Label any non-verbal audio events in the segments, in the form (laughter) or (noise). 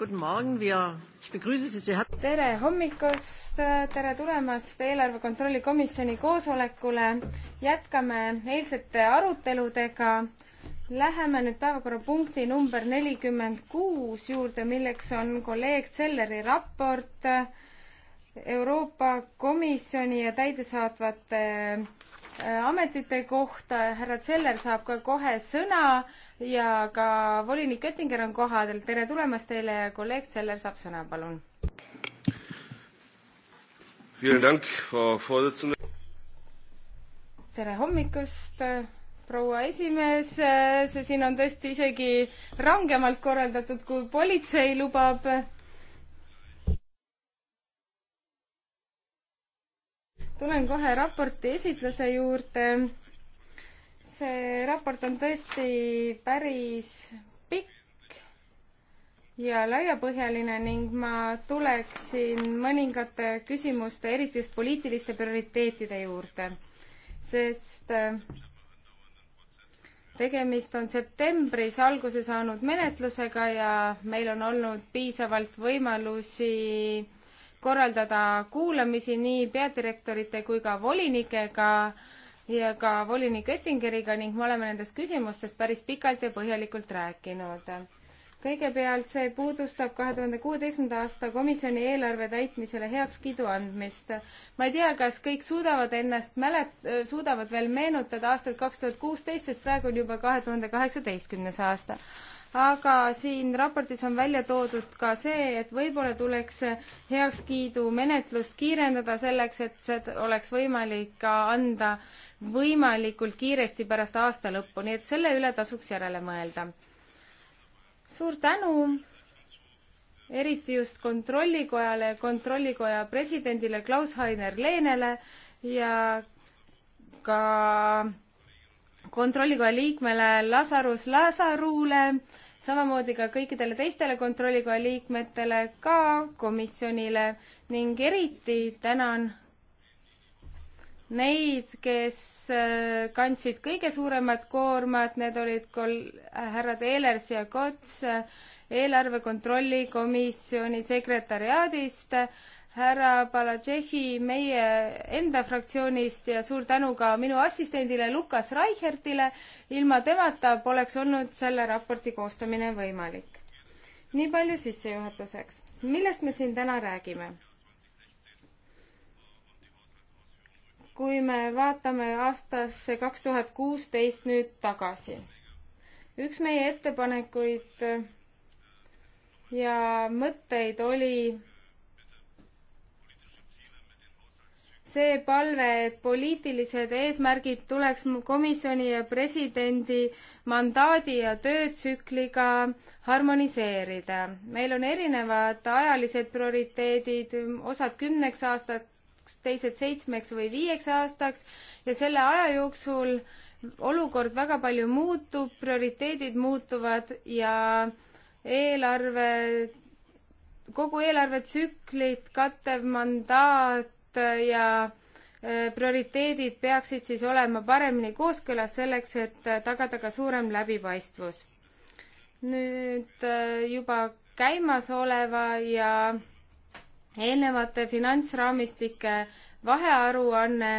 tere hommikust, tere tulemast eelarve kontrolli komisjoni koosolekule. jätkame eilsete aruteludega. Läheme nüüd päevakorrapunkti number nelikümmend kuus juurde, milleks on kolleeg Selleri raport Euroopa Komisjoni ja täidesaatvate äh, ametite kohta. härra Zeller saab ka kohe sõna ja ka volinik Oettinger on kohal. tere tulemast teile ja kolleeg Seller saab sõna, palun. tere hommikust, proua esimees. see siin on tõesti isegi rangemalt korraldatud, kui politsei lubab. tulen kohe raporti esitluse juurde see raport on tõesti päris pikk ja laiapõhjaline ning ma tuleksin mõningate küsimuste, eriti just poliitiliste prioriteetide juurde, sest äh, tegemist on septembris alguse saanud menetlusega ja meil on olnud piisavalt võimalusi korraldada kuulamisi nii peadirektorite kui ka volinikega ja ka volinik Oettingeriga ning me oleme nendest küsimustest päris pikalt ja põhjalikult rääkinud. kõigepealt see puudustab kahe tuhande kuueteistkümnenda aasta komisjoni eelarve täitmisele heakskiidu andmist. ma ei tea, kas kõik suudavad ennast mälet-, suudavad veel meenutada aastat kaks tuhat kuusteist, sest praegu on juba kahe tuhande kaheksateistkümnes aasta aga siin raportis on välja toodud ka see, et võib-olla tuleks heakskiidu menetlust kiirendada selleks, et seda oleks võimalik ka anda võimalikult kiiresti pärast aasta lõppu, nii et selle üle tasuks järele mõelda. suur tänu eriti just Kontrollikojale, Kontrollikoja presidendile Klaus-Hainer Leenele ja ka Kontrollikoja liikmele Lazarus Lazarule, samamoodi ka kõikidele teistele Kontrollikoja liikmetele, ka komisjonile ning eriti tänan neid, kes äh, kandsid kõige suuremat koormat, need olid kol-, äh, härrad Ehlers ja Kots äh, eelarve kontrolli komisjoni sekretäriaadist, härra Balatšehhi meie enda fraktsioonist ja suur tänu ka minu assistendile Lukas Reichertile. ilma temata poleks olnud selle raporti koostamine võimalik. nii palju sissejuhatuseks. millest me siin täna räägime? kui me vaatame aastasse kaks tuhat kuusteist nüüd tagasi. üks meie ettepanekuid ja mõtteid oli see palve, et poliitilised eesmärgid tuleks komisjoni ja presidendi mandaadi ja töötsükliga harmoniseerida. meil on erinevad ajalised prioriteedid, osad kümneks aastaks, aastaks, teised seitsmeks või viieks aastaks ja selle aja jooksul olukord väga palju muutub, prioriteedid muutuvad ja eelarve, kogu eelarvetsüklit kattev mandaat ja äh, prioriteedid peaksid siis olema paremini kooskõlas selleks, et äh, tagada ka suurem läbipaistvus. nüüd äh, juba käimasoleva ja eelnevate finantsraamistike vahearuanne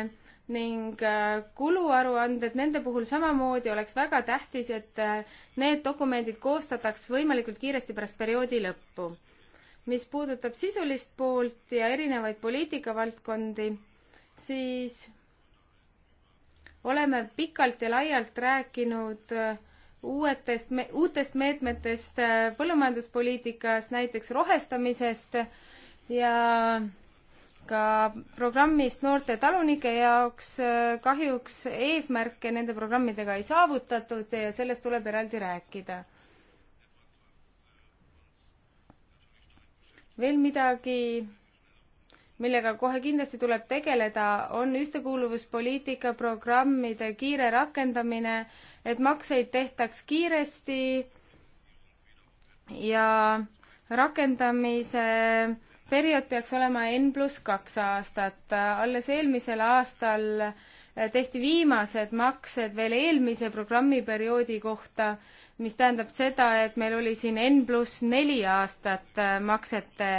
ning äh, kuluaruanded, nende puhul samamoodi oleks väga tähtis, et äh, need dokumendid koostataks võimalikult kiiresti pärast perioodi lõppu. mis puudutab sisulist poolt ja erinevaid poliitikavaldkondi, siis oleme pikalt ja laialt rääkinud äh, uuetest, uutest meetmetest põllumajanduspoliitikas, näiteks rohestamisest ja ka programmist Noorte talunike jaoks äh, kahjuks eesmärke nende programmidega ei saavutatud ja sellest tuleb eraldi rääkida. veel midagi, millega kohe kindlasti tuleb tegeleda, on ühtekuuluvuspoliitika programmide kiire rakendamine, et makseid tehtaks kiiresti ja rakendamise periood peaks olema N pluss kaks aastat. alles eelmisel aastal äh, tehti viimased maksed veel eelmise programmiperioodi kohta, mis tähendab seda, et meil oli siin N pluss neli aastat äh, maksete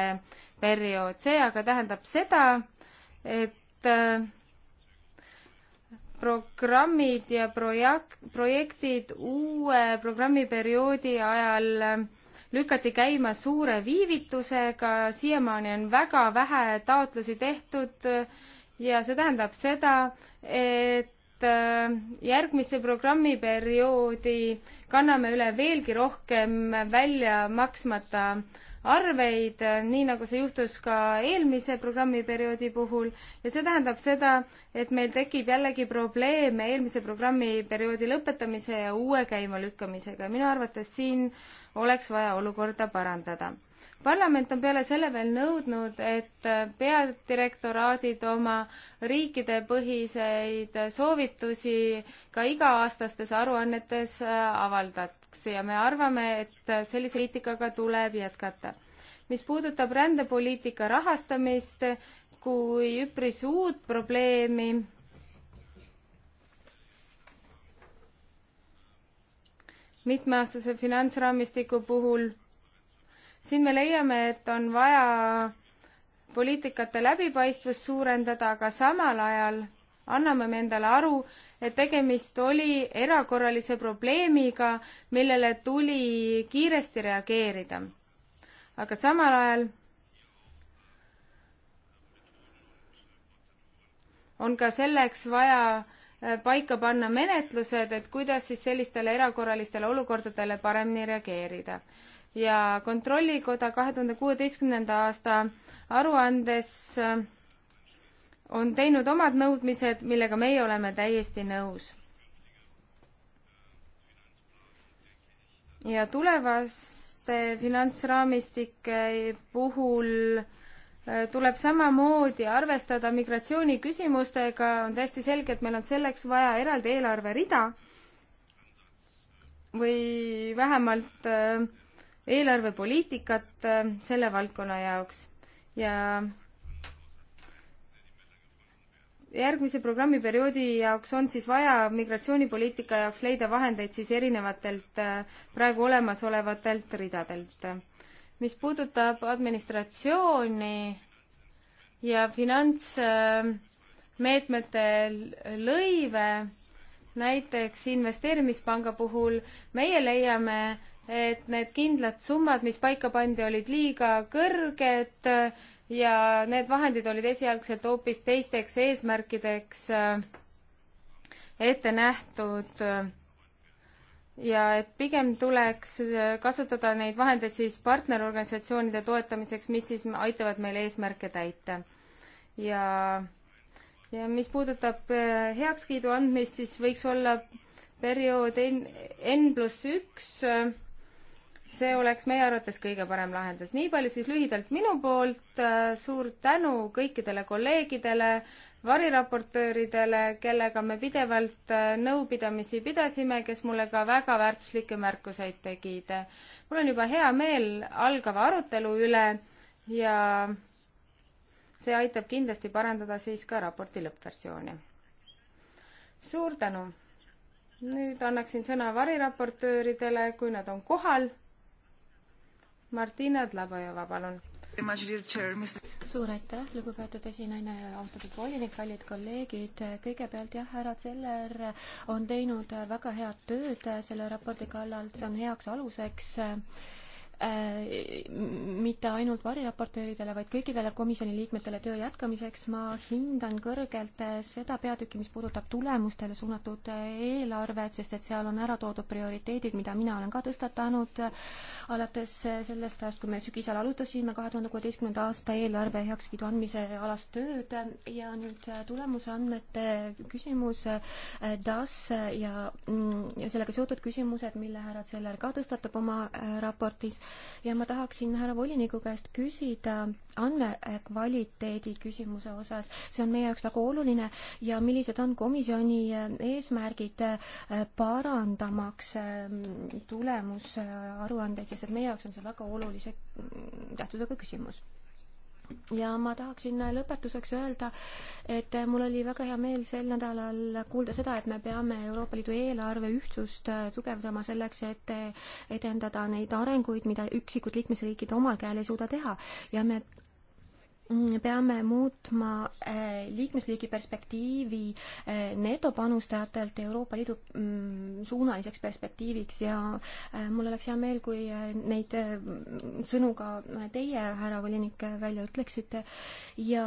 periood. see aga tähendab seda, et äh, programmid ja projekt, projektid uue programmiperioodi ajal lükati käima suure viivitusega, siiamaani on väga vähe taotlusi tehtud ja see tähendab seda, et äh, järgmisse programmiperioodi kanname üle veelgi rohkem välja maksmata arveid, äh, nii nagu see juhtus ka eelmise programmiperioodi puhul ja see tähendab seda, et meil tekib jällegi probleeme eelmise programmiperioodi lõpetamise ja uue käimalükkamisega ja minu arvates siin oleks vaja olukorda parandada parlament on peale selle veel nõudnud, et äh, peadirektoraadid oma riikidepõhiseid soovitusi ka iga-aastastes aruannetes äh, avaldab kaks ja me arvame, et sellise poliitikaga tuleb jätkata. mis puudutab rändepoliitika rahastamist kui üpris uut probleemi, mitmeaastase finantsraamistiku puhul. siin me leiame, et on vaja poliitikate läbipaistvust suurendada, aga samal ajal anname me endale aru, et tegemist oli erakorralise probleemiga, millele tuli kiiresti reageerida. aga samal ajal on ka selleks vaja äh, paika panna menetlused, et kuidas siis sellistele erakorralistele olukordadele paremini reageerida. ja Kontrollikoda kahe tuhande kuueteistkümnenda aasta aruandes äh, on teinud omad nõudmised, millega meie oleme täiesti nõus. ja tulevaste finantsraamistike puhul äh, tuleb samamoodi arvestada migratsiooniküsimustega, on täiesti selge, et meil on selleks vaja eraldi eelarverida või vähemalt äh, eelarvepoliitikat äh, selle valdkonna jaoks ja järgmise programmiperioodi jaoks on siis vaja migratsioonipoliitika jaoks leida vahendeid siis erinevatelt äh, praegu olemasolevatelt ridadelt. mis puudutab administratsiooni ja finantsmeetmete lõive, näiteks investeerimispanga puhul, meie leiame, et need kindlad summad, mis paika pandi, olid liiga kõrged ja need vahendid olid esialgselt hoopis teisteks eesmärkideks äh, ette nähtud äh, ja et pigem tuleks äh, kasutada neid vahendeid siis partnerorganisatsioonide toetamiseks, mis siis aitavad meil eesmärke täita. ja, ja mis puudutab heakskiidu andmist, siis võiks olla periood N, N pluss üks see oleks meie arvates kõige parem lahendus. nii palju siis lühidalt minu poolt, äh, suur tänu kõikidele kolleegidele, variraportööridele, kellega me pidevalt äh, nõupidamisi pidasime, kes mulle ka väga väärtuslikke märkuseid tegid. mul on juba hea meel algava arutelu üle ja see aitab kindlasti parandada siis ka raporti lõppversiooni. suur tänu! nüüd annaksin sõna variraportööridele, kui nad on kohal Martina Dlabajova, palun. suur aitäh, lugupeetud esinaine, austatud volinik, kallid kolleegid. kõigepealt jah, härra Zeller on teinud väga head tööd selle raporti kallal, see on heaks aluseks äh, Äh, mitte ainult variraportööridele, vaid kõikidele komisjoni liikmetele töö jätkamiseks. ma hindan kõrgelt äh, seda peatükki, mis puudutab tulemustele suunatud äh, eelarvet, sest et seal on ära toodud prioriteedid, mida mina olen ka tõstatanud alates sellest ajast, kui me sügisel alustasime kahe tuhande kuueteistkümnenda aasta eelarve heakskiidu andmise alast tööd ja nüüd tulemusandmete küsimus, DAS ja, mm, ja sellega seotud küsimused, mille härra Zeller ka tõstatab oma raportis ja ma tahaksin härra voliniku käest küsida andmekvaliteedi küsimuse osas, see on meie jaoks väga oluline ja millised on komisjoni eesmärgid eh, parandamaks eh, tulemusaruandeid, sest et meie jaoks on see väga olulise mm, tähtsusega küsimus ja ma tahaksin lõpetuseks öelda, et mul oli väga hea meel sel nädalal kuulda seda, et me peame Euroopa Liidu eelarve ühtsust tugevdama selleks, et edendada neid arenguid, mida üksikud liikmesriigid omal käel ei suuda teha. ja me Mm, peame muutma eh, liikmesriigi perspektiivi eh, netopanustajatelt Euroopa Liidu mm, suunaliseks perspektiiviks ja eh, mul oleks hea meel, kui neid sõnu ka teie, härra volinik, välja ütleksite ja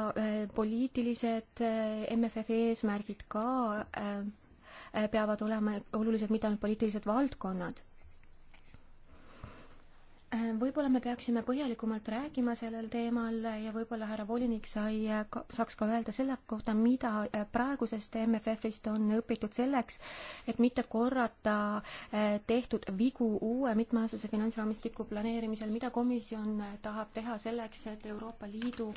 poliitilised MFF-i e eesmärgid ka peavad olema olulised mitte ainult poliitilised valdkonnad Äh, võib-olla me peaksime põhjalikumalt rääkima sellel teemal ja võib-olla härra volinik sai, äh, saaks ka öelda selle kohta, mida äh, praegusest MFF-ist on õpitud selleks, et mitte korrata tehtud vigu uue mitmeaastase finantsraamistiku planeerimisel, mida komisjon tahab teha selleks, et Euroopa Liidu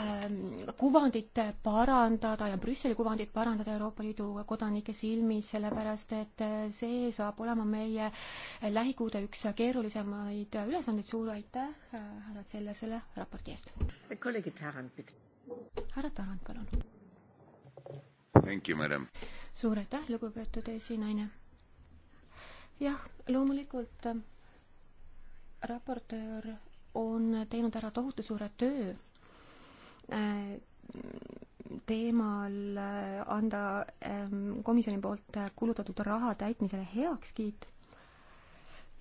ähm, kuvandit parandada ja Brüsseli kuvandit parandada Euroopa Liidu kodanike silmis, sellepärast et see saab olema meie lähikuude üks keerulisemaid ülesandeid, suur aitäh äh, härra Zeller selle raporti eest. kolleeg Tarand, härra Tarand, palun. Thank you, madam. suur aitäh, lugupeetud esinaine. jah, loomulikult äh, raportöör on teinud ära tohutu suure töö äh, teemal äh, anda ähm, komisjoni poolt kulutatud raha täitmisele heakskiit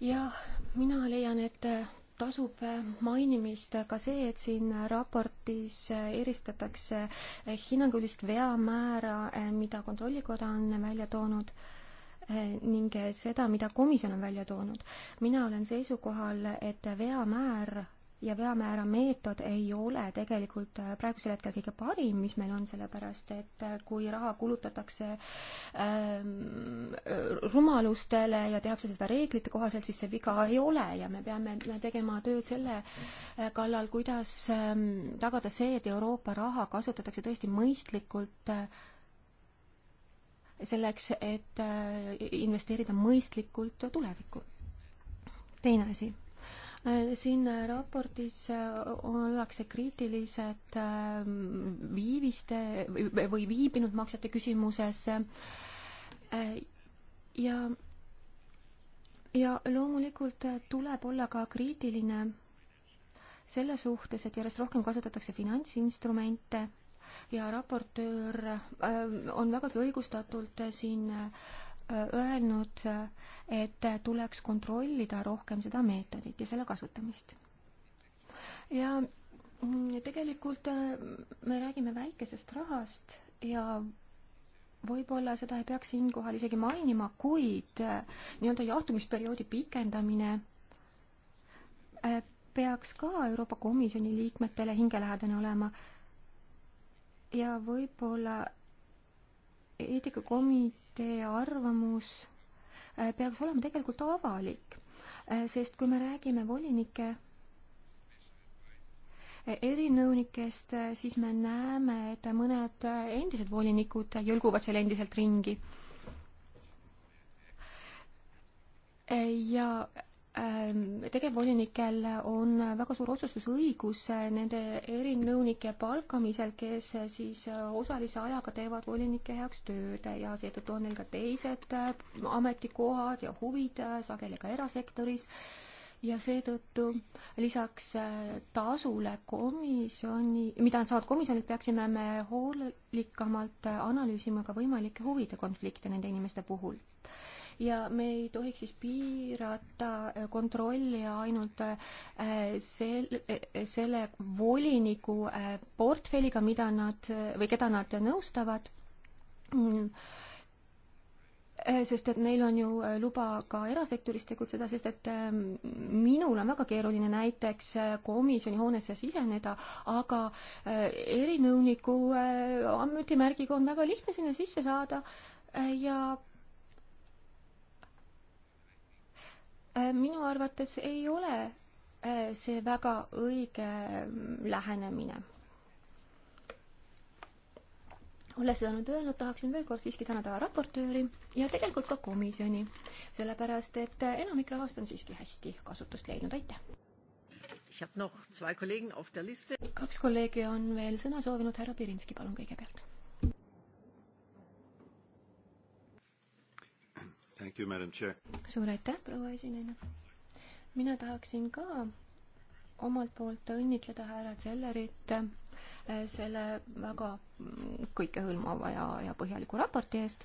jah, mina leian, et tasub mainimist ka see, et siin raportis eristatakse hinnangulist veamäära, mida Kontrollikoda on välja toonud ning seda, mida komisjon on välja toonud. mina olen seisukohal, et veamäär ja veamäära meetod ei ole tegelikult äh, praegusel hetkel kõige parim, mis meil on, sellepärast et äh, kui raha kulutatakse ähm, äh, rumalustele ja tehakse seda reeglite kohaselt, siis see viga ei ole ja me peame tegema tööd selle kallal, kuidas ähm, tagada see, et Euroopa raha kasutatakse tõesti mõistlikult äh, selleks, et investeerida mõistlikult tulevikku. teine asi Äh, siin äh, raportis äh, ollakse kriitilised ähm, viiviste või viibinud maksete küsimuses ja ja loomulikult tuleb olla ka kriitiline selle suhtes, et järjest rohkem kasutatakse finantsinstrumente ja raportöör on vägagi õigustatult siin Äh, öelnud, äh, et tuleks kontrollida rohkem seda meetodit ja selle kasutamist. ja mm, tegelikult äh, me räägime väikesest rahast ja võib-olla seda ei peaks siinkohal isegi mainima, kuid nii-öelda jahtumisperioodi pikendamine peaks ka Euroopa Komisjoni liikmetele hingelähedane olema. ja võib-olla eetikakomitee Teie arvamus äh, peaks olema tegelikult avalik, äh, sest kui me räägime volinike äh, erinõunikest, siis me näeme, et mõned endised volinikud jõlguvad seal endiselt ringi. ja Ähm, tegevvolinikel on väga suur otsustusõigus äh, nende erinõunike palkamisel, kes äh, siis äh, osalise ajaga teevad volinike heaks tööd ja seetõttu on neil ka teised ametikohad ja huvid, sageli ka erasektoris ja seetõttu lisaks tasule komisjoni, mida saavad komisjonid, peaksime me hoolikamalt analüüsima ka võimalikke huvide konflikte nende inimeste puhul ja me ei tohiks siis piirata äh, kontrolli ainult äh, sel-, äh, selle voliniku portfelliga, mida nad või keda nad nõustavad mm. sest et neil on ju luba ka erasektoris tegutseda, sest et ähm, minul on väga keeruline näiteks komisjoni hoonesse siseneda, aga erinõuniku ametimärgiga on väga lihtne sinna sisse saada ja Äh, minu arvates ei ole äh, see väga õige mm, lähenemine. olles seda nüüd öelnud, tahaksin veel kord siiski tänada raportööri ja tegelikult ka komisjoni, sellepärast et äh, enamik rahast on siiski hästi kasutust leidnud, aitäh! kaks kolleegi on veel sõna soovinud, härra Pirinski, palun kõigepealt suur aitäh, proua esinaine. mina tahaksin ka omalt poolt õnnitleda härra Zellerit äh, selle väga kõikehõlmava ja, ja põhjaliku raporti eest.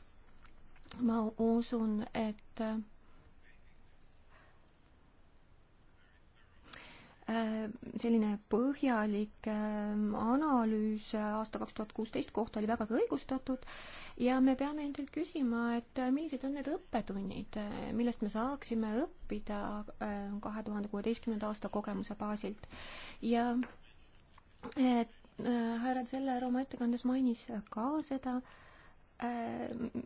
ma usun, et Äh, selline põhjalik ähm, analüüs äh, aasta kaks tuhat kuusteist kohta oli vägagi õigustatud ja me peame endalt küsima, et äh, millised on need õppetunnid, millest me saaksime õppida kahe tuhande kuueteistkümnenda aasta kogemuse baasilt ja härra Zeller oma ettekandes mainis ka seda,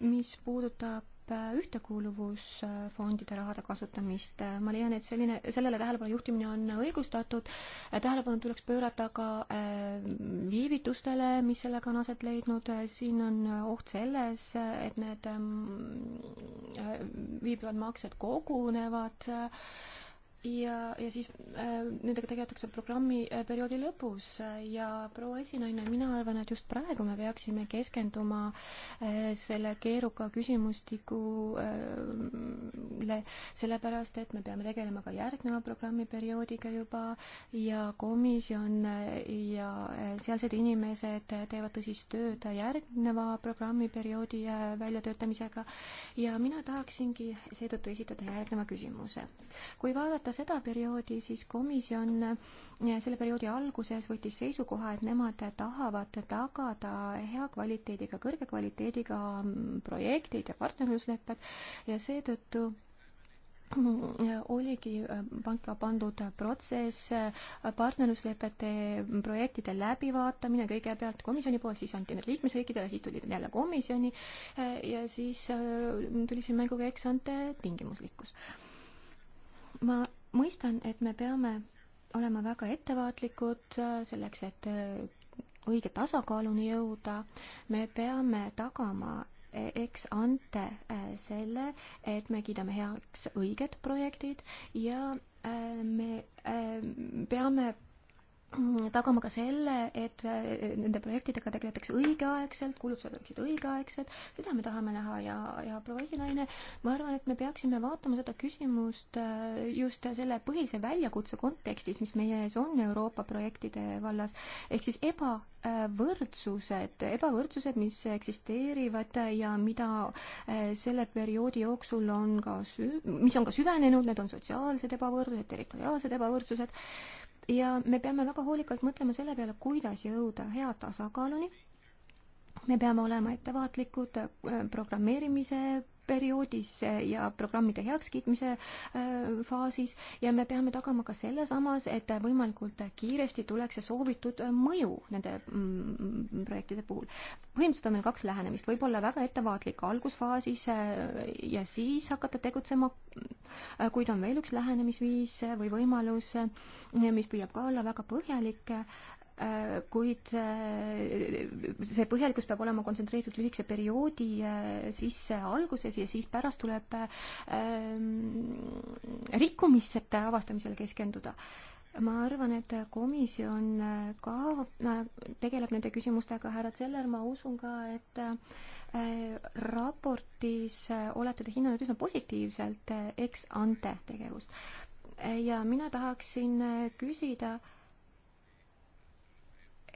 mis puudutab Äh, ühtekuuluvusfondide rahade kasutamist. ma leian, et selline, sellele tähelepanu juhtimine on õigustatud, äh, tähelepanu tuleks pöörata ka äh, viivitustele, mis sellega on aset leidnud, siin on oht selles, et need mm, viibivad maksed kogunevad, ja, ja siis äh, nendega tegeletakse programmi äh, perioodi lõpus ja proua esinaine, mina arvan, et just praegu me peaksime keskenduma äh, selle keeruka küsimustikule äh,, sellepärast et me peame tegelema ka järgneva programmiperioodiga juba ja komisjon äh, ja äh, sealsed inimesed äh, teevad tõsist tööd järgneva programmiperioodi väljatöötamisega ja mina tahaksingi seetõttu esitada järgneva küsimuse. kui vaadata ka seda perioodi, siis komisjon selle perioodi alguses võttis seisukoha, et nemad tahavad tagada hea kvaliteediga, kõrge kvaliteediga mm, projektid ja partnerluslepped ja seetõttu mm, oligi äh, panka pandud protsess, äh, partnerluslepete mm, projektide läbivaatamine kõigepealt komisjoni poolt, siis anti need liikmesriikidele, siis tulid jälle komisjoni äh, ja siis tuli siin mängu ka eksante tingimuslikkus. ma mõistan, et me peame olema väga ettevaatlikud äh, selleks, et äh, õige tasakaaluni jõuda. me peame tagama e, eks ante äh, selle, et me kiidame heaks õiged projektid ja me peame tagama ka selle, et äh, nende projektidega tegeletakse õigeaegselt, kulutused oleksid õigeaegsed, seda me tahame näha ja, ja proua esinaine, ma arvan, et me peaksime vaatama seda küsimust äh, just selle põhise väljakutse kontekstis, mis meie ees on Euroopa projektide vallas, ehk siis eba äh, võrdsused, ebavõrdsused, mis eksisteerivad ja mida selle perioodi jooksul on ka sü-, mis on ka süvenenud, need on sotsiaalsed ebavõrdsused, territoriaalsed ebavõrdsused, ja me peame väga hoolikalt mõtlema selle peale, kuidas jõuda hea tasakaaluni. me peame olema ettevaatlikud äh, programmeerimise perioodis ja programmide heakskiitmise äh, faasis ja me peame tagama ka selle samas, et võimalikult kiiresti tuleks see soovitud mõju nende mm, projektide puhul. põhimõtteliselt on meil kaks lähenemist, võib-olla väga ettevaatlik algusfaasis äh, ja siis hakata tegutsema, äh, kuid on veel üks lähenemisviis või võimalus, mis püüab ka olla väga põhjalik Äh, kuid äh, see põhjalikkus peab olema kontsentreeritud lühikese perioodi äh, sisse alguses ja siis pärast tuleb rikkumissete avastamisel keskenduda ma arvan, et komisjon ka tegeleb nende küsimustega, härra Zeller, ma usun ka, et raportis olete te hinnanud üsna positiivselt ex ante tegevust. ja mina tahaksin küsida äh,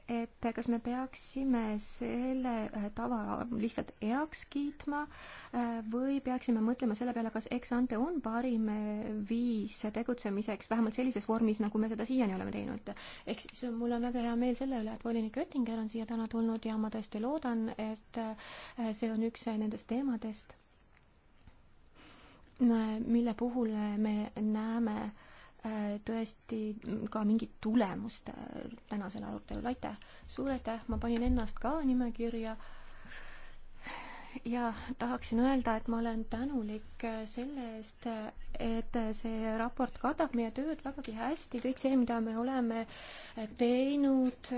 et kas me peaksime selle äh, tava lihtsalt heaks kiitma äh, või peaksime mõtlema selle peale, kas eks ante on parim äh, viis tegutsemiseks, vähemalt sellises vormis, nagu me seda siiani oleme teinud. ehk siis mul on väga hea meel selle üle, et volinik Oettinger on siia täna tulnud ja ma tõesti loodan, et see on üks nendest teemadest, mille puhul me näeme äh, Äh, tõesti mm, ka mingit tulemust äh, tänasel arutelul, aitäh! suur aitäh, ma panin ennast ka nimekirja ja tahaksin öelda, et ma olen tänulik äh, selle eest, et see raport katab meie tööd vägagi hästi, kõik see, mida me oleme teinud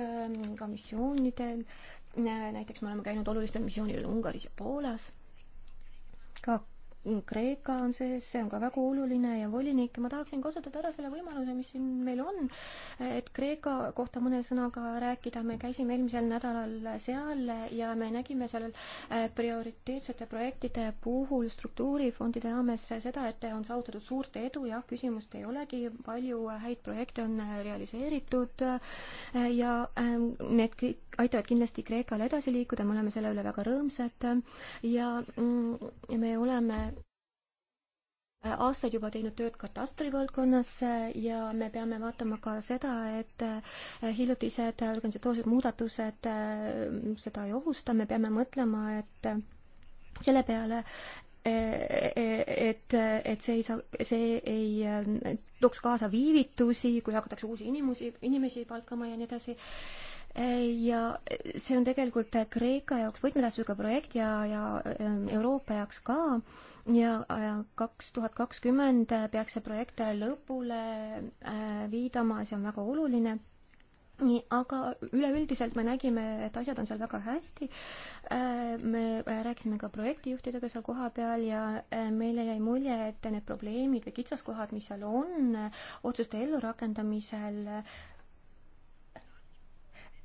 ka missioonidel, näiteks me oleme käinud olulistel missioonidel Ungaris ja Poolas, ka Kreeka on sees, see on ka väga oluline ja volinik, ma tahaksin kasutada ära selle võimaluse, mis siin meil on, et Kreeka kohta mõne sõnaga rääkida, me käisime eelmisel nädalal seal ja me nägime seal äh, prioriteetsete projektide puhul struktuurifondide raames seda, et on saavutatud suurt edu, jah, küsimust ei olegi, palju häid projekte on äh, realiseeritud äh, ja ähm, need kõik aitavad kindlasti Kreekal edasi liikuda, me oleme selle üle väga rõõmsad ja mm, me oleme Äh, aastaid juba teinud tööd katastri valdkonnas äh, ja me peame vaatama ka seda, et äh, hiljutised organisatoorsed muudatused seda ei ohusta, me peame mõtlema, et selle peale, e, e, et, et see ei saa, see ei tooks kaasa viivitusi, kui hakatakse uusi inimesi, inimesi palkama ja nii edasi ja see on tegelikult Kreeka jaoks võtmetähtsusega projekt ja, ja ähm, Euroopa jaoks ka ja äh, kaks tuhat kakskümmend peaks see projekt lõpule äh, viidama, see on väga oluline nii, aga üleüldiselt me nägime, et asjad on seal väga hästi. Äh, me rääkisime ka projektijuhtidega seal kohapeal ja meile jäi mulje, et need probleemid või kitsaskohad, mis seal on otsuste ellurakendamisel,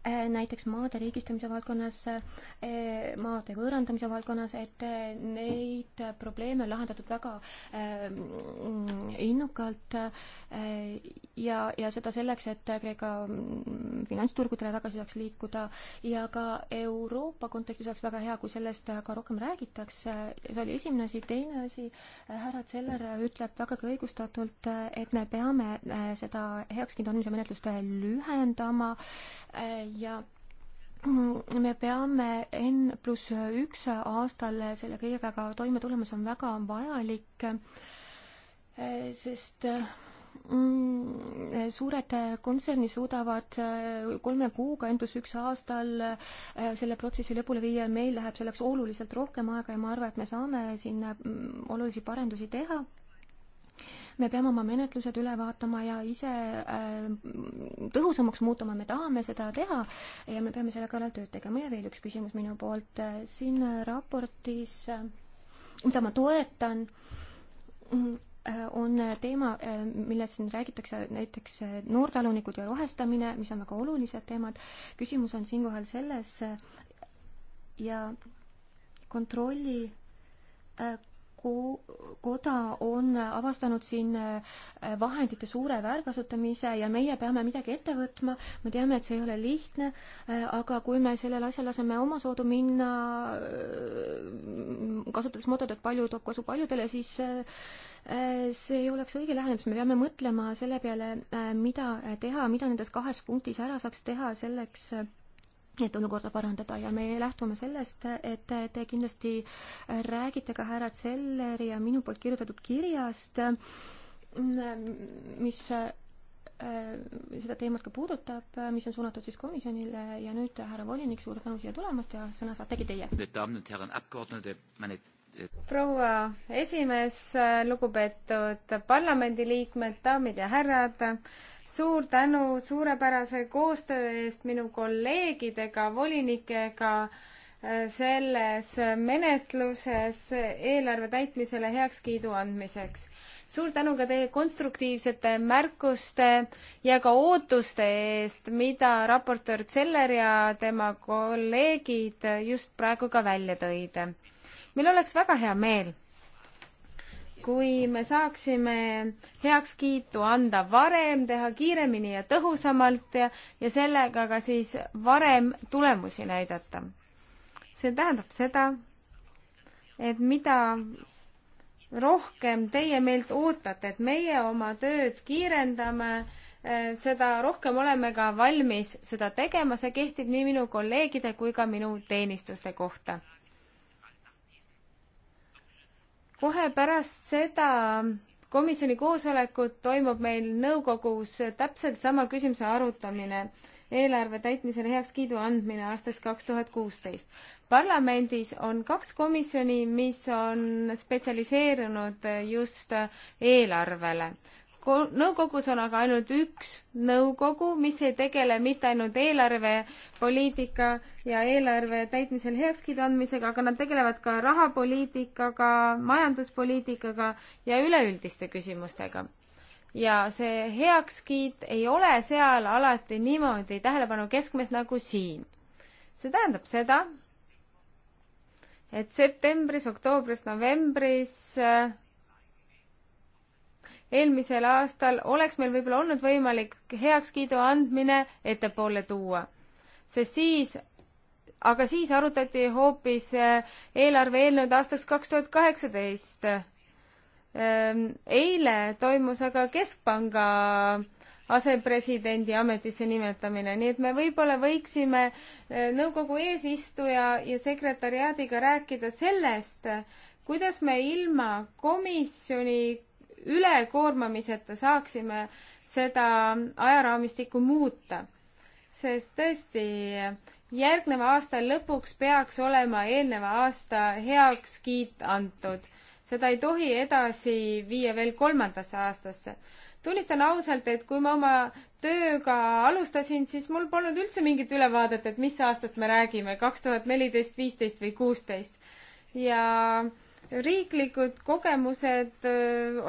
Äh, näiteks maade riigistamise valdkonnas, äh, maade võõrandamise valdkonnas, et äh, neid probleeme on lahendatud väga ähm, innukalt ja, ja seda selleks, et Kreeka mm, finantsturgudele tagasi saaks liikuda ja ka Euroopa kontekstis oleks väga hea, kui sellest ka rohkem räägitakse, see oli esimene asi, teine asi, härra Zeller ütleb vägagi õigustatult, et me peame seda heakskiidu andmise menetlust lühendama ja mm, me peame N pluss üks aastal selle kõigega toime tulema, see on väga vajalik, sest mm, suured kontsernid suudavad kolme kuuga, N pluss üks aastal selle protsessi lõpule viia, meil läheb selleks oluliselt rohkem aega ja ma arvan, et me saame siin mm, olulisi parendusi teha me peame oma menetlused üle vaatama ja ise äh, tõhusamaks muutuma, me tahame seda teha ja me peame selle kallal tööd tegema ja veel üks küsimus minu poolt. siin raportis, äh, mida ma toetan, äh, on teema, millest siin räägitakse, näiteks noortalunikud ja rohestamine, mis on väga olulised teemad. küsimus on siinkohal selles ja kontrolli koda on avastanud siin äh, vahendite suure väärkasutamise ja meie peame midagi ette võtma. me teame, et see ei ole lihtne, äh, aga kui me sellel asjal laseme omasoodu minna, äh, kasutades motod, et palju toob kasu paljudele, siis see ei oleks õige lähenemine, me peame mõtlema selle peale, mida teha, mida nendes kahes punktis ära saaks teha selleks, et olukorda parandada ja me lähtume sellest, et te kindlasti räägite ka härra Zelleri ja minu poolt kirjutatud kirjast, mis seda teemat ka puudutab, mis on suunatud siis komisjonile ja nüüd härra volinik, suur tänu siia tulemast ja sõna saategi teie. Äh, proua esimees, lugupeetud parlamendiliikmed, daamid ja härrad, suur tänu suurepärase koostöö eest minu kolleegidega, volinikega äh, selles menetluses eelarve täitmisele heakskiidu andmiseks. suur tänu ka teie konstruktiivsete märkuste ja ka ootuste eest, mida raportöör Zeller ja tema kolleegid just praegu ka välja tõid. meil oleks väga hea meel kui me saaksime heakskiitu anda varem, teha kiiremini ja tõhusamalt ja, ja sellega ka siis varem tulemusi näidata. see tähendab seda, et mida rohkem teie meilt ootate, et meie oma tööd kiirendame, eh, seda rohkem oleme ka valmis seda tegema, see kehtib nii minu kolleegide kui ka minu teenistuste kohta kohe pärast seda komisjoni koosolekut toimub meil nõukogus täpselt sama küsimuse arutamine, eelarve täitmisele heakskiidu andmine aastast kaks tuhat kuusteist. parlamendis on kaks komisjoni, mis on spetsialiseerunud just eelarvele nõukogus on aga ainult üks nõukogu, mis ei tegele mitte ainult eelarvepoliitika ja eelarve täitmisel heakskiidu andmisega, aga nad tegelevad ka rahapoliitikaga, majanduspoliitikaga ja üleüldiste küsimustega. ja see heakskiit ei ole seal alati niimoodi tähelepanu keskmes nagu siin. see tähendab seda, et septembris, oktoobris, novembris äh, eelmisel aastal oleks meil võib-olla olnud võimalik heakskiidu andmine ettepoole tuua, sest siis aga siis arutati hoopis äh, eelarve eelnõud aastast kaks tuhat kaheksateist. Ähm, eile toimus aga Keskpanga asepresidendi ametisse nimetamine, nii et me võib-olla võiksime äh, nõukogu eesistuja ja sekretäriaadiga rääkida sellest, kuidas me ilma komisjoni ülekoormamiseta saaksime seda ajaraamistikku muuta. sest tõesti, järgneva aasta lõpuks peaks olema eelneva aasta heakskiit antud. seda ei tohi edasi viia veel kolmandasse aastasse tunnistan ausalt, et kui ma oma tööga alustasin, siis mul polnud üldse mingit ülevaadet, et mis aastast me räägime, kaks tuhat neliteist, viisteist või kuusteist. ja riiklikud kogemused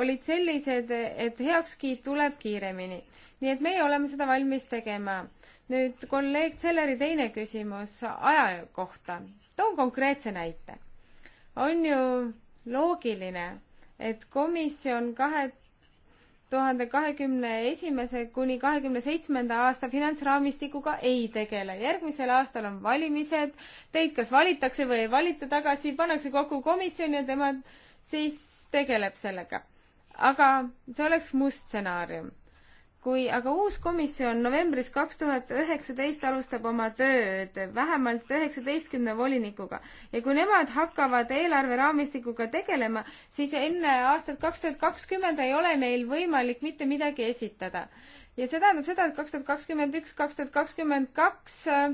olid sellised, et heakskiit tuleb kiiremini. nii et meie oleme seda valmis tegema. nüüd kolleeg Selleri teine küsimus aja kohta. toon konkreetse näite. on ju loogiline, et komisjon kahe tuhande kahekümne esimese kuni kahekümne seitsmenda aasta finantsraamistikuga ei tegele. järgmisel aastal on valimised, teid kas valitakse või ei valita tagasi, pannakse kokku komisjon ja tema siis tegeleb sellega. aga see oleks must stsenaarium kui aga uus komisjon novembris kaks tuhat üheksateist alustab oma tööd vähemalt üheksateistkümne volinikuga ja kui nemad hakkavad eelarveraamistikuga tegelema, siis enne aastat kaks tuhat kakskümmend ei ole neil võimalik mitte midagi esitada. ja see tähendab seda, et kaks tuhat kakskümmend üks, kaks tuhat kakskümmend kaks äh,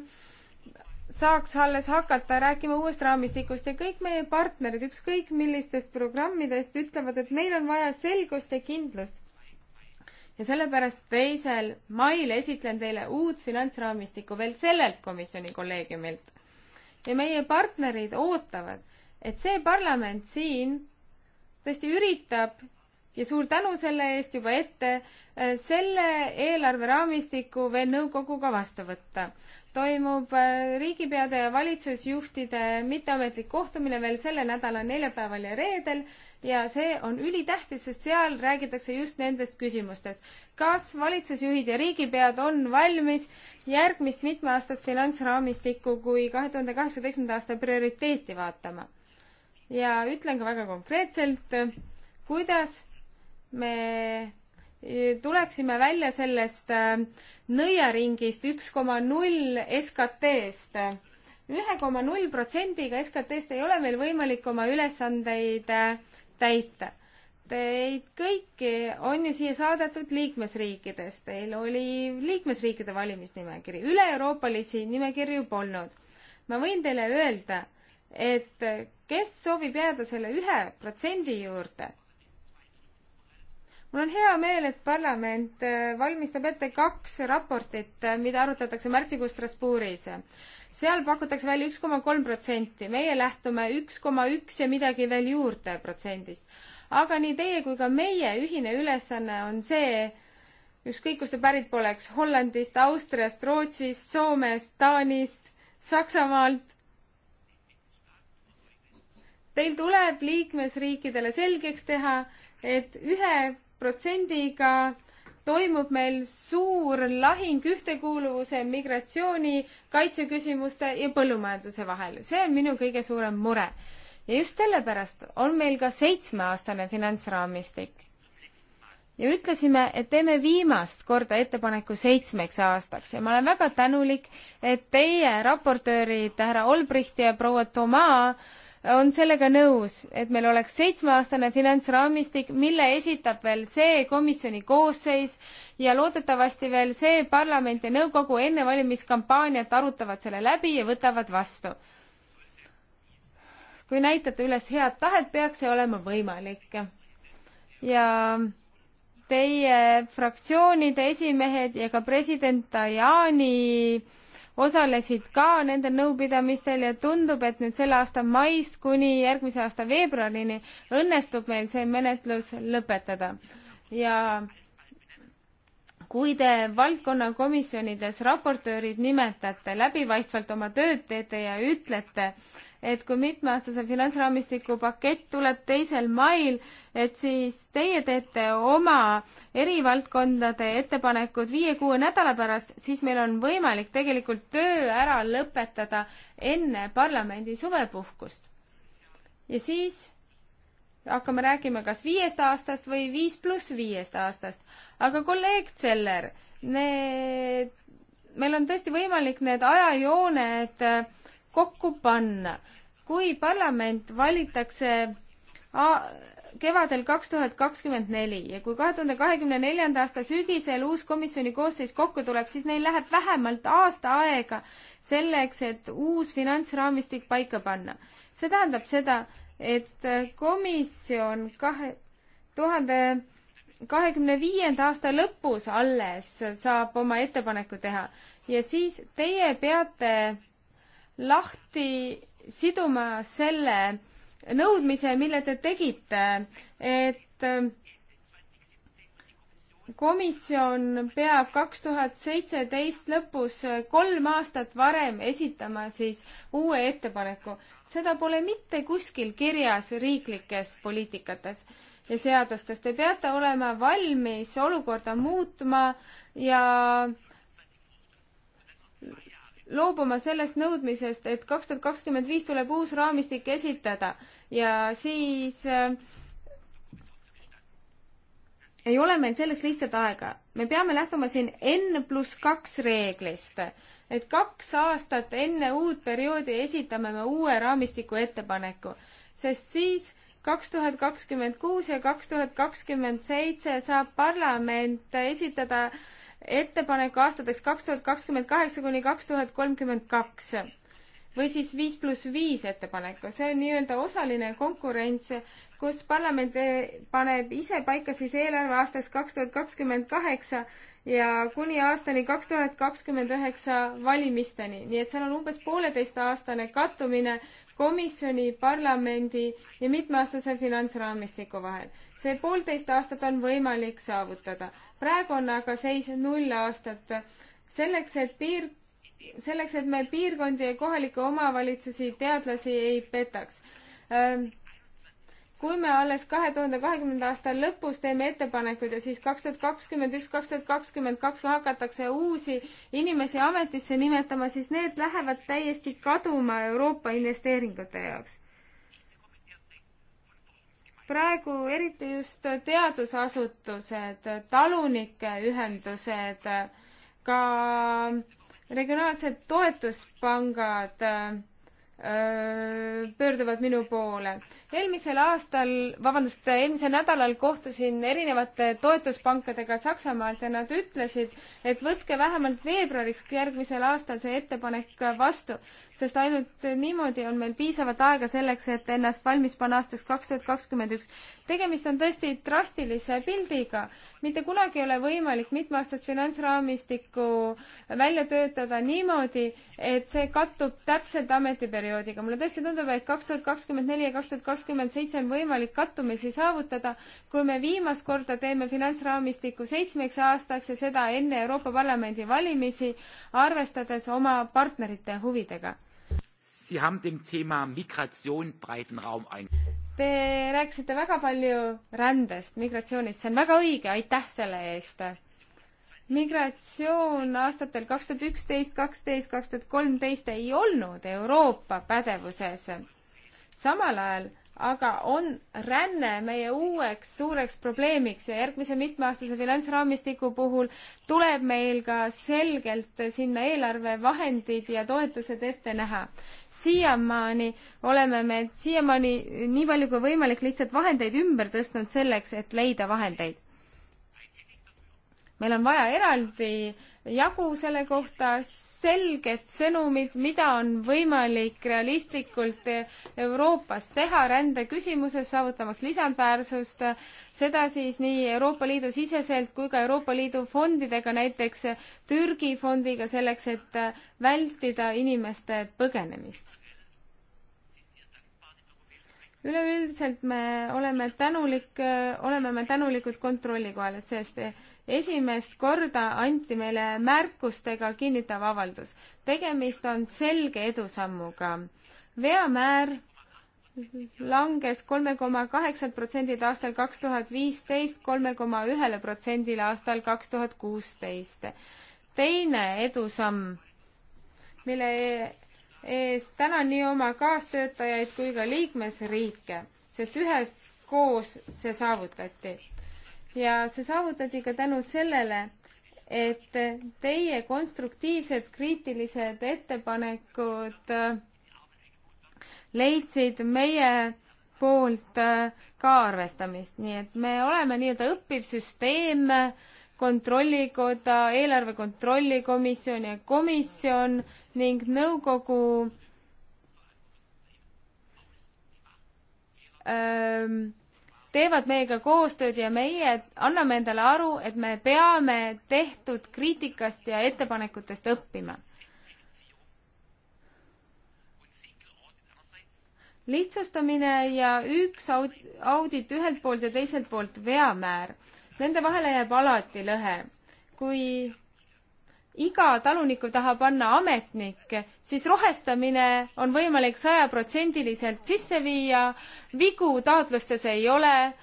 saaks alles hakata rääkima uuest raamistikust ja kõik meie partnerid, ükskõik millistest programmidest, ütlevad, et neil on vaja selgust ja kindlust ja sellepärast teisel mail esitlen teile uut finantsraamistikku veel sellelt komisjoni kolleegiumilt. ja meie partnerid ootavad, et see parlament siin tõesti üritab ja suur tänu selle eest juba ette, äh, selle eelarveraamistiku veel nõukoguga vastu võtta. toimub äh, riigipeade ja valitsusjuhtide mitteametlik kohtumine veel selle nädala neljapäeval ja reedel ja see on ülitähtis, sest seal räägitakse just nendest küsimustest. kas valitsusjuhid ja riigipead on valmis järgmist mitmeaastast finantsraamistikku kui kahe tuhande kaheksateistkümnenda aasta prioriteeti vaatama? ja ütlen ka väga konkreetselt, kuidas me tuleksime välja sellest äh, nõiaringist üks koma null SKT-st. ühe koma null protsendiga SKT-st ei ole meil võimalik oma ülesandeid äh, täita. Teid kõiki on ju siia saadetud liikmesriikidest, teil oli liikmesriikide valimisnimekiri, üle-euroopalisi nimekirju polnud. ma võin teile öelda, et kes soovib jääda selle ühe protsendi juurde, mul on hea meel, et parlament valmistab ette kaks raportit, mida arutatakse märtsikuus Strasbourgis seal pakutakse välja üks koma kolm protsenti, meie lähtume üks koma üks ja midagi veel juurde protsendist. aga nii teie kui ka meie ühine ülesanne on see, ükskõik kust te pärit poleks, Hollandist, Austriast, Rootsist, Soomest, Taanist, Saksamaalt, teil tuleb liikmesriikidele selgeks teha et, et ühe protsendiga toimub meil suur lahing ühtekuuluvuse, migratsiooni, kaitseküsimuste ja põllumajanduse vahel. see on minu kõige suurem mure. ja just sellepärast on meil ka seitsmeaastane finantsraamistik. ja ütlesime, et teeme viimast korda ettepaneku seitsmeks aastaks ja ma olen väga tänulik, et teie raportöörid härra Olbricht ja proua Tomaa on sellega nõus, et meil oleks seitsmeaastane finantsraamistik, mille esitab veel see komisjoni koosseis ja loodetavasti veel see parlament ja nõukogu enne valimiskampaaniat arutavad selle läbi ja võtavad vastu. kui näitate üles head tahet, peaks see olema võimalik. ja teie fraktsioonide esimehed ja ka president Tajani osalesid ka nendel nõupidamistel ja tundub, et nüüd selle aasta maist kuni järgmise aasta veebruarini õnnestub meil see menetlus lõpetada. ja kui te valdkonnakomisjonides raportöörid nimetate, läbipaistvalt oma tööd teete ja ütlete, et kui mitmeaastase finantsraamistiku pakett tuleb teisel mail, et siis teie teete oma erivaldkondade ettepanekud viie-kuue nädala pärast, siis meil on võimalik tegelikult töö ära lõpetada enne parlamendi suvepuhkust. ja siis hakkame rääkima kas viiest aastast või viis pluss viiest aastast. aga kolleeg Zeller, need, meil on tõesti võimalik need ajajooned äh, kokku panna. kui parlament valitakse kevadel kaks tuhat kakskümmend neli ja kui kahe tuhande kahekümne neljanda aasta sügisel uus komisjoni koosseis kokku tuleb, siis neil läheb vähemalt aasta aega selleks, et uus finantsraamistik paika panna. see tähendab seda, et komisjon kahe tuhande kahekümne viienda aasta lõpus alles saab oma ettepaneku teha ja siis teie peate lahti siduma selle nõudmise, mille te tegite, et äh, komisjon peab kaks tuhat seitseteist lõpus kolm aastat varem esitama siis uue ettepaneku. seda pole mitte kuskil kirjas riiklikes poliitikates ja seadustes. Te peate olema valmis olukorda muutma ja loobuma sellest nõudmisest, et kaks tuhat kakskümmend viis tuleb uus raamistik esitada ja siis äh, ei ole meil selleks lihtsalt aega. me peame lähtuma siin N pluss kaks reeglist, et kaks aastat enne uut perioodi esitame me uue raamistiku ettepaneku, sest siis kaks tuhat kakskümmend kuus ja kaks tuhat kakskümmend seitse saab parlament esitada äh, ettepanek aastateks kaks tuhat kakskümmend kaheksa kuni kaks tuhat kolmkümmend kaks või siis viis pluss viis ettepaneku, see on nii-öelda osaline konkurents, kus parlament eh, paneb ise paika siis eelarve aastaks kaks tuhat kakskümmend kaheksa ja kuni aastani kaks tuhat kakskümmend üheksa valimisteni, nii et seal on umbes pooleteistaastane kattumine komisjoni, parlamendi ja mitmeaastase finantsraamistiku vahel. see poolteist aastat on võimalik saavutada praegu on aga seis null aastat. selleks, et piir, selleks, et me piirkondi ja kohalikke omavalitsusi, teadlasi ei petaks. Ähm, kui me alles kahe tuhande kahekümnenda aasta lõpus teeme ettepanekuid ja siis kaks tuhat kakskümmend üks, kaks tuhat kakskümmend kaks, kui hakatakse uusi inimesi ametisse nimetama, siis need lähevad täiesti kaduma Euroopa investeeringute jaoks praegu eriti just teadusasutused, talunike ühendused, ka regionaalsed toetuspangad pöörduvad minu poole. eelmisel aastal, vabandust, eelmisel nädalal kohtusin erinevate toetuspankadega Saksamaalt ja nad ütlesid, et võtke vähemalt veebruariks järgmisel aastal see ettepanek vastu sest ainult niimoodi on meil piisavalt aega selleks, et ennast valmis panna aastaks kaks tuhat kakskümmend üks. tegemist on tõesti drastilise pildiga. mitte kunagi ei ole võimalik mitmeaastast finantsraamistikku välja töötada niimoodi, et see kattub täpselt ametiperioodiga. mulle tõesti tundub, et kaks tuhat kakskümmend neli ja kaks tuhat kakskümmend seitse on võimalik kattumisi saavutada, kui me viimast korda teeme finantsraamistiku seitsmeks aastaks ja seda enne Euroopa Parlamendi valimisi, arvestades oma partnerite huvidega. Sie haben dem Thema Migration breiten Raum ein. Te rääkisite väga palju rändest, migratsioonist, see on väga õige, aitäh selle eest. migratsioon aastatel kaks tuhat üksteist, kaksteist, kaks tuhat kolmteist ei olnud Euroopa pädevuses. samal ajal aga on ränne meie uueks suureks probleemiks ja järgmise mitmeaastase finantsraamistiku puhul tuleb meil ka selgelt sinna eelarvevahendid ja toetused ette näha. siiamaani oleme me siiamaani nii palju kui võimalik lihtsalt vahendeid ümber tõstnud selleks, et leida vahendeid. meil on vaja eraldi jagu selle kohta selged sõnumid, mida on võimalik realistlikult Euroopas teha rändeküsimuses, saavutamaks lisandväärsust, seda siis nii Euroopa Liidu siseselt kui ka Euroopa Liidu fondidega, näiteks Türgi fondiga, selleks et vältida inimeste põgenemist üleüldiselt me oleme tänulik, oleme me tänulikud kontrollikojale, sest esimest korda anti meile märkustega kinnitav avaldus. tegemist on selge edusammuga. veamäär langes kolme koma kaheksalt protsendilt aastal kaks tuhat viisteist kolme koma ühele protsendile aastal kaks tuhat kuusteist. teine edusamm, mille eest tänan nii oma kaastöötajaid kui ka liikmesriike, sest üheskoos see saavutati ja see saavutati ka tänu sellele, et teie konstruktiivsed kriitilised ettepanekud äh, leidsid meie poolt äh, ka arvestamist, nii et me oleme nii-öelda õppiv süsteem, kontrollikoda, eelarve kontrollikomisjon ja komisjon ning nõukogu ähm, teevad meiega koostööd ja meie anname endale aru, et me peame tehtud kriitikast ja ettepanekutest õppima. lihtsustamine ja üks audit ühelt poolt ja teiselt poolt veamäär. Nende vahele jääb alati lõhe. kui iga taluniku taha panna ametnik, siis rohestamine on võimalik sajaprotsendiliselt sisse viia, vigu taotlustes ei ole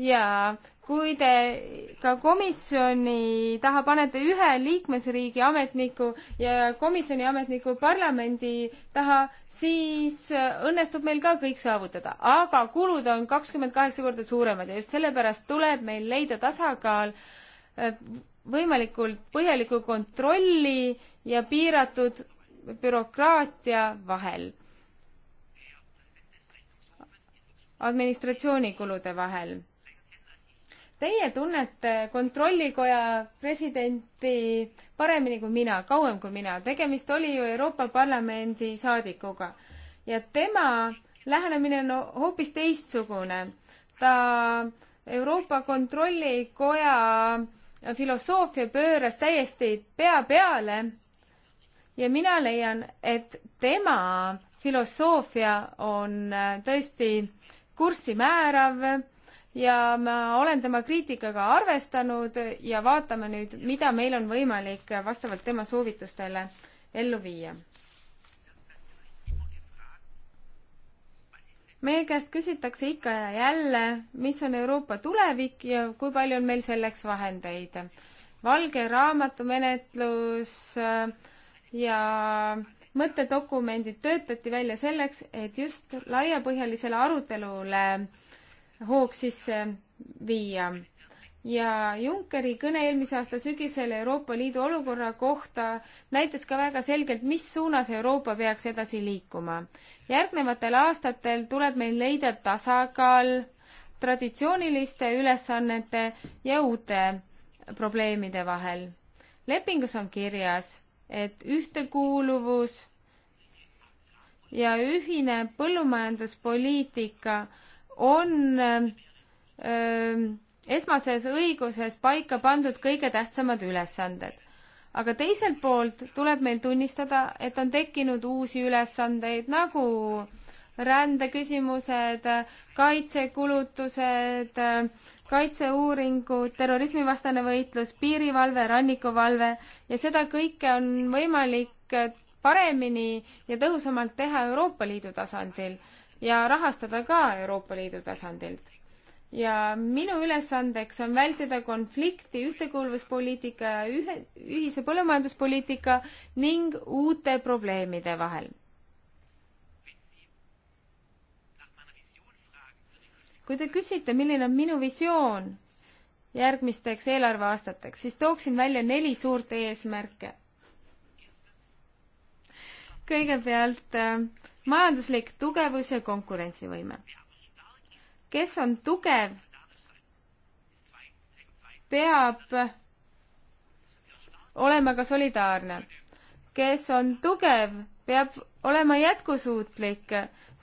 ja kui te ka komisjoni taha panete ühe liikmesriigi ametniku ja komisjoni ametniku parlamendi taha, siis õnnestub meil ka kõik saavutada, aga kulud on kakskümmend kaheksa korda suuremad ja just sellepärast tuleb meil leida tasakaal võimalikult põhjaliku kontrolli ja piiratud bürokraatia vahel, administratsioonikulude vahel. Teie tunnete Kontrollikoja presidenti paremini kui mina, kauem kui mina. tegemist oli ju Euroopa Parlamendi saadikuga ja tema lähenemine on hoopis teistsugune. ta Euroopa Kontrollikoja filosoofia pööras täiesti pea peale ja mina leian, et tema filosoofia on äh, tõesti kurssi määrav ja ma olen tema kriitikaga arvestanud ja vaatame nüüd, mida meil on võimalik äh, vastavalt tema soovitustele ellu viia. meie käest küsitakse ikka ja jälle, mis on Euroopa tulevik ja kui palju on meil selleks vahendeid. valge raamatu menetlus äh, ja mõttedokumendid töötati välja selleks, et just laiapõhjalisele arutelule hoog sisse viia. ja Junckeri kõne eelmise aasta sügisel Euroopa Liidu olukorra kohta näitas ka väga selgelt, mis suunas Euroopa peaks edasi liikuma järgnevatel aastatel tuleb meil leida tasakaal traditsiooniliste ülesannete ja uute probleemide vahel. lepingus on kirjas, et ühtekuuluvus ja ühine põllumajanduspoliitika on öö, esmases õiguses paika pandud kõige tähtsamad ülesanded aga teiselt poolt tuleb meil tunnistada, et on tekkinud uusi ülesandeid nagu rändeküsimused, kaitsekulutused, kaitseuuringud, terrorismivastane võitlus, piirivalve, rannikuvalve ja seda kõike on võimalik paremini ja tõhusamalt teha Euroopa Liidu tasandil ja rahastada ka Euroopa Liidu tasandilt ja minu ülesandeks on vältida konflikti ühtekuuluvuspoliitika ja ühe, ühise põllumajanduspoliitika ning uute probleemide vahel. kui te küsite, milline on minu visioon järgmisteks eelarveaastateks, siis tooksin välja neli suurt eesmärke. kõigepealt äh, majanduslik tugevus ja konkurentsivõime kes on tugev, peab olema ka solidaarne. kes on tugev, peab olema jätkusuutlik,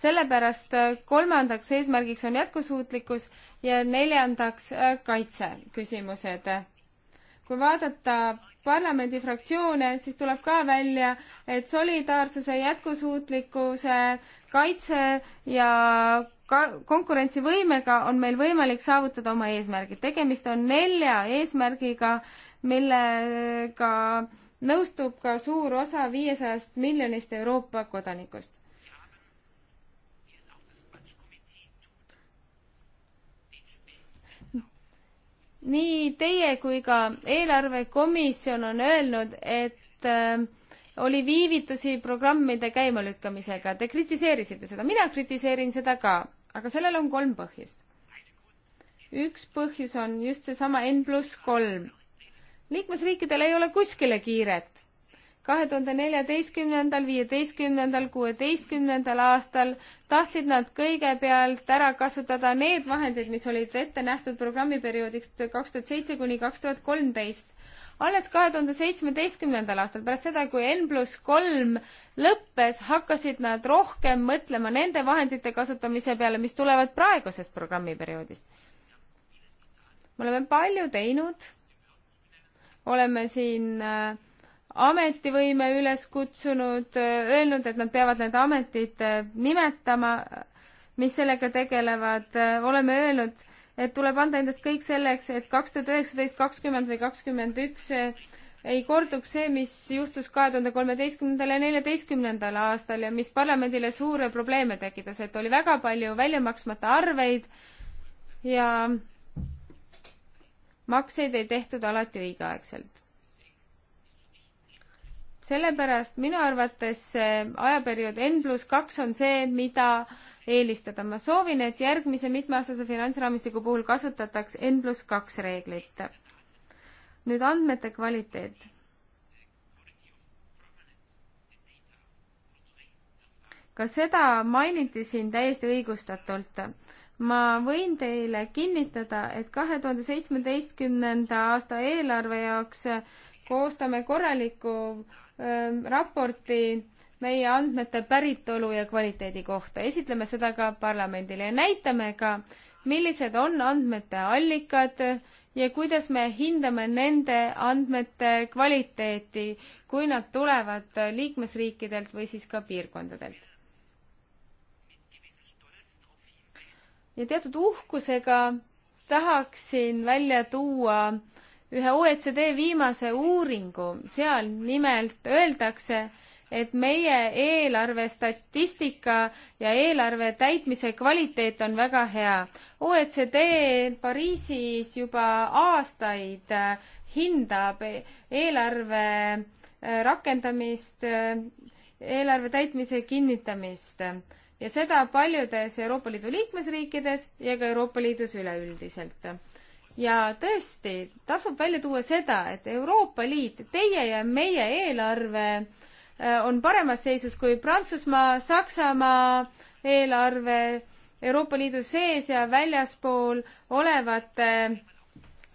sellepärast kolmandaks eesmärgiks on jätkusuutlikkus ja neljandaks kaitseküsimused. kui vaadata parlamendifraktsioone, siis tuleb ka välja, et solidaarsuse, jätkusuutlikkuse, kaitse ja ka-, konkurentsivõimega on meil võimalik saavutada oma eesmärgid. tegemist on nelja eesmärgiga, millega nõustub ka suur osa viiesajast miljonist Euroopa kodanikust. nii teie kui ka eelarvekomisjon on öelnud, et äh, oli viivitusi programmide käimalükkamisega. Te kritiseerisite seda, mina kritiseerin seda ka, aga sellel on kolm põhjust. üks põhjus on just seesama N pluss kolm. liikmesriikidel ei ole kuskile kiiret. kahe tuhande neljateistkümnendal, viieteistkümnendal, kuueteistkümnendal aastal tahtsid nad kõigepealt ära kasutada need vahendid, mis olid ette nähtud programmiperioodiks kaks tuhat seitse kuni kaks tuhat kolmteist alles kahe tuhande seitsmeteistkümnendal aastal, pärast seda, kui N pluss kolm lõppes, hakkasid nad rohkem mõtlema nende vahendite kasutamise peale, mis tulevad praegusest programmiperioodist. me oleme palju teinud, oleme siin äh, ametivõime üles kutsunud, äh, öelnud, et nad peavad need ametid äh, nimetama, mis sellega tegelevad, oleme öelnud, et tuleb anda endast kõik selleks, et kaks tuhat üheksateist, kakskümmend või kakskümmend üks ei korduks see, mis juhtus kahe tuhande kolmeteistkümnendal ja neljateistkümnendal aastal ja mis parlamendile suure probleeme tekitas, et oli väga palju välja maksmata arveid ja makseid ei tehtud alati õigeaegselt sellepärast minu arvates see ajaperiood N pluss kaks on see, mida eelistada. ma soovin, et järgmise mitmeaastase finantsraamistiku puhul kasutataks N pluss kaks reeglit. nüüd andmete kvaliteet. ka seda mainiti siin täiesti õigustatult ma võin teile kinnitada, et kahe tuhande seitsmeteistkümnenda aasta eelarve jaoks koostame korraliku Ähm, raporti meie andmete päritolu ja kvaliteedi kohta. esitleme seda ka parlamendile ja näitame ka, millised on andmete allikad ja kuidas me hindame nende andmete kvaliteeti, kui nad tulevad liikmesriikidelt või siis ka piirkondadelt. ja teatud uhkusega tahaksin välja tuua äh, ühe OECD viimase uuringu, seal nimelt öeldakse, et meie eelarvestatistika ja eelarve täitmise kvaliteet on väga hea. OECD Pariisis juba aastaid äh, hindab e-, eelarve äh, rakendamist, äh, eelarve täitmise kinnitamist ja seda paljudes Euroopa Liidu liikmesriikides ja ka Euroopa Liidus üleüldiselt ja tõesti, tasub välja tuua seda, et Euroopa Liit, teie ja meie eelarve äh, on paremas seisus kui Prantsusmaa, Saksamaa eelarve Euroopa Liidu sees ja väljaspool olevate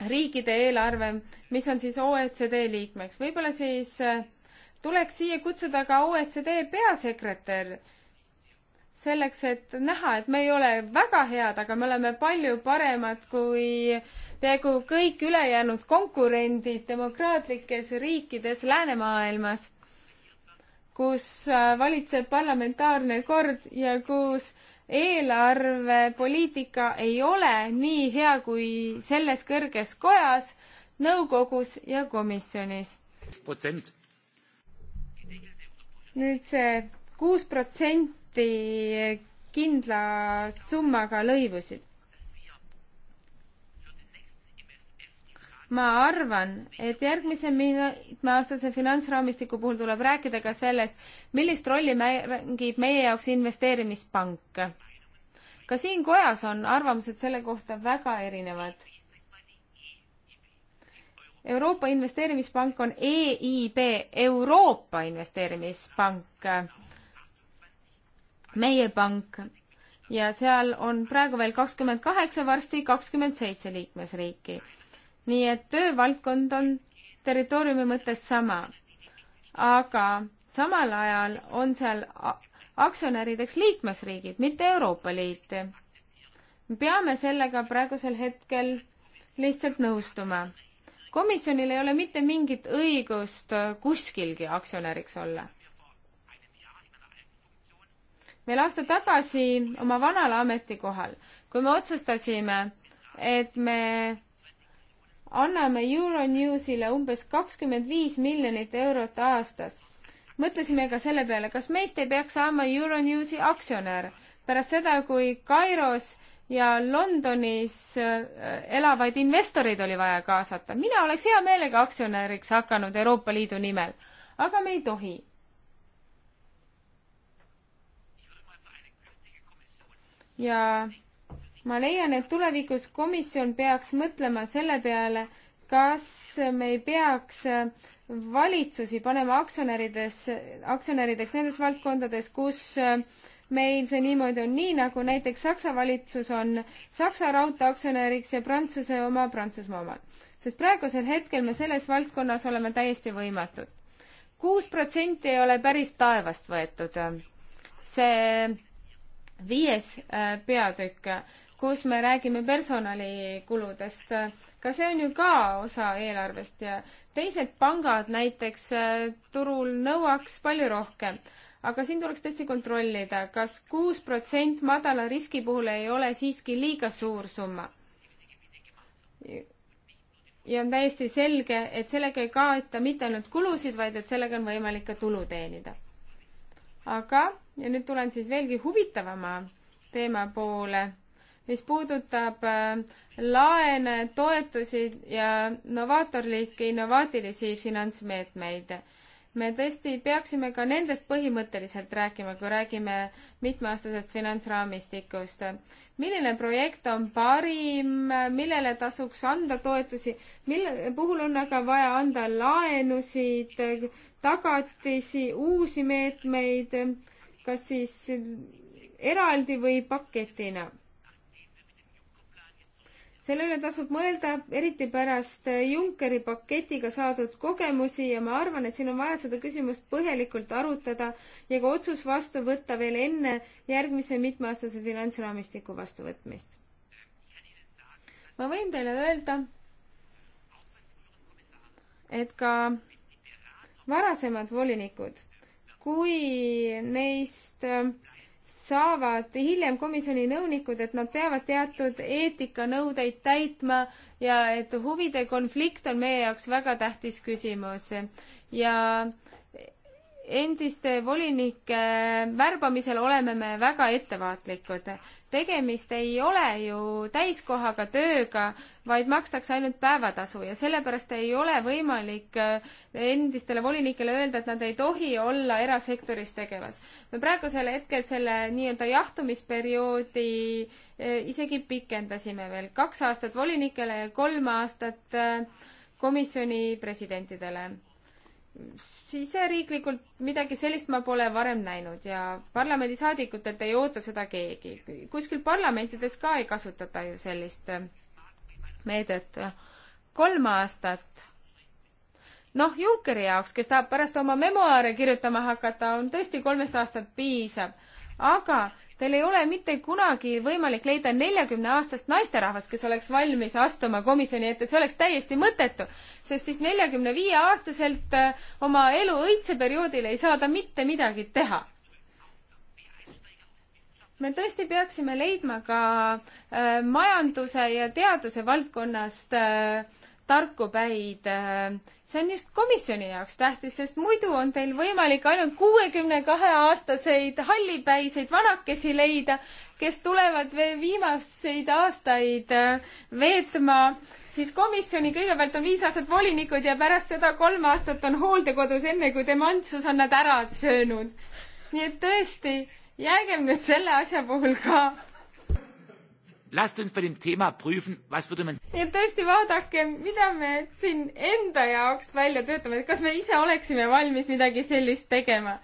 riikide eelarve, mis on siis OECD liikmeks. võib-olla siis äh, tuleks siia kutsuda ka OECD peasekretär selleks, et näha, et me ei ole väga head, aga me oleme palju paremad kui peaaegu kõik ülejäänud konkurendid demokraatlikes riikides läänemaailmas, kus äh, valitseb parlamentaarne kord ja kus eelarvepoliitika ei ole nii hea kui selles kõrges kojas, nõukogus ja komisjonis. nüüd see kuus protsenti kindla summaga lõivusid ma arvan, et järgmise mitmeaastase finantsraamistiku puhul tuleb rääkida ka sellest, millist rolli mängib meie jaoks investeerimispank. ka siin kojas on arvamused selle kohta väga erinevad. Euroopa Investeerimispank on EIB, Euroopa Investeerimispank, meie pank ja seal on praegu veel kakskümmend kaheksa, varsti kakskümmend seitse liikmesriiki nii et töövaldkond on territooriumi mõttes sama. aga samal ajal on seal aktsionärideks liikmesriigid, mitte Euroopa Liit. me peame sellega praegusel hetkel lihtsalt nõustuma. komisjonil ei ole mitte mingit õigust kuskilgi aktsionäriks olla. veel aasta tagasi oma vanal ametikohal, kui me otsustasime, et me anname Euronewsile umbes kakskümmend viis miljonit eurot aastas. mõtlesime ka selle peale, kas meist ei peaks saama Euronewsi aktsionär pärast seda, kui Kairos ja Londonis äh, elavaid investoreid oli vaja kaasata. mina oleks hea meelega aktsionäriks hakanud Euroopa Liidu nimel, aga me ei tohi ja ma leian, et tulevikus komisjon peaks mõtlema selle peale, kas me ei peaks valitsusi panema aktsionärides, aktsionärideks nendes valdkondades, kus meil see niimoodi on, nii nagu näiteks Saksa valitsus on Saksa raudtee aktsionäriks ja Prantsuse oma Prantsusmaa omal. sest praegusel hetkel me selles valdkonnas oleme täiesti võimatud. kuus protsenti ei ole päris taevast võetud. see viies äh, peatükk, kus me räägime personalikuludest. ka see on ju ka osa eelarvest ja teised pangad näiteks äh, turul nõuaks palju rohkem. aga siin tuleks tõesti kontrollida, kas kuus protsent madala riski puhul ei ole siiski liiga suur summa. ja on täiesti selge, et sellega ei kaeta mitte ainult kulusid, vaid et sellega on võimalik ka tulu teenida. aga, ja nüüd tulen siis veelgi huvitavama teema poole mis puudutab äh, laene, toetusi ja novaatorlikke innovaatilisi finantsmeetmeid. me tõesti peaksime ka nendest põhimõtteliselt rääkima, kui räägime mitmeaastasest finantsraamistikust. milline projekt on parim, millele tasuks anda toetusi, mille puhul on aga vaja anda laenusid, tagatisi, uusi meetmeid, kas siis eraldi või paketina selle üle tasub mõelda, eriti pärast äh, Junckeri paketiga saadud kogemusi ja ma arvan, et siin on vaja seda küsimust põhjalikult arutada ja ka otsus vastu võtta veel enne järgmise mitmeaastase finantsraamistiku vastuvõtmist. ma võin teile öelda, et ka varasemad volinikud, kui neist äh, saavad hiljem komisjoni nõunikud, et nad peavad teatud eetikanõudeid täitma ja et huvide konflikt on meie jaoks väga tähtis küsimus. ja endiste volinike värbamisel oleme me väga ettevaatlikud tegemist ei ole ju täiskohaga tööga, vaid makstakse ainult päevatasu ja sellepärast ei ole võimalik äh, endistele volinikele öelda, et nad ei tohi olla erasektoris tegevas. me praegusel hetkel selle nii-öelda jahtumisperioodi äh, isegi pikendasime veel kaks aastat volinikele ja kolm aastat äh, komisjoni presidentidele siseriiklikult midagi sellist ma pole varem näinud ja parlamendisaadikutelt ei oota seda keegi. kuskil parlamentides ka ei kasutata ju sellist äh, meedet. kolm aastat. noh, Junckeri jaoks, kes tahab pärast oma memuaare kirjutama hakata, on tõesti kolmest aastat piisab, aga Teil ei ole mitte kunagi võimalik leida neljakümne aastast naisterahvast, kes oleks valmis astuma komisjoni ette, see oleks täiesti mõttetu, sest siis neljakümne viie aastaselt äh, oma elu õitseperioodil ei saa ta mitte midagi teha me tõesti peaksime leidma ka äh, majanduse ja teaduse valdkonnast äh, tarku päid. Äh, see on just komisjoni jaoks tähtis, sest muidu on teil võimalik ainult kuuekümne kahe aastaseid hallipäiseid vanakesi leida, kes tulevad viimaseid aastaid äh, veetma siis komisjoni, kõigepealt on viis aastat volinikud ja pärast seda kolm aastat on hooldekodus, enne kui demantsus on nad ära söönud. nii et tõesti, jäägem nüüd selle asja puhul ka Lasst uns bei dem Thema prüfen, was würde man ja tõesti vaadake, mida me siin enda jaoks välja töötame, et kas me ise oleksime valmis midagi sellist tegema.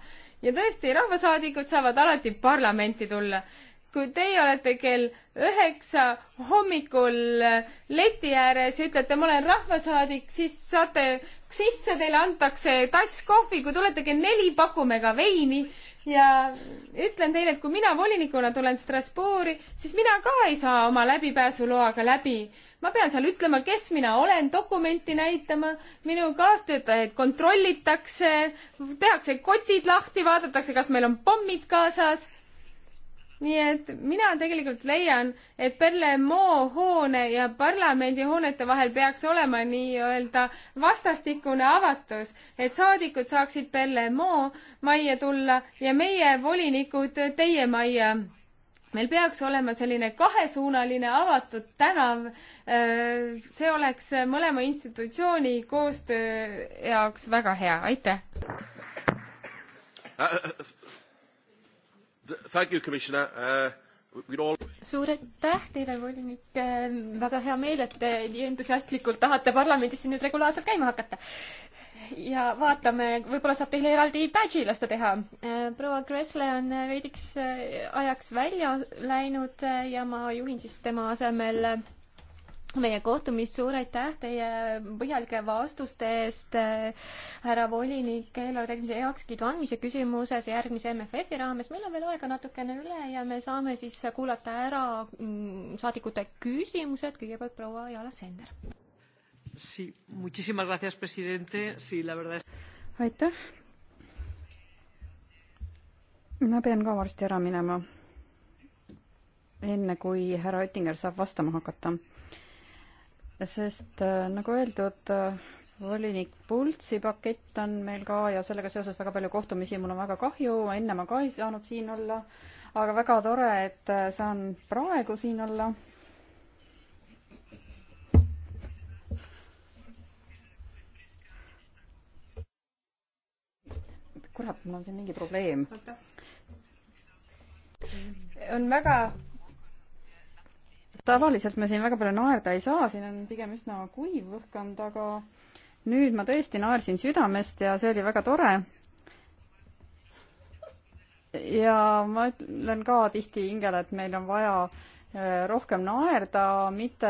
ja tõesti, rahvasaadikud saavad alati parlamenti tulla. kui teie olete kell üheksa hommikul leti ääres ja ütlete, ma olen rahvasaadik, siis saate, sisse teile antakse tass kohvi, kui tulete kell neli, pakume ka veini ja ütlen teile, et kui mina volinikuna tulen Strasbourgi, siis mina ka ei saa oma läbipääsuloaga läbi. ma pean seal ütlema, kes mina olen, dokumenti näitama, minu kaastöötajaid kontrollitakse, tehakse kotid lahti, vaadatakse, kas meil on pommid kaasas nii et mina tegelikult leian, et Berlemo hoone ja parlamendihoonete vahel peaks olema nii-öelda vastastikune avatus, et saadikud saaksid Berlemo majja tulla ja meie volinikud teie majja. meil peaks olema selline kahesuunaline avatud tänav. Äh, see oleks mõlema institutsiooni koostöö jaoks väga hea, aitäh! Äh, Thank you, Commissioner uh,. All... suur aitäh teile, volinik, äh, väga hea meel, et te nii entusiastlikult tahate parlamendis siin nüüd regulaarselt käima hakata. ja vaatame, võib-olla saab teile eraldi badge'i lasta teha. Äh, proua Kressle on veidiks ajaks välja läinud äh, ja ma juhin siis tema asemel meie kohtumist, suur aitäh teie põhjalike vastuste eest, härra volinik, eelarve tegemise heakskiidu andmise küsimuses järgmise MFF-i raames. meil on veel aega natukene üle ja me saame siis kuulata ära mm, saadikute küsimused, kõigepealt proua Jala Sender. aitäh. ma pean ka varsti ära minema enne kui härra Oettinger saab vastama hakata sest äh, nagu öeldud, äh, volinik Pultsi pakett on meil ka ja sellega seoses väga palju kohtumisi, mul on väga kahju, enne ma ka ei saanud siin olla, aga väga tore, et äh, saan praegu siin olla. kurat, mul on siin mingi probleem. on väga tavaliselt me siin väga palju naerda ei saa, siin on pigem üsna kuiv õhkkond, aga nüüd ma tõesti naersin südamest ja see oli väga tore. ja ma ütlen ka tihti hingele, et meil on vaja äh, rohkem naerda, mitte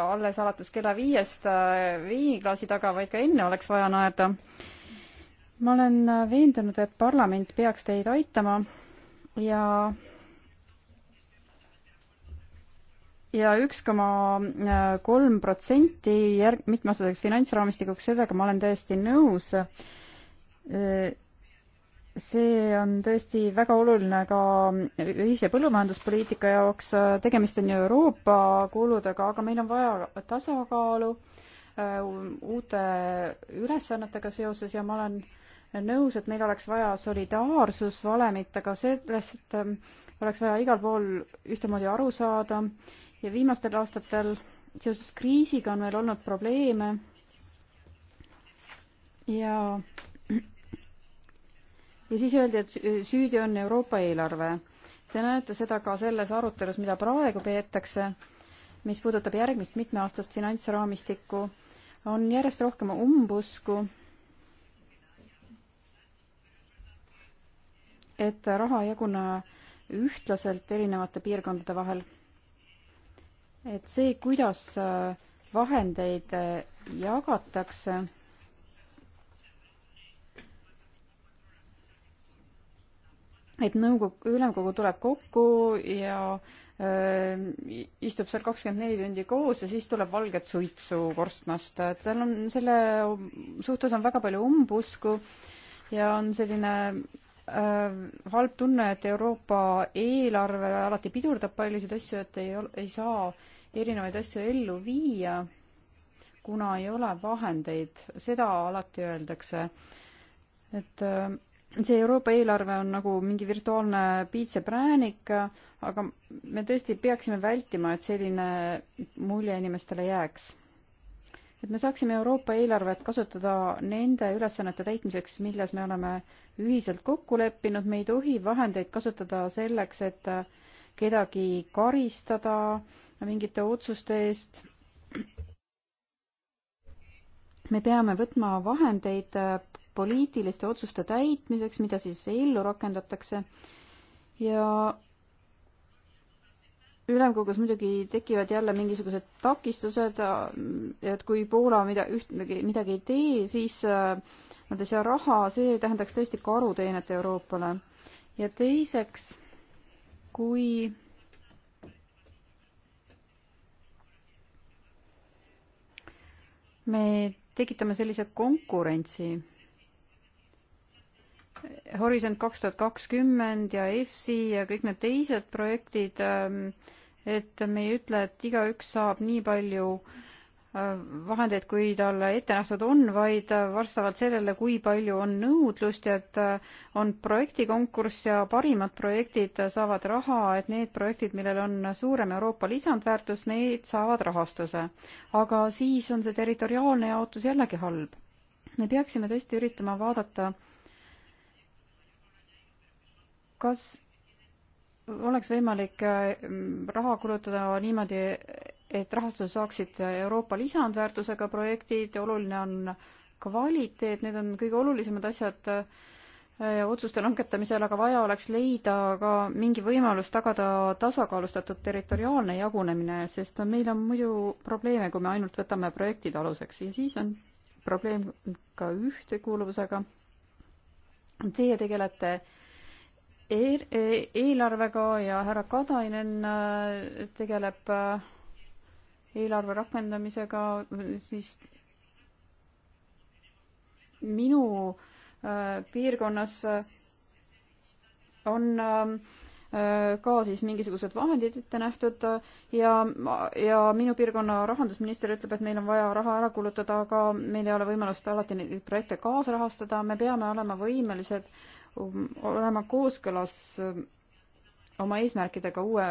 alles alates kella viiest äh, viiniklaasi taga, vaid ka enne oleks vaja naerda. ma olen äh, veendunud, et parlament peaks teid aitama ja ja üks koma äh, kolm protsenti järg-, mitmeaastaseks finantsraamistikuks, sellega ma olen täiesti nõus. Äh, see on tõesti väga oluline ka ühise põllumajanduspoliitika jaoks, tegemist on ju Euroopa kuludega, aga meil on vaja tasakaalu äh, uute ülesannetega seoses ja ma olen nõus, et meil oleks vaja solidaarsusvalemit, aga sellest oleks vaja igal pool ühtemoodi aru saada ja viimastel aastatel seoses kriisiga on meil olnud probleeme ja ja siis öeldi, et süüdi on Euroopa eelarve. Te näete seda ka selles arutelus, mida praegu peetakse, mis puudutab järgmist mitmeaastast finantsraamistikku, on järjest rohkem umbusku, et raha jaguna ühtlaselt erinevate piirkondade vahel et see, kuidas äh, vahendeid äh, jagatakse, et nõukogu, ülemkogu tuleb kokku ja öö, äh, istub seal kakskümmend neli tundi koos ja siis tuleb valget suitsu korstnast, et seal on selle suhtes on väga palju umbusku ja on selline öö, halb tunne, et Euroopa eelarve alati pidurdab paljusid asju, et ei, ei saa öö, erinevaid asju ellu viia, kuna ei ole vahendeid, seda alati öeldakse. et äh, see Euroopa eelarve on nagu mingi virtuaalne piitsepräänik, aga me tõesti peaksime vältima, et selline mulje inimestele jääks et me saaksime Euroopa eelarvet kasutada nende ülesannete täitmiseks, milles me oleme ühiselt kokku leppinud, me ei tohi vahendeid kasutada selleks, et kedagi karistada, mingite otsuste eest. me peame võtma vahendeid äh, poliitiliste otsuste täitmiseks, mida siis ellu rakendatakse ja ülemkogus muidugi tekivad jälle mingisugused takistused, äh, et kui Poola mida, üht, midagi ei tee, siis äh, nad ei saa raha, see tähendaks tõesti karuteenet Euroopale. ja teiseks, kui me tekitame sellise konkurentsi Horisont kaks tuhat kakskümmend ja EFSI ja kõik need teised projektid, ähm, et me ei ütle, et igaüks saab nii palju äh, vahendeid, kui talle ette nähtud on, vaid vastavalt sellele, kui palju on nõudlust ja et on projektikonkurss ja parimad projektid saavad raha, et need projektid, millel on suurem Euroopa lisandväärtus, need saavad rahastuse. aga siis on see territoriaalne jaotus jällegi halb. me peaksime tõesti üritama vaadata, kas oleks võimalik äh, raha kulutada niimoodi, et rahastuse saaksid Euroopa lisandväärtusega projektid, oluline on kvaliteet, need on kõige olulisemad asjad äh, otsuste langetamisel, aga vaja oleks leida ka mingi võimalus tagada tasakaalustatud territoriaalne jagunemine, sest meil on muidu probleeme, kui me ainult võtame projektid aluseks ja siis on probleem ka ühtekuuluvusega. Teie tegelete e-, e-, eelarvega ja härra Katainen äh, tegeleb äh, eelarve rakendamisega, siis minu äh, piirkonnas äh, on äh, ka siis mingisugused vahendid ette nähtud ja, ja minu piirkonna rahandusminister ütleb, et meil on vaja raha ära kulutada, aga meil ei ole võimalust alati neid projekte kaasrahastada, me peame olema võimelised olema kooskõlas oma eesmärkidega uue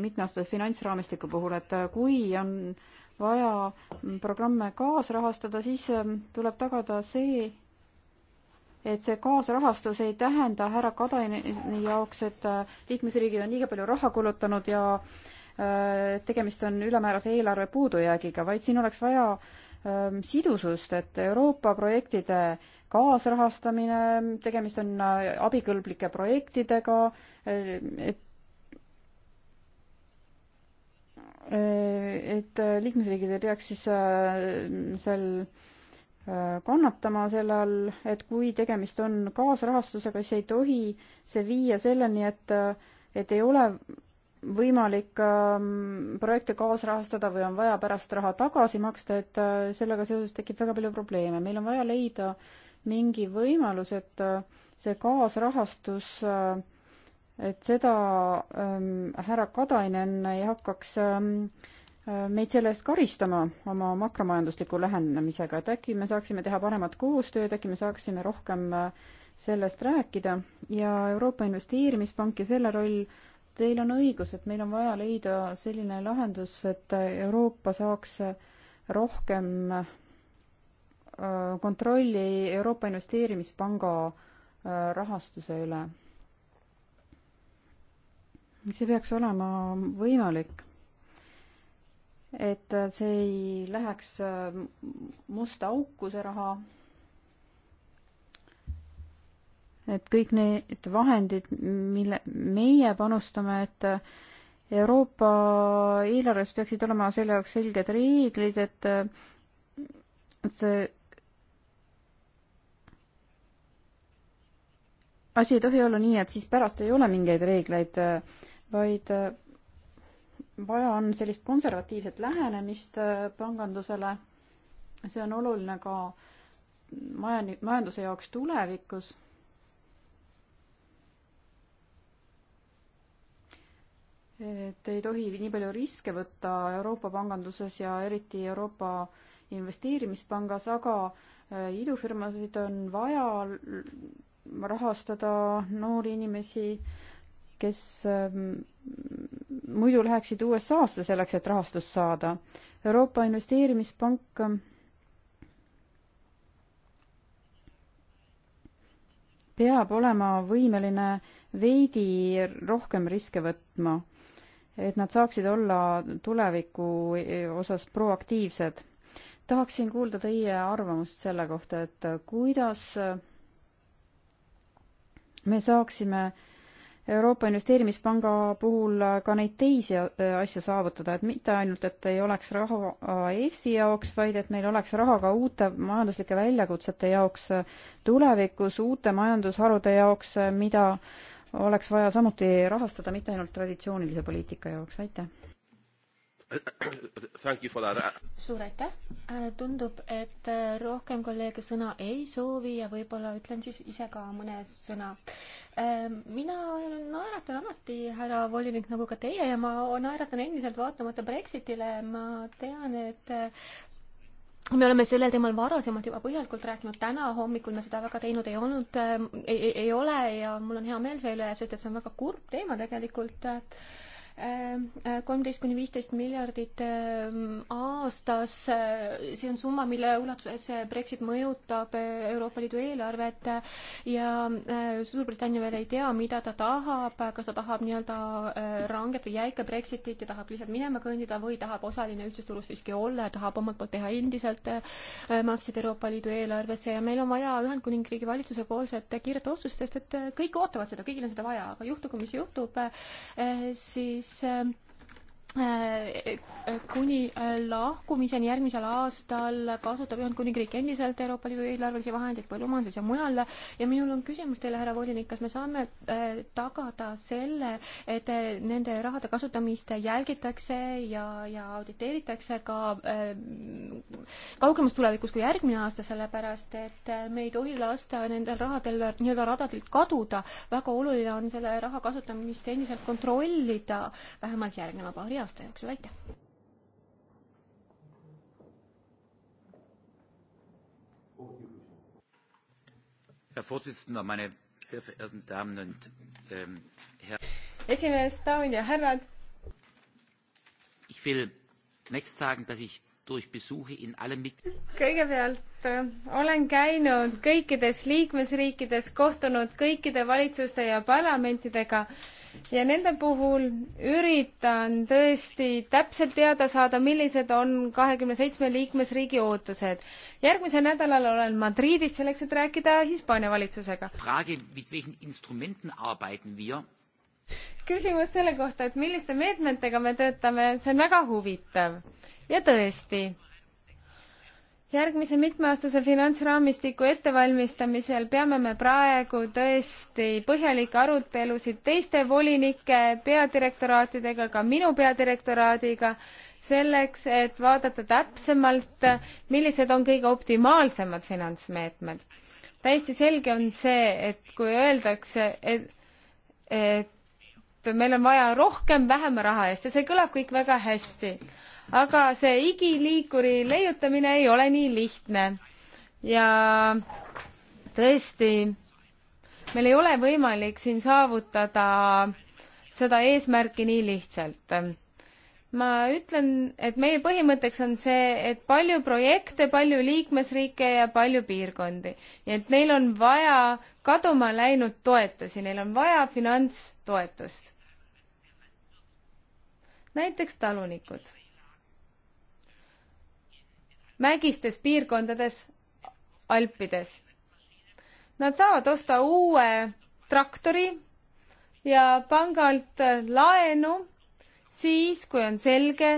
mitmeaastase finantsraamistiku puhul, et äh, kui on vaja programme kaasrahastada, siis ähm, tuleb tagada see, et see kaasrahastus ei tähenda härra Kadaini jaoks, et äh, liikmesriigid on liiga palju raha kulutanud ja äh, tegemist on ülemäärase eelarve puudujäägiga, vaid siin oleks vaja ähm, sidusust, et Euroopa projektide kaasrahastamine, tegemist on abikõlblike projektidega, et et liikmesriigid ei peaks siis äh, seal äh, kannatama selle all, et kui tegemist on kaasrahastusega, siis ei tohi see viia selleni, et, et ei ole võimalik ähm, projekte kaasrahastada või on vaja pärast raha tagasi maksta, et äh, sellega seoses tekib väga palju probleeme. meil on vaja leida mingi võimalus, et see kaasrahastus äh, et seda ähm, härra Kadainen ei hakkaks ähm, äh, meid selle eest karistama oma makromajandusliku lähenemisega, et äkki me saaksime teha paremat koostööd, äkki me saaksime rohkem äh, sellest rääkida ja Euroopa Investeerimispank ja selle roll, teil on õigus, et meil on vaja leida selline lahendus, et Euroopa saaks rohkem äh, kontrolli Euroopa Investeerimispanga rahastuse üle see peaks olema võimalik, et see ei läheks musta auku, see raha. et kõik need vahendid, mille meie panustame, et Euroopa eelarves peaksid olema selle jaoks selged reeglid, et see asi ei tohi olla nii, et siis pärast ei ole mingeid reegleid äh, vaid äh, vaja on sellist konservatiivset lähenemist äh, pangandusele. see on oluline ka majani-, majanduse jaoks tulevikus. et ei tohi nii palju riske võtta Euroopa panganduses ja eriti Euroopa investeerimispangas, aga äh, idufirmasid on vaja rahastada noori inimesi, kes ähm, muidu läheksid USA-sse selleks, et rahastust saada. Euroopa Investeerimispank ähm, peab olema võimeline veidi rohkem riske võtma, et nad saaksid olla tuleviku e, osas proaktiivsed. tahaksin kuulda teie arvamust selle kohta, et kuidas me saaksime äh, Euroopa Investeerimispanga puhul ka neid teisi äh, asju saavutada, et mitte ainult, et ei oleks raha EFSi jaoks, vaid et meil oleks raha ka uute majanduslike väljakutsete jaoks äh, tulevikus, uute majandusharude jaoks, äh, mida oleks vaja samuti rahastada, mitte ainult traditsioonilise poliitika jaoks, aitäh! suur aitäh, äh, tundub, et äh, rohkem kolleege sõna ei soovi ja võib-olla ütlen siis ise ka mõne sõna. Äh, mina naeratan alati, härra volinik, nagu ka teie ja ma naeratan endiselt vaatamata Brexitile, ma tean, et me oleme sellel teemal varasemalt juba põhjalikult rääkinud, täna hommikul me seda väga teinud ei olnud äh,, ei, ei ole ja mul on hea meel selle üle, sest et see on väga kurb teema tegelikult äh, kolmteist kuni viisteist miljardit ähm, aastas, äh, see on summa, mille ulatuses Brexit mõjutab äh, Euroopa Liidu eelarvet äh, ja Suurbritannia veel ei tea, mida ta tahab, kas ta tahab nii-öelda ranget või jäika Brexitit ja tahab lihtsalt minema kõndida või tahab osaline ühtsest turust siiski olla ja tahab omalt poolt teha endiselt makseid Euroopa Liidu eelarvesse ja meil on vaja Ühendkuningriigi valitsuse poolset kiiret otsust, sest et kõik ootavad seda, kõigil on seda vaja, aga juhtugu, mis juhtub, siis siis äh, Äh, äh, kuni äh, lahkumiseni järgmisel aastal kasutab Ühendkuningriik endiselt Euroopa Liidu eelarvelisi vahendeid põllumajanduses ja mujal ja minul on küsimus teile, härra volinik, kas me saame tagada selle, et nende rahade kasutamist jälgitakse ja, ja auditeeritakse ka kaugemas tulevikus kui järgmine aasta, sellepärast et me ei tohi lasta nendel rahadel nii-öelda radadelt kaduda. väga oluline on selle raha kasutamist endiselt kontrollida vähemalt järgneva paari aasta aasta jooksul, aitäh! Herr Vorsitzender, meine sehr verehrten Damen und ähm, Herren. Esimees, daamid ja härrad. Ich will zunächst sagen, dass ich durch Besuche in allen Mit- kõigepealt äh, olen käinud kõikides liikmesriikides, kohtunud kõikide valitsuste ja parlamentidega ja nende puhul üritan tõesti täpselt teada saada, millised on kahekümne seitsme liikmesriigi ootused. järgmisel nädalal olen Madridis selleks, et rääkida Hispaania valitsusega. küsimus selle kohta, et milliste meetmetega me töötame, see on väga huvitav ja tõesti järgmise mitmeaastase finantsraamistiku ettevalmistamisel peame me praegu tõesti põhjalikke arutelusid teiste volinike peadirektoraatidega, ka minu peadirektoraadiga, selleks, et vaadata täpsemalt, millised on kõige optimaalsemad finantsmeetmed. täiesti selge on see, et kui öeldakse, et, et meil on vaja rohkem vähema raha eest ja see kõlab kõik väga hästi aga see igiliikuri leiutamine ei ole nii lihtne. ja tõesti, meil ei ole võimalik siin saavutada seda eesmärki nii lihtsalt ma ütlen, et meie põhimõtteks on see, et palju projekte, palju liikmesriike ja palju piirkondi. nii et neil on vaja kaduma läinud toetusi, neil on vaja finantstoetust. näiteks talunikud mägistes piirkondades Alpides. Nad saavad osta uue traktori ja pangalt laenu siis, kui on selge,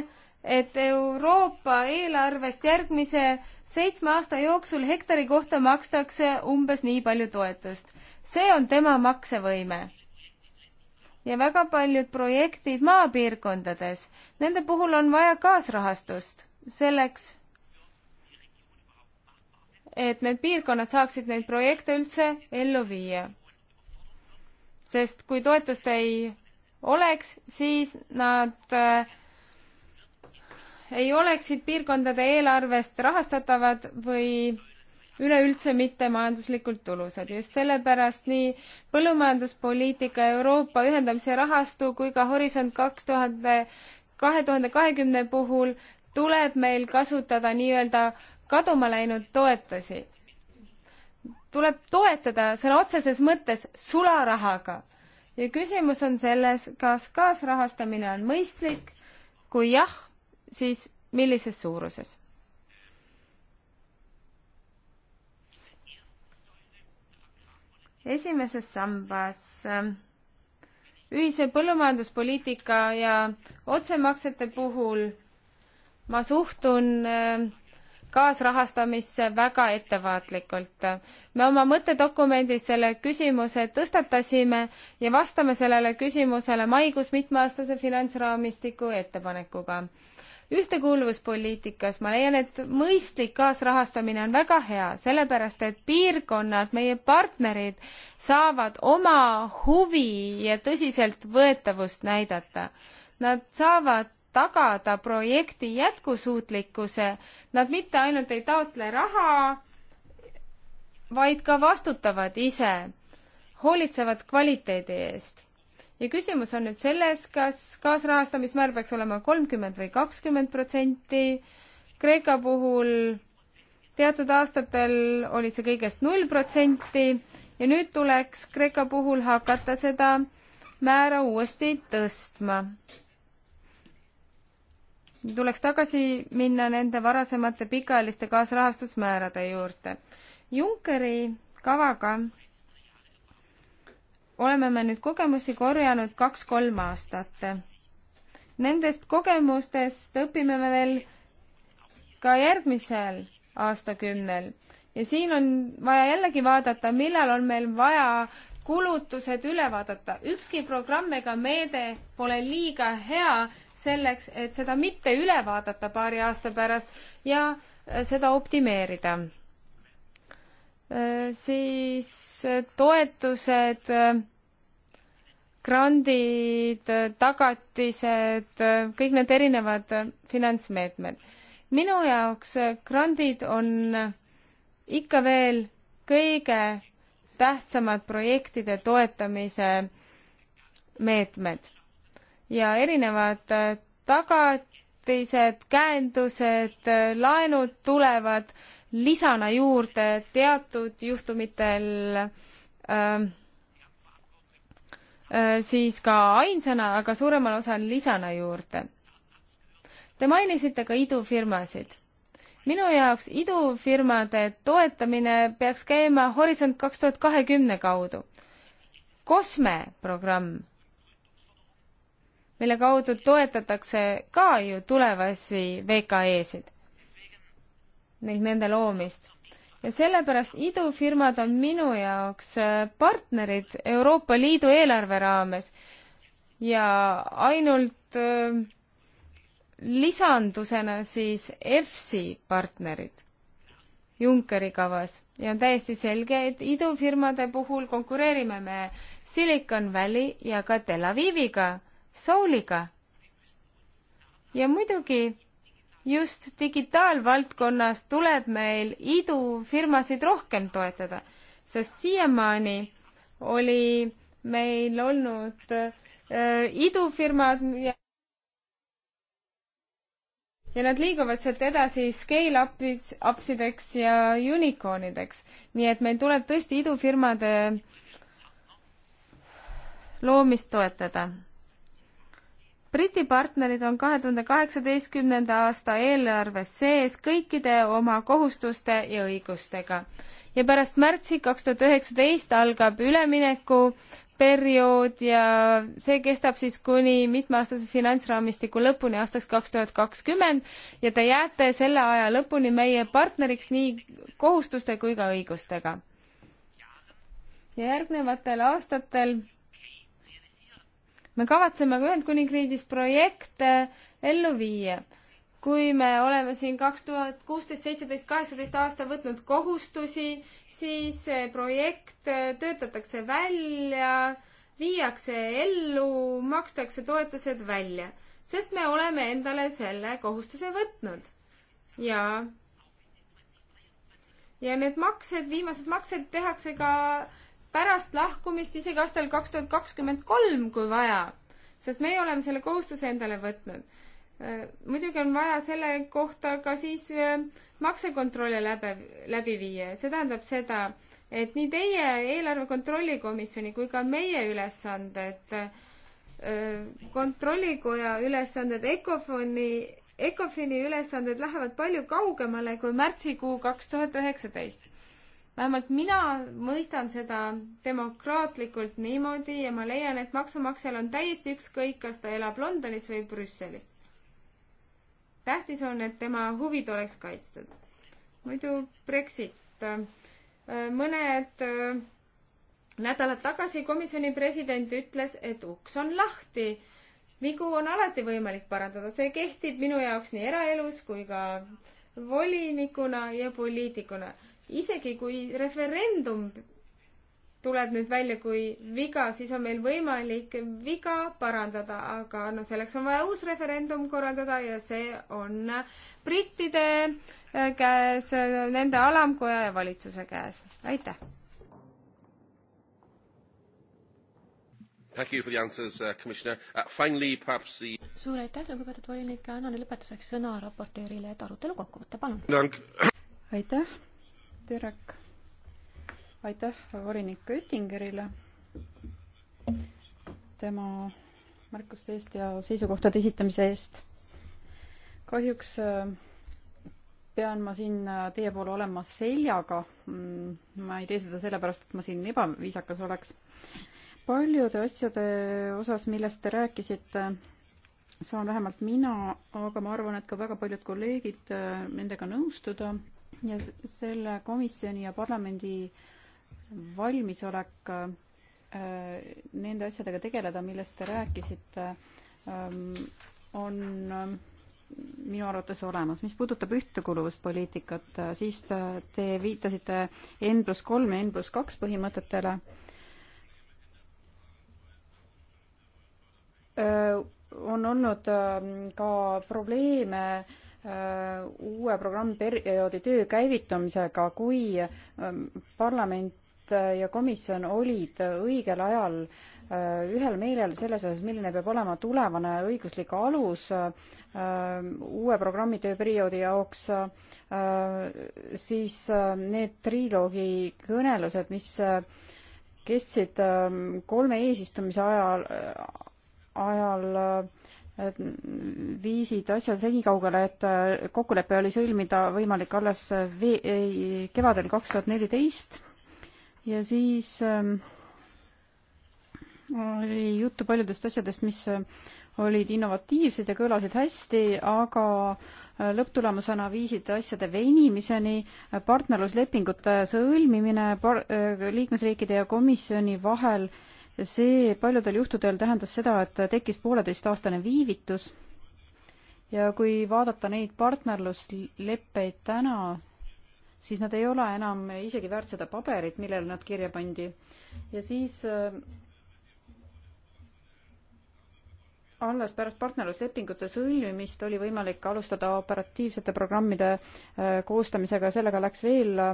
et Euroopa eelarvest järgmise seitsme aasta jooksul hektari kohta makstakse umbes nii palju toetust. see on tema maksevõime. ja väga paljud projektid maapiirkondades, nende puhul on vaja kaasrahastust selleks, et need piirkonnad saaksid neid projekte üldse ellu viia. sest kui toetust ei oleks, siis nad äh, ei oleksid piirkondade eelarvest rahastatavad või üleüldse mitte majanduslikult tulusad. just sellepärast nii põllumajanduspoliitika Euroopa ühendamise rahastu kui ka Horisont kaks tuhande, kahe tuhande kahekümne puhul tuleb meil kasutada nii-öelda kaduma läinud toetusi tuleb toetada sõna otseses mõttes sularahaga. ja küsimus on selles, kas kaasrahastamine on mõistlik, kui jah, siis millises suuruses? esimeses sambas ähm, ühise põllumajanduspoliitika ja otsemaksete puhul ma suhtun äh, kaasrahastamisse väga ettevaatlikult. me oma mõttedokumendis selle küsimuse tõstatasime ja vastame sellele küsimusele maikuus mitmeaastase finantsraamistiku ettepanekuga. ühtekuuluvuspoliitikas ma leian, et mõistlik kaasrahastamine on väga hea, sellepärast et piirkonnad, meie partnerid saavad oma huvi ja tõsiseltvõetavust näidata. Nad saavad tagada projekti jätkusuutlikkuse, nad mitte ainult ei taotle raha, vaid ka vastutavad ise, hoolitsevad kvaliteedi eest. ja küsimus on nüüd selles, kas kaasrahastamismäär peaks olema kolmkümmend või kakskümmend protsenti. Kreeka puhul teatud aastatel oli see kõigest null protsenti ja nüüd tuleks Kreeka puhul hakata seda määra uuesti tõstma tuleks tagasi minna nende varasemate pikaajaliste kaasrahastusmäärade juurde. Junckeri kavaga oleme me nüüd kogemusi korjanud kaks-kolm aastat. Nendest kogemustest õpime me veel ka järgmisel aastakümnel ja siin on vaja jällegi vaadata, millal on meil vaja kulutused üle vaadata. ükski programm ega meede pole liiga hea, selleks, et seda mitte üle vaadata paari aasta pärast ja äh, seda optimeerida. Äh, siis äh, toetused, grandid, tagatised, kõik need erinevad finantsmeetmed. minu jaoks grandid on ikka veel kõige tähtsamad projektide toetamise meetmed ja erinevad äh, tagatised, käendused, äh, laenud tulevad lisana juurde teatud juhtumitel ähm, äh, siis ka ainsana, aga suuremal osal lisana juurde. Te mainisite ka idufirmasid. minu jaoks idufirmade toetamine peaks käima Horisont kaks tuhat kahekümne kaudu. kosme programm mille kaudu toetatakse ka ju tulevasi VKE-sid ning nende loomist. ja sellepärast idufirmad on minu jaoks äh, partnerid Euroopa Liidu eelarve raames ja ainult öö, äh, lisandusena siis EFSI partnerid Junckeri kavas ja on täiesti selge, et idufirmade puhul konkureerime me Silicon Valley ja ka Tel Aviviga Souliga. ja muidugi just digitaalvaldkonnas tuleb meil idufirmasid rohkem toetada, sest siiamaani oli meil olnud äh, idufirmad ja ja nad liiguvad sealt edasi scale-up'is, ups ideks ja unicornideks. nii et meil tuleb tõesti idufirmade loomist toetada Briti partnerid on kahe tuhande kaheksateistkümnenda aasta eelarves sees kõikide oma kohustuste ja õigustega ja pärast märtsi kaks tuhat üheksateist algab üleminekuperiood ja see kestab siis kuni mitmeaastase finantsraamistiku lõpuni aastaks kaks tuhat kakskümmend ja te jääte selle aja lõpuni meie partneriks nii kohustuste kui ka õigustega. ja järgnevatel aastatel me kavatseme ka Ühendkuningriigis projekte ellu viia. kui me oleme siin kaks tuhat kuusteist, seitseteist, kaheksateist aasta võtnud kohustusi, siis see projekt töötatakse välja, viiakse ellu, makstakse toetused välja, sest me oleme endale selle kohustuse võtnud. ja ja need maksed, viimased maksed tehakse ka pärast lahkumist isegi aastal kaks tuhat kakskümmend kolm, kui vaja, sest meie oleme selle kohustuse endale võtnud. Äh, muidugi on vaja selle kohta ka siis äh, maksekontrolle läbi, läbi viia ja see tähendab seda, et nii teie eelarve kontrolli komisjoni kui ka meie ülesanded, äh, kontrollikoja ülesanded, ECOFON-i ECOFIN-i ülesanded lähevad palju kaugemale kui märtsikuu kaks tuhat üheksateist vähemalt mina mõistan seda demokraatlikult niimoodi ja ma leian, et maksumaksjal on täiesti ükskõik, kas ta elab Londonis või Brüsselis. tähtis on, et tema huvid oleks kaitstud. muidu Brexit. Äh, mõned äh, nädalad tagasi komisjoni president ütles, et uks on lahti. vigu on alati võimalik parandada, see kehtib minu jaoks nii eraelus kui ka volinikuna ja poliitikuna isegi kui referendum tuleb nüüd välja kui viga, siis on meil võimalik viga parandada, aga no selleks on vaja uus referendum korraldada ja see on brittide äh, käes, äh, nende alamkoja ja valitsuse käes. aitäh! Uh, uh, suur aitäh, lugupeetud volinik, annan lõpetuseks sõna raportöörile, et arutelu kokkuvõte, palun! aitäh! Terek, aitäh volinik Oettingerile tema märkuste eest ja seisukohtade esitamise eest. kahjuks äh, pean ma siin äh, teie poole olema seljaga. Mm, ma ei tee seda sellepärast, et ma siin ebaviisakas oleks. paljude asjade osas, millest te rääkisite, saan vähemalt mina, aga ma arvan, et ka väga paljud kolleegid äh, nendega nõustuda ja selle komisjoni ja parlamendi valmisolek äh, nende asjadega tegeleda, millest te rääkisite, ähm, on ähm, minu arvates olemas. mis puudutab ühtekuuluvuspoliitikat, äh, siis äh, te viitasite N pluss kolm ja N pluss kaks põhimõtetele. on olnud ähm, ka probleeme äh, Äh, uue programmperioodi töö käivitamisega, kui ähm, parlament ja komisjon olid õigel ajal äh, ühel meelel selles osas, milline peab olema tulevane õiguslik alus ähm, uue programmi tööperioodi jaoks, äh, siis need triloogi kõnelused, mis kestsid ähm, kolme eesistumise ajal, ajal viisid asja senikaugele, et äh, kokkulepe oli sõlmida võimalik alles vee-, kevadel kaks tuhat neliteist ja siis ähm, oli juttu paljudest asjadest, mis äh, olid innovatiivsed ja kõlasid hästi, aga äh, lõpptulemusena viisid asjade venimiseni, partnerluslepingute sõlmimine par-, liikmesriikide ja komisjoni vahel äh, see paljudel juhtudel tähendas seda, et tekkis pooleteistaastane viivitus ja kui vaadata neid partnerlusleppeid täna, siis nad ei ole enam isegi väärt seda paberit, millele nad kirja pandi. ja siis äh, alles pärast partnerluslepingute sõlmimist oli võimalik alustada operatiivsete programmide äh, koostamisega ja sellega läks veel äh,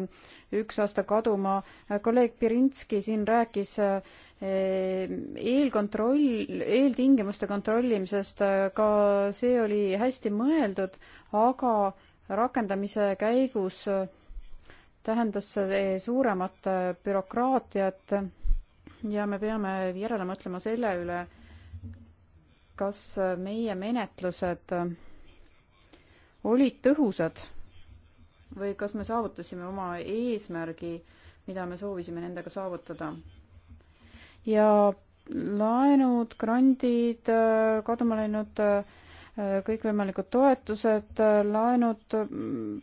üks aasta kaduma. Äh, kolleeg Pirinski siin rääkis eelkontroll, eeltingimuste kontrollimisest, ka see oli hästi mõeldud, aga rakendamise käigus tähendas see suuremat bürokraatiat ja me peame järele mõtlema selle üle, kas äh, meie menetlused äh, olid tõhusad või kas me saavutasime oma eesmärgi, mida me soovisime nendega saavutada. ja laenud, grandid, äh, kaduma läinud kõikvõimalikud toetused, laenud, mm,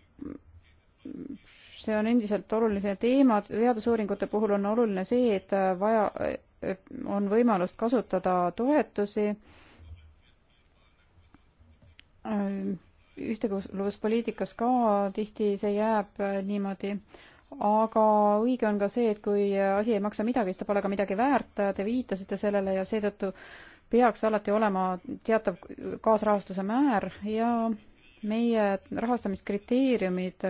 see on endiselt oluline teema, teadusuuringute puhul on oluline see, et vaja, on võimalust kasutada toetusi Äh, ühtekuuluvuspoliitikas ka tihti see jääb äh, niimoodi, aga õige on ka see, et kui asi ei maksa midagi, siis ta pole ka midagi väärt, te viitasite sellele ja seetõttu peaks alati olema teatav kaasrahastuse määr ja meie rahastamiskriteeriumid,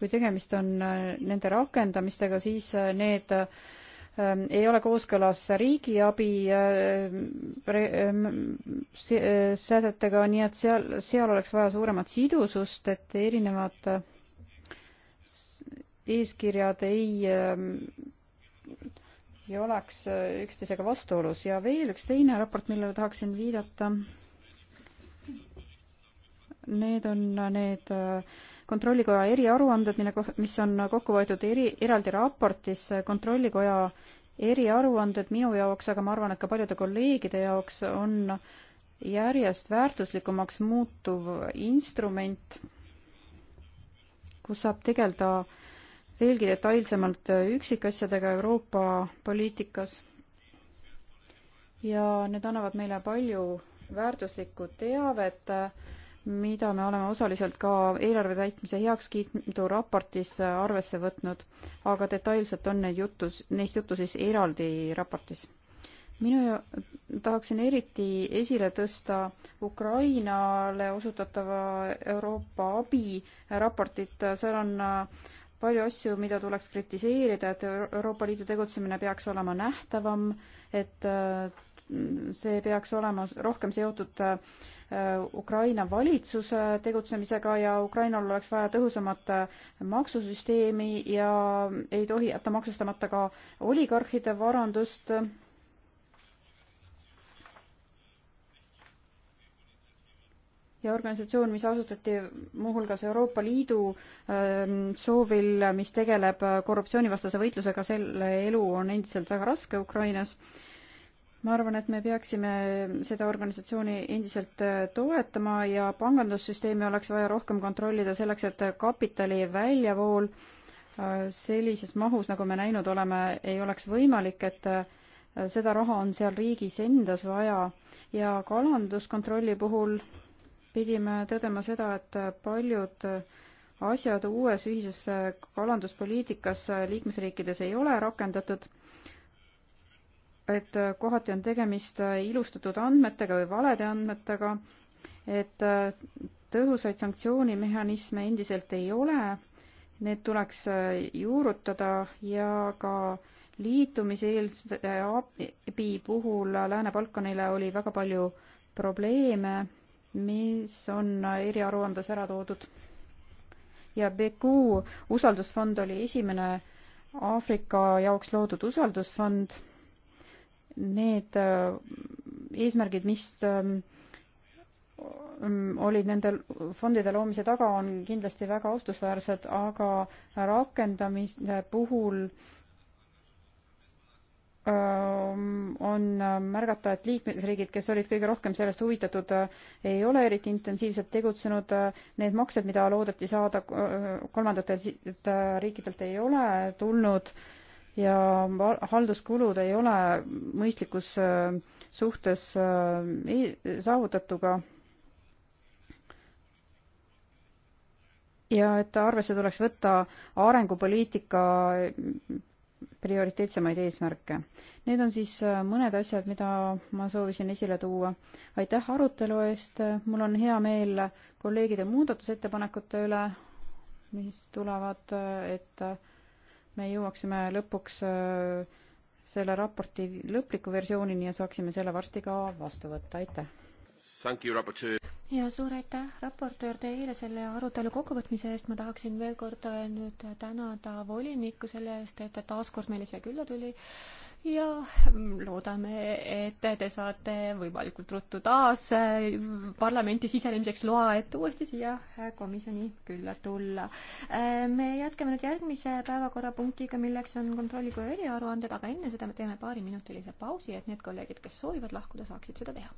kui tegemist on äh, nende rakendamistega, siis need Ähm, ei ole kooskõlas riigiabi äh, ähm, äh, sätetega, nii et seal, seal oleks vaja suuremat sidusust, et erinevad äh, eeskirjad ei, ähm, ei oleks üksteisega vastuolus ja veel üks teine raport, millele tahaksin viidata. Need on need äh, kontrollikoja eriaruanded, mille, mis on kokku võetud eri, eraldi raportis, kontrollikoja eriaruanded minu jaoks, aga ma arvan, et ka paljude kolleegide jaoks on järjest väärtuslikumaks muutuv instrument, kus saab tegeleda veelgi detailsemalt üksikasjadega Euroopa poliitikas. ja need annavad meile palju väärtuslikku teavet äh, mida me oleme osaliselt ka eelarve täitmise heakskiidu raportis arvesse võtnud, aga detailselt on neid jutus, neist juttu siis eraldi raportis. minu tahaksin eriti esile tõsta Ukrainale osutatava Euroopa abi raportit, seal on äh, palju asju, mida tuleks kritiseerida, et Euroopa Liidu tegutsemine peaks olema nähtavam, et äh, see peaks olema rohkem seotud äh, Äh, Ukraina valitsuse tegutsemisega ja Ukrainal oleks vaja tõhusamat äh, maksusüsteemi ja ei tohi jätta maksustamata ka oligarhide varandust ja organisatsioon, mis asutati muuhulgas Euroopa Liidu ähm, soovil, mis tegeleb äh, korruptsioonivastase võitlusega, selle elu on endiselt väga raske Ukrainas ma arvan, et me peaksime seda organisatsiooni endiselt äh, toetama ja pangandussüsteemi oleks vaja rohkem kontrollida selleks, et kapitali väljavool äh, sellises mahus, nagu me näinud oleme, ei oleks võimalik, et äh, seda raha on seal riigis endas vaja ja kalanduskontrolli puhul pidime tõdema seda, et paljud asjad uues ühises kalanduspoliitikas liikmesriikides ei ole rakendatud et äh, kohati on tegemist äh, ilustatud andmetega või valede andmetega, et äh, tõhusaid sanktsioonimehhanisme endiselt ei ole, need tuleks juurutada ja ka liitumiseelse abi puhul Lääne-Balkanile oli väga palju probleeme, mis on eriaruandes ära toodud. ja BQ usaldusfond oli esimene Aafrika jaoks loodud usaldusfond need äh, eesmärgid, mis ähm, mm, olid nende fondide loomise taga, on kindlasti väga austusväärsed, aga rakendamise puhul ähm, on äh, märgata, et liikmesriigid, kes olid kõige rohkem sellest huvitatud, äh, ei ole eriti intensiivselt tegutsenud. Need maksed, mida loodeti saada kolmandatelt riikidelt, ei ole tulnud äh, ja halduskulud ei ole mõistlikus äh, suhtes äh, saavutatuga. ja et arvesse tuleks võtta arengupoliitika prioriteetsemaid eesmärke. Need on siis äh, mõned asjad, mida ma soovisin esile tuua. aitäh arutelu eest, mul on hea meel kolleegide muudatusettepanekute üle, mis tulevad, et me jõuaksime lõpuks äh, selle raporti lõpliku versioonini ja saaksime selle varsti ka vastu võtta, aitäh! ja suur aitäh, raportöör, teile selle arutelu kokkuvõtmise eest, ma tahaksin veel kord nüüd tänada volinikku selle eest, et ta taaskord meile siia külla tuli ja loodame, et te saate võimalikult ruttu taas äh, parlamenti sisenemiseks loa, et uuesti siia äh, komisjoni külla tulla. Äh, me jätkame nüüd järgmise päevakorrapunktiga, milleks on kontrollikoja eriaruanded, aga enne seda me teeme paariminutilise pausi, et need kolleegid, kes soovivad lahkuda, saaksid seda teha.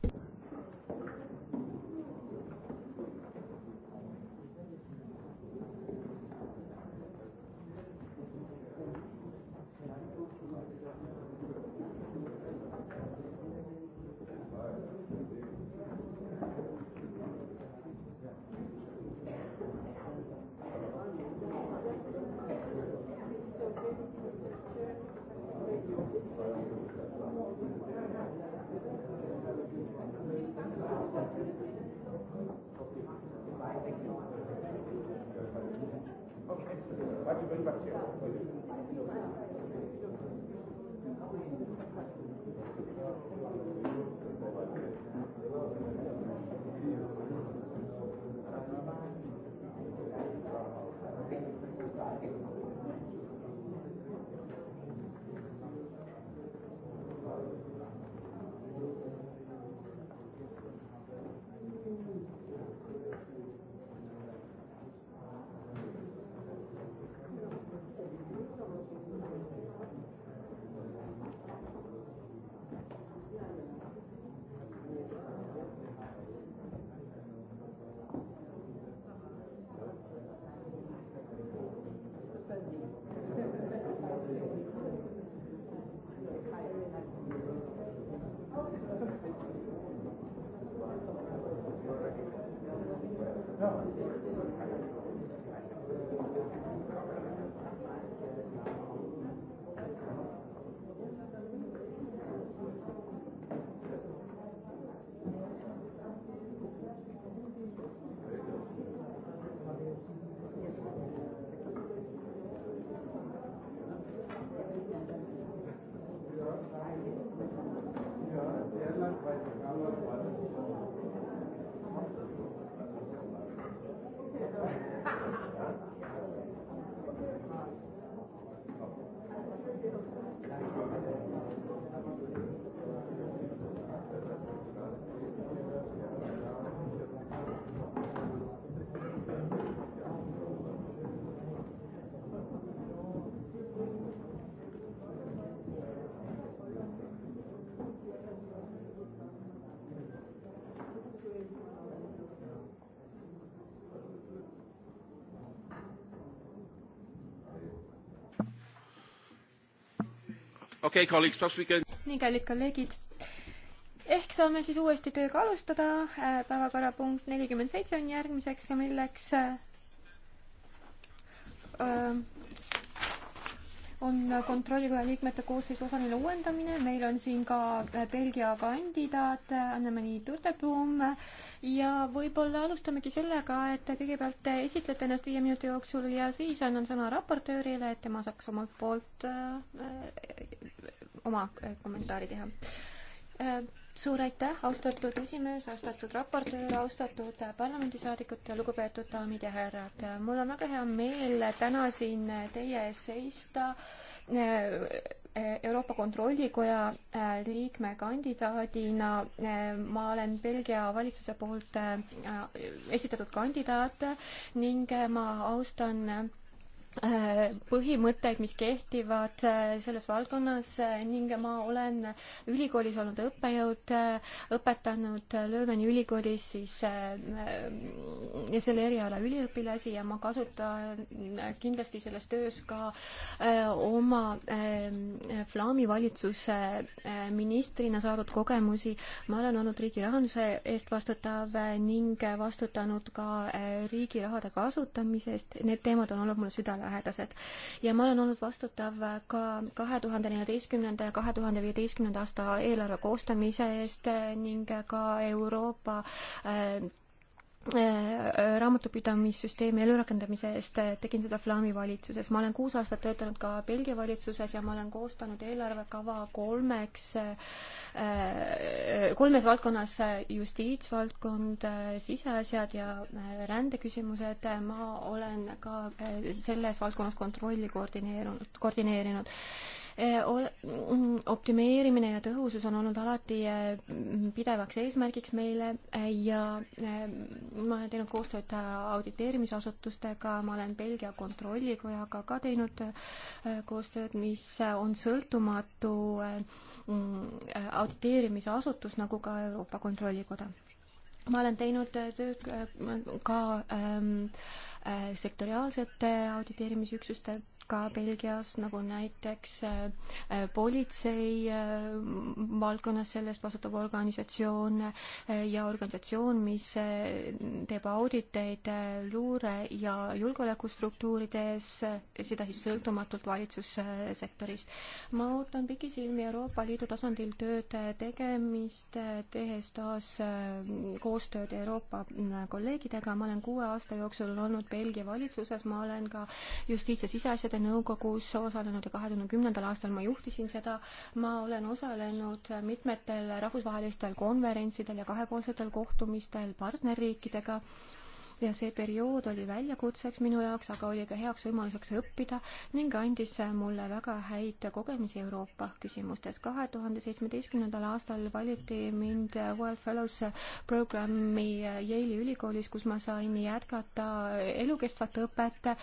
okay, colleagues, perhaps we can... nii, kallid kolleegid, ehk saame siis uuesti tööga alustada, äh, päevakorrapunkt nelikümmend seitse on järgmiseks ja milleks öö, äh, äh, on kontrollikoja liikmete koosseisu osaline uuendamine, meil on siin ka Belgia kandidaat Anne-Mani Tuteblum ja võib-olla alustamegi sellega, et kõigepealt te esitlete ennast viie minuti jooksul ja siis annan sõna raportöörile, et tema saaks omalt poolt oma äh, kommentaari teha. Äh, suur aitäh, austatud esimees, austatud raportöör, austatud parlamendisaadikud, lugupeetud daamid ja härrad. mul on väga hea meel täna siin teie ees seista äh, Euroopa Kontrollikoja liikme kandidaadina ma olen Belgia valitsuse poolt esitatud kandidaat ning ma austan põhimõtteid, mis kehtivad äh, selles valdkonnas äh, ning ma olen ülikoolis olnud õppejõud, äh, õpetanud Lööveni ülikoolis siis ja selle eriala üliõpilasi ja ma kasutan kindlasti selles töös ka oma Flaami valitsuse ministrina saadud kogemusi. ma olen olnud riigi rahanduse eest vastutav ning vastutanud ka riigi rahade kasutamise eest, need teemad on olnud mulle südamel lähedased. ja ma olen olnud vastutav ka kahe tuhande neljateistkümnenda ja kahe tuhande viieteistkümnenda aasta eelarve koostamise eest ning ka Euroopa äh, Äh, raamatupidamissüsteemi elurakendamise eest äh, tegin seda Flaami valitsuses. ma olen kuus aastat töötanud ka Belgia valitsuses ja ma olen koostanud eelarvekava kolmeks, äh, kolmes valdkonnas, justiitsvaldkond, siseasjad ja rändeküsimused. ma olen ka selles valdkonnas kontrolli koordineerunud, koordineerinud Eh, mm, optimeerimine ja tõhusus on olnud alati eh, pidevaks eesmärgiks meile eh, ja ma olen teinud koostööd äh, auditeerimisasutustega, ma olen Belgia kontrollikojaga ka teinud koostööd, mis on sõltumatu mm, auditeerimisasutus, nagu ka Euroopa Kontrollikoda ma olen teinud tööd ka ähm, sektoriaalsete auditeerimisüksuste ka Belgias, nagu näiteks äh, äh, politsei äh, valdkonnas selle eest vastutav organisatsioon ja organisatsioon, mis teeb auditeid luure- ja julgeolekustruktuurides, seda siis sõltumatult valitsussektorist. ma ootan pikisilmi Euroopa Liidu tasandil tööd tegemist, tehes taas koostööd Euroopa kolleegidega, ma olen kuue aasta jooksul olnud Belgia valitsuses, ma olen ka justiits- ja siseasjade nõukogus osalenud ja kahe tuhande kümnendal aastal ma juhtisin seda. ma olen osalenud mitmetel rahvusvahelistel konverentsidel ja kahepoolsetel kohtumistel partnerriikidega ja see periood oli väljakutseks minu jaoks, aga oli ka heaks võimaluseks õppida ning andis mulle väga häid kogemusi Euroopa küsimustes. kahe tuhande seitsmeteistkümnendal aastal valiti mind World Fellows programmi Yale'i ülikoolis, kus ma sain jätkata elukestvat õpet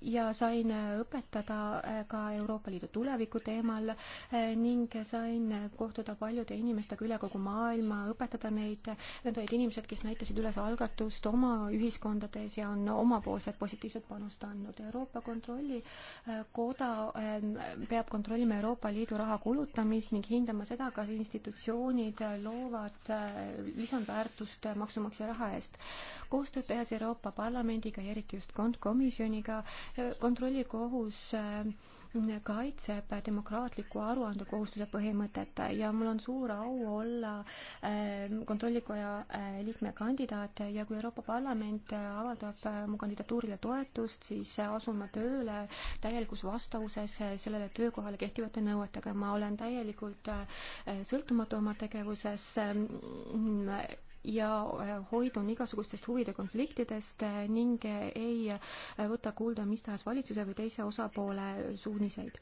ja sain õpetada äh, ka Euroopa Liidu tuleviku teemal äh, ning sain kohtuda paljude inimestega üle kogu maailma, õpetada neid. Need olid inimesed, kes näitasid üles algatust oma ühiskondades ja on omapoolset positiivset panust andnud. Euroopa Kontrollikoda äh, ähm, peab kontrollima Euroopa Liidu raha kulutamist ning hindama seda, kas institutsioonid loovad lisandväärtust maksumaksja raha eest. koostööd tehes Euroopa Parlamendiga ja eriti just komisjoniga kontrollikohus äh, kaitseb demokraatliku aruandekohustuse põhimõtet ja mul on suur au olla äh, kontrollikoja äh, liikme kandidaat ja kui Euroopa Parlament avaldab mu kandidatuurile toetust, siis asun ma tööle täielikus vastavuses sellele töökohale kehtivate nõuetega. ma olen täielikult sõltumatu oma tegevuses ja äh, hoidun igasugustest huvide konfliktidest äh, ning äh, ei võta kuulda mis tahes valitsuse või teise osapoole suuniseid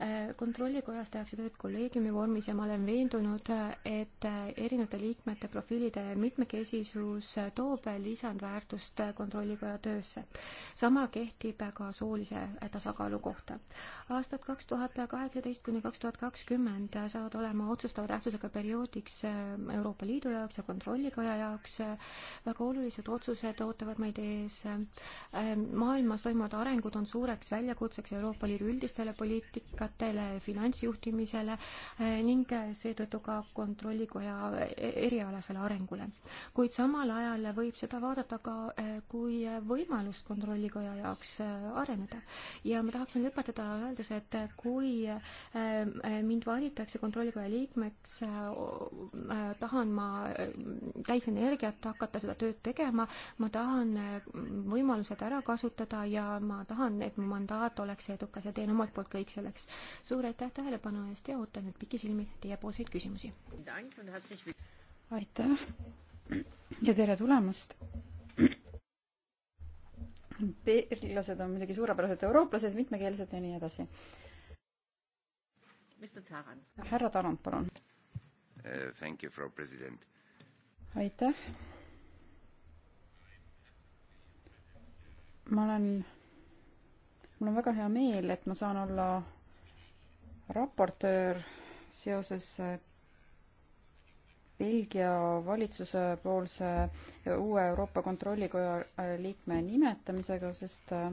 Äh, kontrollikojas tehakse tööd kolleegiumi vormis ja ma olen veendunud, et erinevate liikmete profiilide mitmekesisus toob lisandväärtust kontrollikoja töösse. sama kehtib ka soolise tasakaalu kohta. aastad kaks tuhat kaheksateist kuni kaks tuhat kakskümmend saavad olema otsustava tähtsusega perioodiks äh, Euroopa Liidu jaoks ja kontrollikoja jaoks. väga olulised otsused ootavad meid ees. Äh, maailmas toimuvad arengud on suureks väljakutseks Euroopa Liidu üldistele poliitikale, poliitikatele, finantsjuhtimisele eh, ning eh, seetõttu ka Kontrollikoja eh, erialasele arengule. kuid samal ajal võib seda vaadata ka kui võimalust Kontrollikoja jaoks areneda. ja ma tahaksin lõpetada öeldes, et kui mind valitakse Kontrollikoja liikmeks, tahan ma täis energiat hakata seda tööd tegema, ma tahan võimalused ära kasutada ja ma tahan, et mu mandaat oleks edukas ja teen omalt poolt kõik selleks suur aitäh tähelepanu eest ja ootan nüüd pikisilmi teiepoolseid küsimusi. aitäh ja tere tulemast peerlased on muidugi suurepärased eurooplased, mitmekeelsed ja nii edasi. härra Tarand, palun uh,. aitäh. ma olen, mul on väga hea meel, et ma saan olla raportöör seoses äh, Belgia valitsuse poolse uue Euroopa Kontrollikoja äh, liikme nimetamisega, sest äh,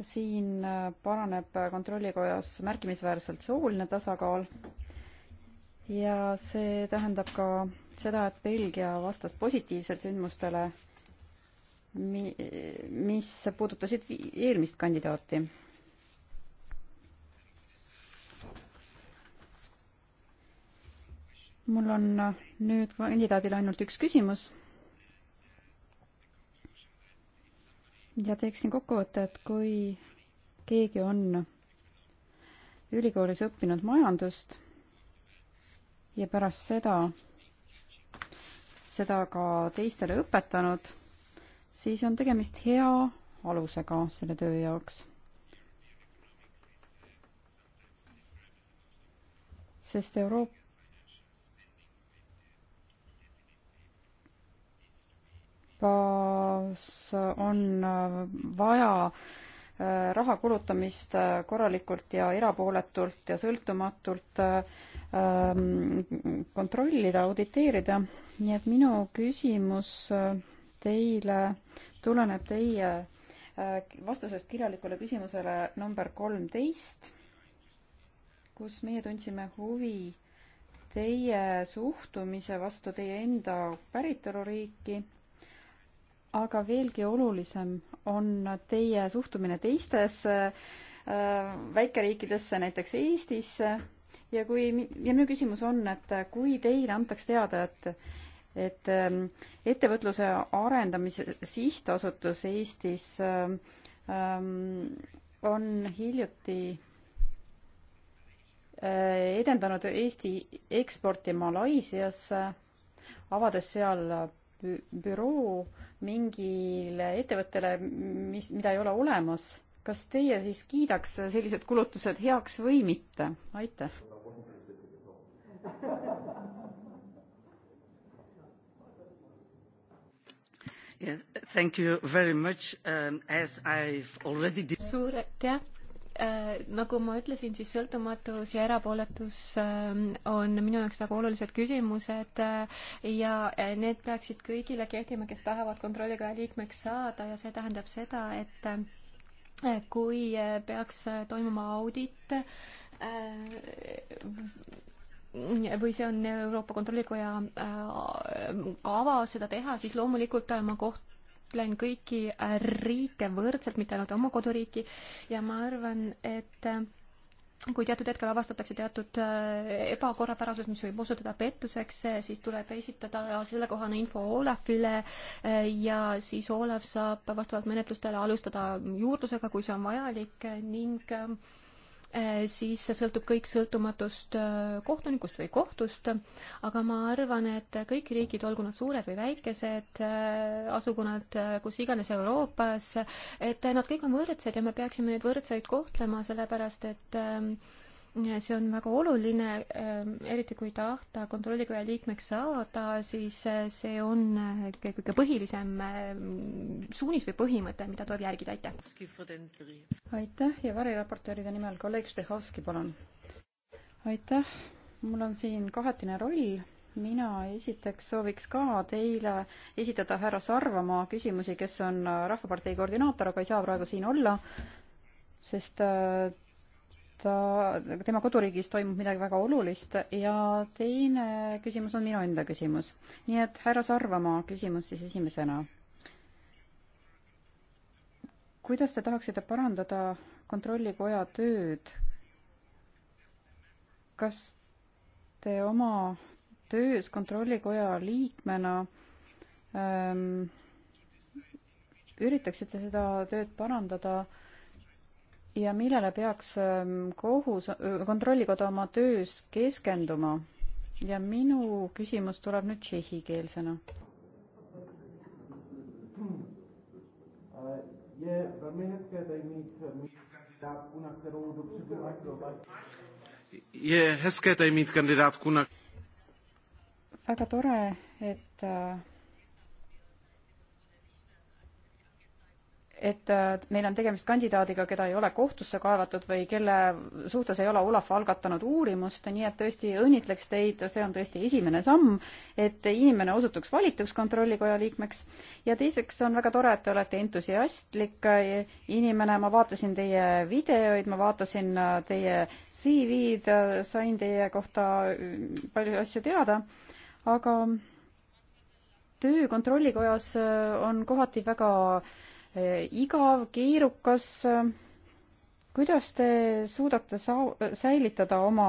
siin paraneb Kontrollikojas märkimisväärselt sooline tasakaal ja see tähendab ka seda, et Belgia vastas positiivselt sündmustele, mi-, mis puudutasid eelmist kandidaati mul on äh, nüüd kandidaadile ainult üks küsimus. ja teeksin kokkuvõtte, et kui keegi on ülikoolis õppinud majandust ja pärast seda seda ka teistele õpetanud, siis on tegemist hea alusega selle töö jaoks. sest Euroopa Euroopas on vaja äh, raha kulutamist äh, korralikult ja erapooletult ja sõltumatult ähm, kontrollida, auditeerida. nii et minu küsimus äh, teile tuleneb teie vastusest kirjalikule küsimusele number kolmteist, kus meie tundsime huvi teie suhtumise vastu teie enda päritoluriiki aga veelgi olulisem on teie suhtumine teistesse äh, väikeriikidesse, näiteks Eestisse ja kui, ja minu küsimus on, et kui teile antaks teada, et et ähm, ettevõtluse arendamise sihtasutus Eestis ähm, ähm on hiljuti äh, edendanud Eesti eksporti Malaisiasse, avades seal büroo mingile ettevõttele, mis, mida ei ole olemas, kas teie siis kiidaks sellised kulutused heaks või mitte? aitäh. Yeah, thank you very much um, as I've already suur aitäh Äh, nagu ma ütlesin, siis sõltumatus ja erapooletus ähm, on minu jaoks väga olulised küsimused äh, ja äh, need peaksid kõigile kehtima, kes tahavad kontrollikoja liikmeks saada ja see tähendab seda, et kui peaks toimuma audit või see on Euroopa Kontrollikoja kava seda teha, siis loomulikult ma koht-, kohtlen kõiki riike võrdselt, mitte ainult oma koduriiki ja ma arvan, et äh, kui teatud hetkel avastatakse teatud äh, ebakorrapärasus, mis võib osutuda pettuseks, äh, siis tuleb esitada sellekohane info Olafile ja siis Olav saab vastavalt menetlustele alustada juurdlusega, kui see on vajalik ning Äh, siis see sõltub kõik sõltumatust äh, kohtunikust või kohtust, aga ma arvan, et kõik riigid, olgu nad suured või väikesed, äh, asugu nad kus iganes Euroopas, et nad kõik on võrdsed ja me peaksime neid võrdseid kohtlema, sellepärast et äh, see on väga oluline, ähm, eriti kui tahta kontrollikoja liikmeks saada, siis äh, see on äh, kõige põhilisem ähm, suunis või põhimõte, mida tuleb järgida, aitäh! aitäh ja variraportööride nimel kolleeg Štehovski, palun! aitäh, mul on siin kahetine roll mina esiteks sooviks ka teile esitada härra Sarvamaa küsimusi, kes on Rahvapartei koordinaator, aga ei saa praegu siin olla, sest äh, ta, äh, tema koduriigis toimub midagi väga olulist ja teine küsimus on minu enda küsimus. nii et härra Sarvamaa küsimus siis esimesena. kuidas te tahaksite parandada kontrollikoja tööd? kas te oma töös kontrollikoja liikmena ähm, üritaksite seda tööd parandada äh, ja millele peaks ähm, kohus, kontrollikoda oma töös keskenduma? ja minu küsimus tuleb nüüd tšehhikeelsena. väga tore, et äh, et äh, meil on tegemist kandidaadiga, keda ei ole kohtusse kaevatud või kelle suhtes ei ole Olav algatanud uurimust, nii et tõesti õnnitleks teid, see on tõesti esimene samm, et inimene osutuks valituks Kontrollikoja liikmeks. ja teiseks on väga tore, et te olete entusiastlik äh, inimene, ma vaatasin teie videoid, ma vaatasin äh, teie CV-d, sain teie kohta palju asju teada, aga töö Kontrollikojas on kohati väga äh, Äh, igav, keerukas. Äh, kuidas te suudate saa-, säilitada oma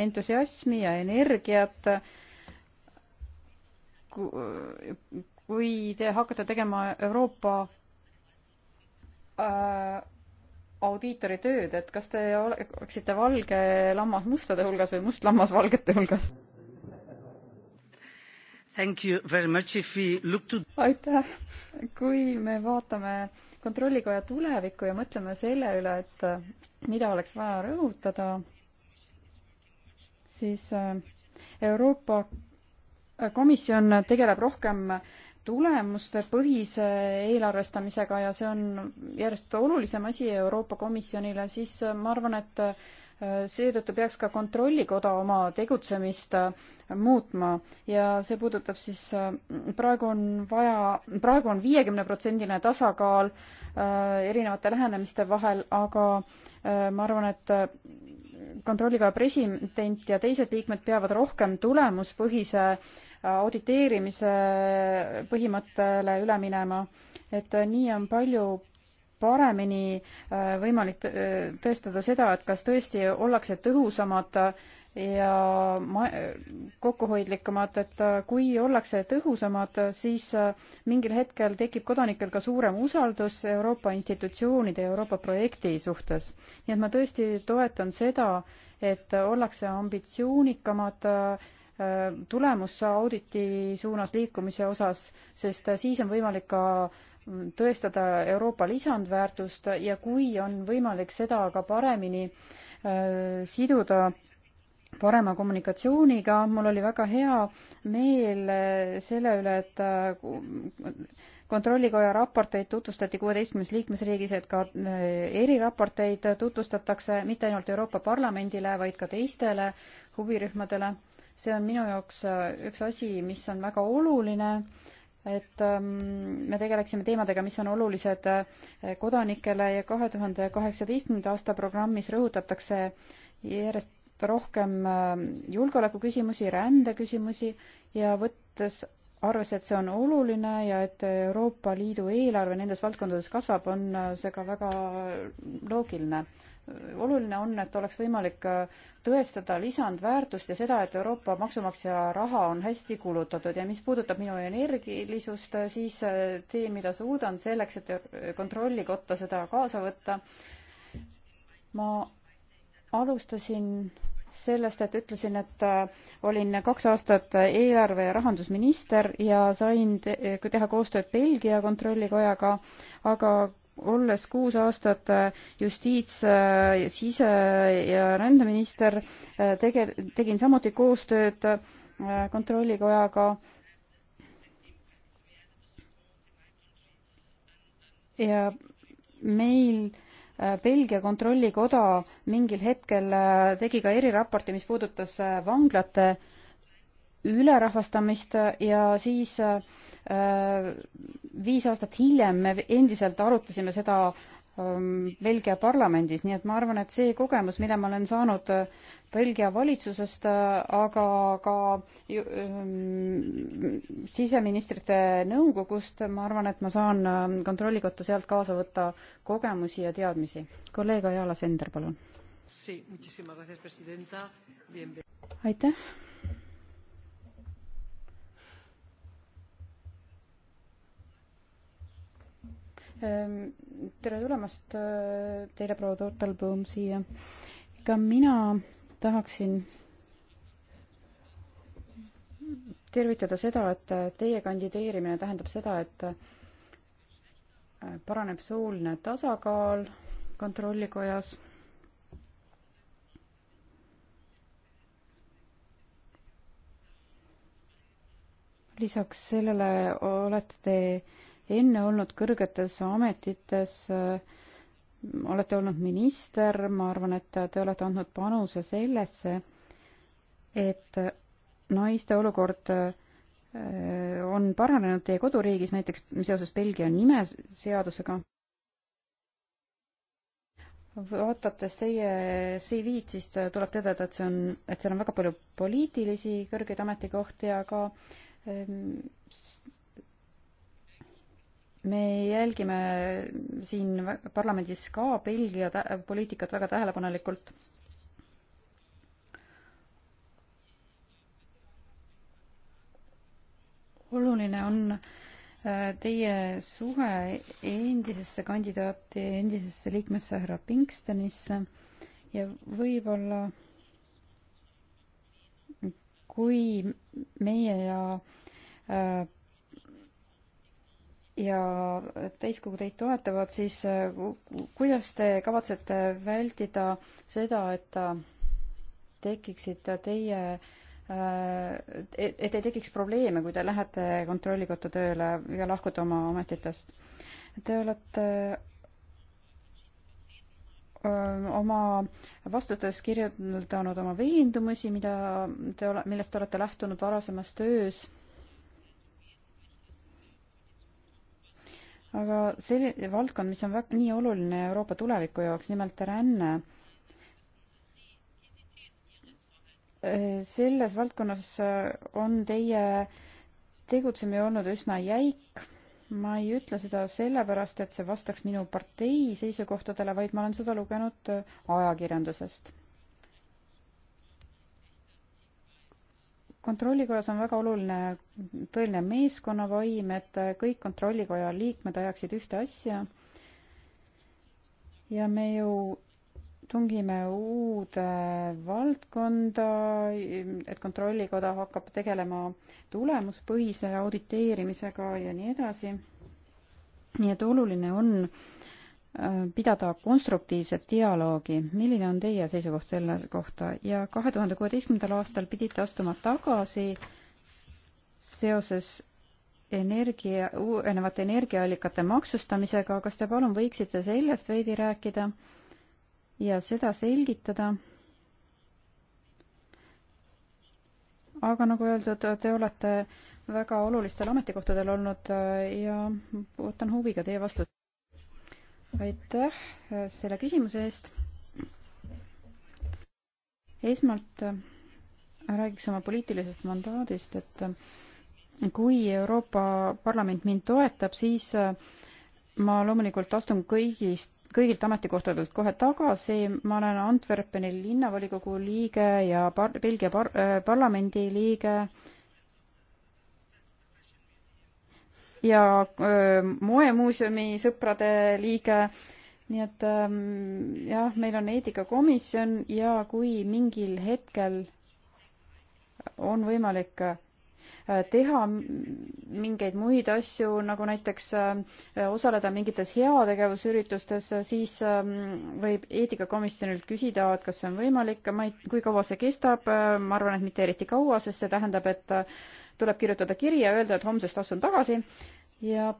entusiasmi ja energiat, kui te hakkate tegema Euroopa äh, audiitori tööd, et kas te oleksite valge lammas mustade hulgas või must lammas valgete hulgas? To... aitäh, kui me vaatame kontrollikoja tulevikku ja mõtleme selle üle, et äh, mida oleks vaja rõhutada, siis äh, Euroopa äh, Komisjon tegeleb rohkem tulemustepõhise eelarvestamisega ja see on järjest olulisem asi Euroopa Komisjonile, siis ma arvan, et seetõttu peaks ka Kontrollikoda oma tegutsemist äh, muutma ja see puudutab siis, äh, praegu on vaja, praegu on viiekümneprotsendiline tasakaal äh, erinevate lähenemiste vahel, aga ma arvan, et kontrollikoja president ja teised liikmed peavad rohkem tulemuspõhise auditeerimise põhimõttele üle minema, et nii on palju paremini äh, võimalik tõestada seda, et kas tõesti ollakse tõhusamad ja ma-, kokkuhoidlikumad, et äh, kui ollakse tõhusamad, siis äh, mingil hetkel tekib kodanikel ka suurem usaldus Euroopa institutsioonide ja Euroopa projekti suhtes. nii et ma tõesti toetan seda, et ollakse ambitsioonikamad tulemusauditi suunas liikumise osas, sest siis on võimalik ka tõestada Euroopa lisandväärtust ja kui on võimalik seda ka paremini äh, siduda parema kommunikatsiooniga, mul oli väga hea meel äh, selle üle, et äh, kontrollikoja raporteid tutvustati kuueteistkümnes liikmesriigis, et ka eriraporteid tutvustatakse mitte ainult Euroopa Parlamendile, vaid ka teistele huvirühmadele. see on minu jaoks üks asi, mis on väga oluline et ähm, me tegeleksime teemadega, mis on olulised äh, kodanikele ja kahe tuhande kaheksateistkümnenda aasta programmis rõhutatakse järjest rohkem ähm, julgeolekuküsimusi, rändeküsimusi ja võttes arvas, et see on oluline ja et Euroopa Liidu eelarve nendes valdkondades kasvab, on äh, see ka väga loogiline oluline on, et oleks võimalik äh, tõestada lisandväärtust ja seda, et Euroopa maksumaksja raha on hästi kulutatud ja mis puudutab minu energilisust, äh, siis äh, teen, mida suudan selleks, et kontrollikotta seda kaasa võtta. ma alustasin sellest, et ütlesin, et olin kaks aastat eelarve- ja rahandusminister ja sain te teha koostööd Belgia kontrollikojaga, aga olles kuus aastat äh, justiits-, äh, sise- ja rändeminister, äh, tege-, tegin samuti koostööd kontrollikojaga ja meil Belgia kontrollikoda mingil hetkel tegi ka eriraporti, mis puudutas vanglate ülerahvastamist ja siis Äh, viis aastat hiljem me endiselt arutasime seda ähm, Belgia parlamendis, nii et ma arvan, et see kogemus, mille ma olen saanud äh, Belgia valitsusest, äh, aga ka ähm, siseministrite nõukogust, ma arvan, et ma saan ähm, kontrollikotta sealt kaasa võtta kogemusi ja teadmisi. kolleeg Ajala Sender, palun. aitäh Ehm, tere tulemast äh, teile, proua Tortelbaum, siia. ka mina tahaksin tervitada seda, et äh, teie kandideerimine tähendab seda, et äh, paraneb sooline tasakaal kontrollikojas lisaks sellele olete te enne olnud kõrgetes ametites, äh, olete olnud minister, ma arvan, et te olete andnud panuse sellesse, et naiste olukord äh, on paranenud teie koduriigis, näiteks seoses Belgia nimeseadusega vaadates teie CV-d, siis tuleb tõdeda, et see on, et seal on väga palju poliitilisi kõrgeid ametikohti, aga ähm, me jälgime siin parlamendis ka Belgia poliitikat väga tähelepanelikult. oluline on äh, teie suhe endisesse kandidaati, endisesse liikmesse härra Pinkstenisse ja võib-olla kui meie ja äh, ja täiskogu teid toetavad, siis äh, kuidas te kavatsete vältida seda, et äh, tekiksid teie äh, et ei tekiks probleeme, kui te lähete kontrollikotta tööle ja lahkute oma ametitest. Te olete oma vastutes kirjeldanud oma veendumusi, mida te ole, millest te olete lähtunud varasemas töös aga selline valdkond, mis on väga, nii oluline Euroopa tuleviku jaoks, nimelt ränne, äh, selles valdkonnas äh, on teie tegutsemine olnud üsna jäik. ma ei ütle seda sellepärast, et see vastaks minu partei seisukohtadele, vaid ma olen seda lugenud äh, ajakirjandusest kontrollikojas on väga oluline tõeline meeskonnavaim, et kõik kontrollikoja liikmed ajaksid ühte asja. ja me ju tungime uude valdkonda, et kontrollikoda hakkab tegelema tulemuspõhise auditeerimisega ja nii edasi. nii et oluline on äh, Äh, pidada konstruktiivset dialoogi. milline on teie seisukoht selle kohta ja kahe tuhande kuueteistkümnendal aastal pidite astuma tagasi seoses energia, uuenevate energiaallikate maksustamisega, kas te palun võiksite sellest veidi rääkida ja seda selgitada? aga nagu öeldud, te olete väga olulistel ametikohtadel olnud äh, ja ootan huviga teie vastust aitäh äh, selle küsimuse eest. esmalt äh, räägiks oma poliitilisest mandaadist, et äh, kui Euroopa Parlament mind toetab, siis ma loomulikult astun kõigist, kõigilt ametikohtadelt kohe tagasi, ma olen Antwerpeni linnavolikogu liige ja par-, Belgia par-, parlamendi liige äh, ja Moemuuseumi sõprade liige. nii et ähm, jah, meil on eetikakomisjon ja kui mingil hetkel on võimalik äh, teha mingeid muid asju, nagu näiteks äh, osaleda mingites heategevusüritustes, siis ähm, võib eetikakomisjonilt küsida, et kas see on võimalik, ma ei, kui kaua see kestab, äh, ma arvan, et mitte eriti kaua, sest see tähendab, et tuleb kirjutada kiri ja öelda, et homsest astun tagasi ja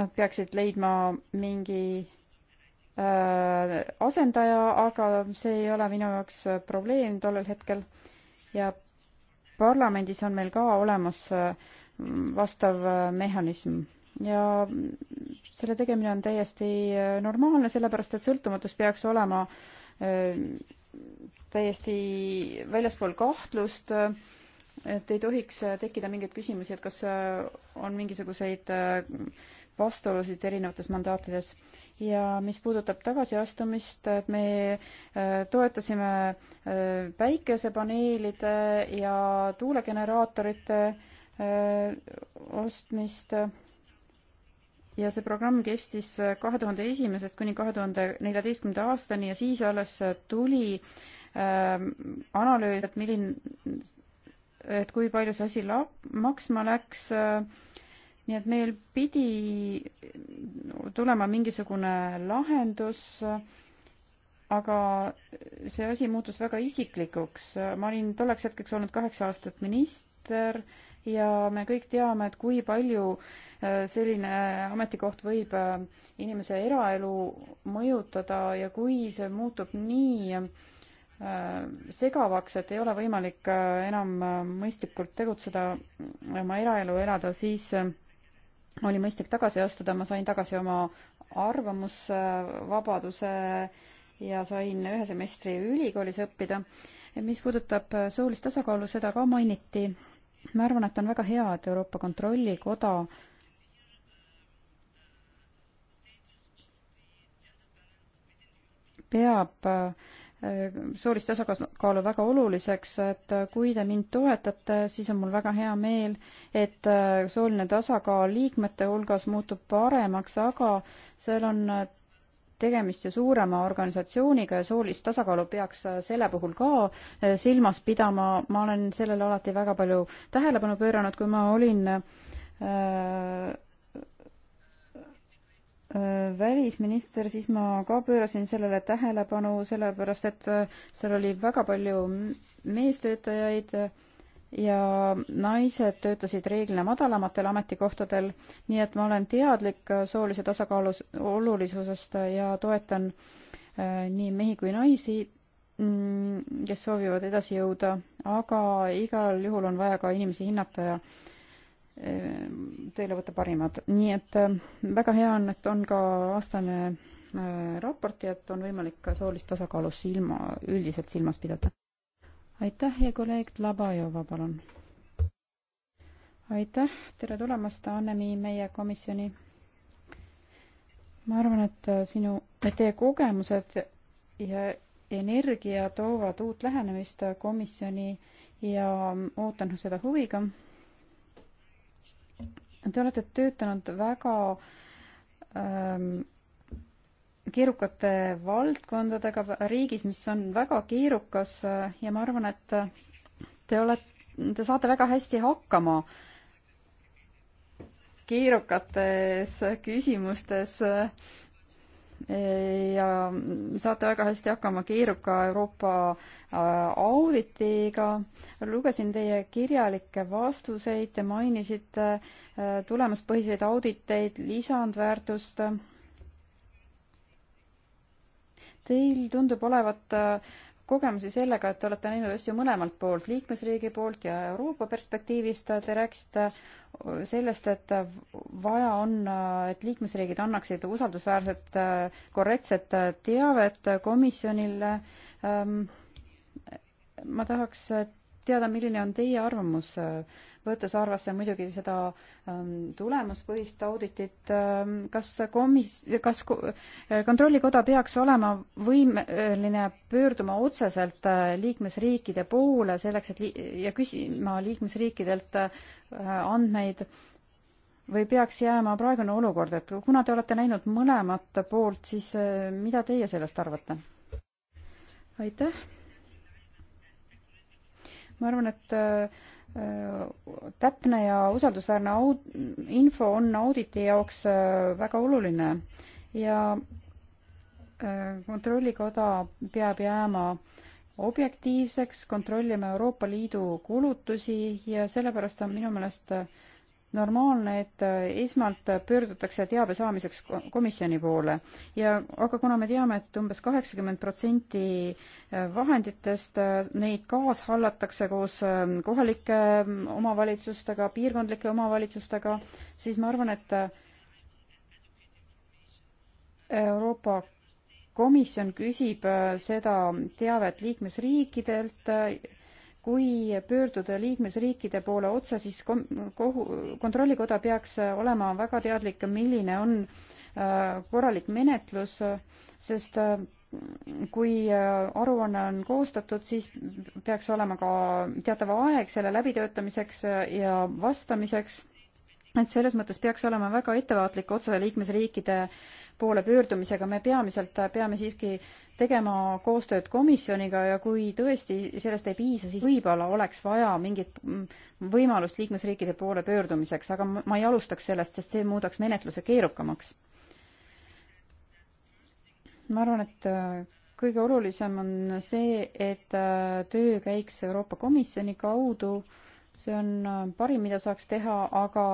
nad peaksid leidma mingi äh, asendaja, aga see ei ole minu jaoks äh, probleem tollel hetkel. ja parlamendis on meil ka olemas äh, vastav äh, mehhanism ja selle tegemine on täiesti normaalne, sellepärast et sõltumatus peaks olema äh, täiesti väljaspool kahtlust äh, et ei tohiks äh, tekkida mingeid küsimusi, et kas äh, on mingisuguseid äh, vastuolusid erinevates mandaatides. ja mis puudutab tagasiastumist, et me toetasime päikesepaneelide ja tuulegeneraatorite ostmist ja see programm kestis kahe tuhande esimesest kuni kahe tuhande neljateistkümnenda aastani ja siis alles tuli äh, analüüs, et milline et kui palju see asi la-, maksma läks, nii et meil pidi tulema mingisugune lahendus, aga see asi muutus väga isiklikuks. ma olin tolleks hetkeks olnud kaheksa aastat minister ja me kõik teame, et kui palju äh, selline ametikoht võib äh, inimese eraelu mõjutada ja kui see muutub nii Äh, segavaks, et ei ole võimalik äh, enam äh, mõistlikult tegutseda, oma eraelu elada, siis oli mõistlik tagasi astuda, ma sain tagasi oma arvamusvabaduse ja sain ühe semestri ülikoolis õppida. mis puudutab soolist tasakaalu, seda ka mainiti. ma arvan, et on väga hea, et Euroopa Kontrollikoda peab äh, soolist tasakaalu väga oluliseks, et kui te mind toetate, siis on mul väga hea meel, et äh, sooline tasakaal liikmete hulgas muutub paremaks, aga seal on äh, tegemist ju suurema organisatsiooniga ja soolist tasakaalu peaks äh, selle puhul ka silmas pidama. ma olen sellele alati väga palju tähelepanu pööranud, kui ma olin äh, Äh, välisminister, siis ma ka pöörasin sellele tähelepanu, sellepärast et äh, seal oli väga palju meestöötajaid äh, ja naised töötasid reeglina madalamatel ametikohtadel, nii et ma olen teadlik soolise tasakaalu olulisusest ja toetan nii mehi kui naisi, mm, kes soovivad edasi jõuda, aga igal juhul on vaja ka inimesi hinnata ja äh, teile võtta parimad. nii et äh, väga hea on, et on ka aastane äh, raport ja et on võimalik ka soolist tasakaalu silma, üldiselt silmas pidada. aitäh ja kolleeg Labajova, palun. aitäh, tere tulemast, Anne-Mii, meie komisjoni. ma arvan, et äh, sinu, teie kogemused ja energia toovad uut lähenemist komisjoni ja mm, ootan seda huviga Te olete töötanud väga ähm, keerukate valdkondadega riigis, mis on väga keerukas äh, ja ma arvan, et äh, te olete, te saate väga hästi hakkama keerukates küsimustes äh, ja saate väga hästi hakkama keeruka Euroopa äh, auditiga. lugesin teie kirjalikke vastuseid, te mainisite äh, tulemuspõhiseid auditeid, lisandväärtust. Teil tundub olevat äh, kogemusi sellega, et te olete näinud asju mõlemalt poolt, liikmesriigi poolt ja Euroopa perspektiivist. Te rääkisite sellest, et vaja on, et liikmesriigid annaksid usaldusväärset, korrektset teavet komisjonile. Ehm, ma tahaks teada, milline on teie arvamus võttes arvesse muidugi seda ähm, tulemuspõhist auditit, ähm, kas komis-, kas äh, Kontrollikoda peaks olema võimeline pöörduma otseselt äh, liikmesriikide poole selleks, et li-, ja küsima liikmesriikidelt äh, andmeid või peaks jääma praegune olukord, et kuna te olete näinud mõlemat poolt, siis mida teie sellest arvate? aitäh! ma arvan, et Äh, täpne ja usaldusväärne aud-, info on auditi jaoks äh, väga oluline ja äh, kontrollikoda peab jääma objektiivseks, kontrollima Euroopa Liidu kulutusi ja sellepärast on minu meelest äh, normaalne, et äh, esmalt pöördutakse teabe saamiseks komisjoni poole ja aga kuna me teame, et umbes kaheksakümmend protsenti äh, vahenditest äh, neid kaashallatakse koos ähm, kohalike ähm, omavalitsustega, piirkondlike omavalitsustega, siis ma arvan, et Euroopa Komisjon küsib seda teavet liikmesriikidelt kui pöörduda liikmesriikide poole otse, siis kom-, kohu-, kontrollikoda peaks olema väga teadlik, milline on äh, korralik menetlus, sest äh, kui äh, aruanne on koostatud, siis peaks olema ka teatav aeg selle läbitöötamiseks ja vastamiseks. et selles mõttes peaks olema väga ettevaatlik otse liikmesriikide poole pöördumisega, me peamiselt peame siiski tegema koostööd komisjoniga ja kui tõesti sellest ei piisa, siis võib-olla oleks vaja mingit mm, võimalust liikmesriikide poole pöördumiseks, aga ma ei alustaks sellest, sest see muudaks menetluse keerukamaks. ma arvan, et äh, kõige olulisem on see, et äh, töö käiks Euroopa Komisjoni kaudu, see on äh, parim, mida saaks teha, aga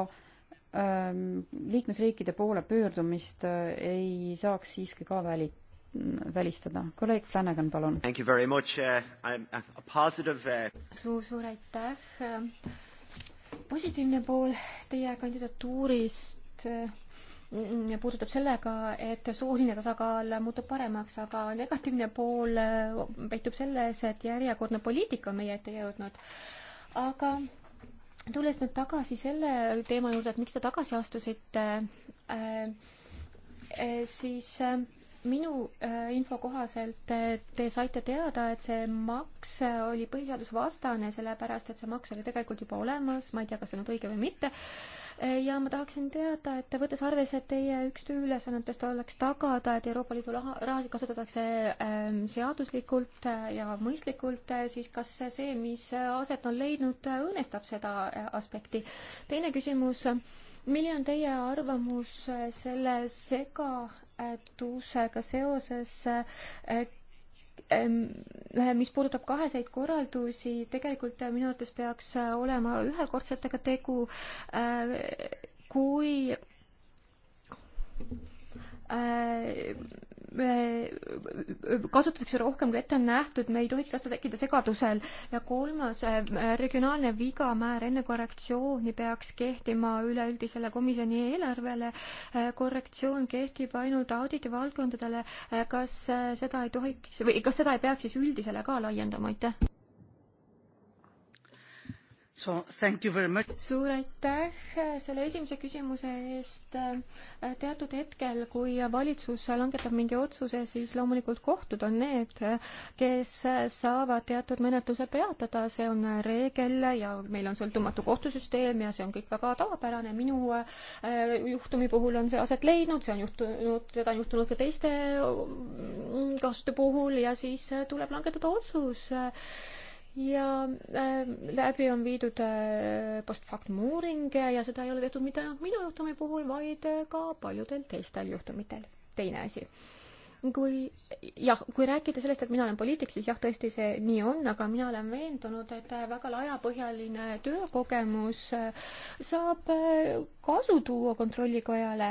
ähm, liikmesriikide poole pöördumist ei saaks siiski ka väli-, välistada. kolleeg Flanagan, palun. Uh, uh, suur-suur aitäh. positiivne pool teie kandidatuurist mm, puudutab sellega, et sooline tasakaal muutub paremaks, aga negatiivne pool äh, peitub selles, et järjekordne poliitika on meie ette jõudnud. aga tulles nüüd tagasi selle teema juurde, et miks te tagasi astusite äh,, Eh, siis eh, minu eh, info kohaselt te saite teada, et see maks oli põhiseadusvastane, sellepärast et see maks oli tegelikult juba olemas, ma ei tea, kas see nüüd õige või mitte. ja ma tahaksin teada, et võttes arvesse, et teie üks tööülesannetest oleks tagada, et Euroopa Liidu raha, rahasid kasutatakse seaduslikult ja mõistlikult, siis kas see, mis aset on leidnud, õõnestab seda aspekti? teine küsimus milline on teie arvamus äh, selle segadusega seoses, äh, ähm, äh, mis puudutab kaheseid korraldusi, tegelikult minu arvates peaks olema ühekordsetega tegu, kui kasutatakse rohkem, kui ette on nähtud, me ei tohiks lasta tekkida segadusel. ja kolmas, eh, regionaalne vigamäär enne korrektsiooni peaks kehtima üleüldisele komisjoni eelarvele. Eh, korrektsioon kehtib ainult auditivaldkondadele. Eh, kas seda ei tohiks või kas seda ei peaks siis üldisele ka laiendama, aitäh? suur aitäh selle esimese küsimuse eest. teatud hetkel, kui valitsus langetab mingi otsuse, siis loomulikult kohtud on need, kes saavad teatud menetluse peatada, see on reegel ja meil on sõltumatu kohtusüsteem ja see on kõik väga tavapärane. minu eh, juhtumi puhul on see aset leidnud, see on juhtunud, seda on juhtunud ka teiste mm, kasuste puhul ja siis tuleb langetada otsus ja äh, läbi on viidud äh, post factum uuring ja seda ei ole tehtud mitte ainult minu juhtumi puhul, vaid äh, ka paljudel teistel juhtumitel. teine asi, kui jah, kui rääkida sellest, et mina olen poliitik, siis jah, tõesti see nii on, aga mina olen veendunud, et äh, väga laiapõhjaline töökogemus äh, saab kasu tuua kontrollikojale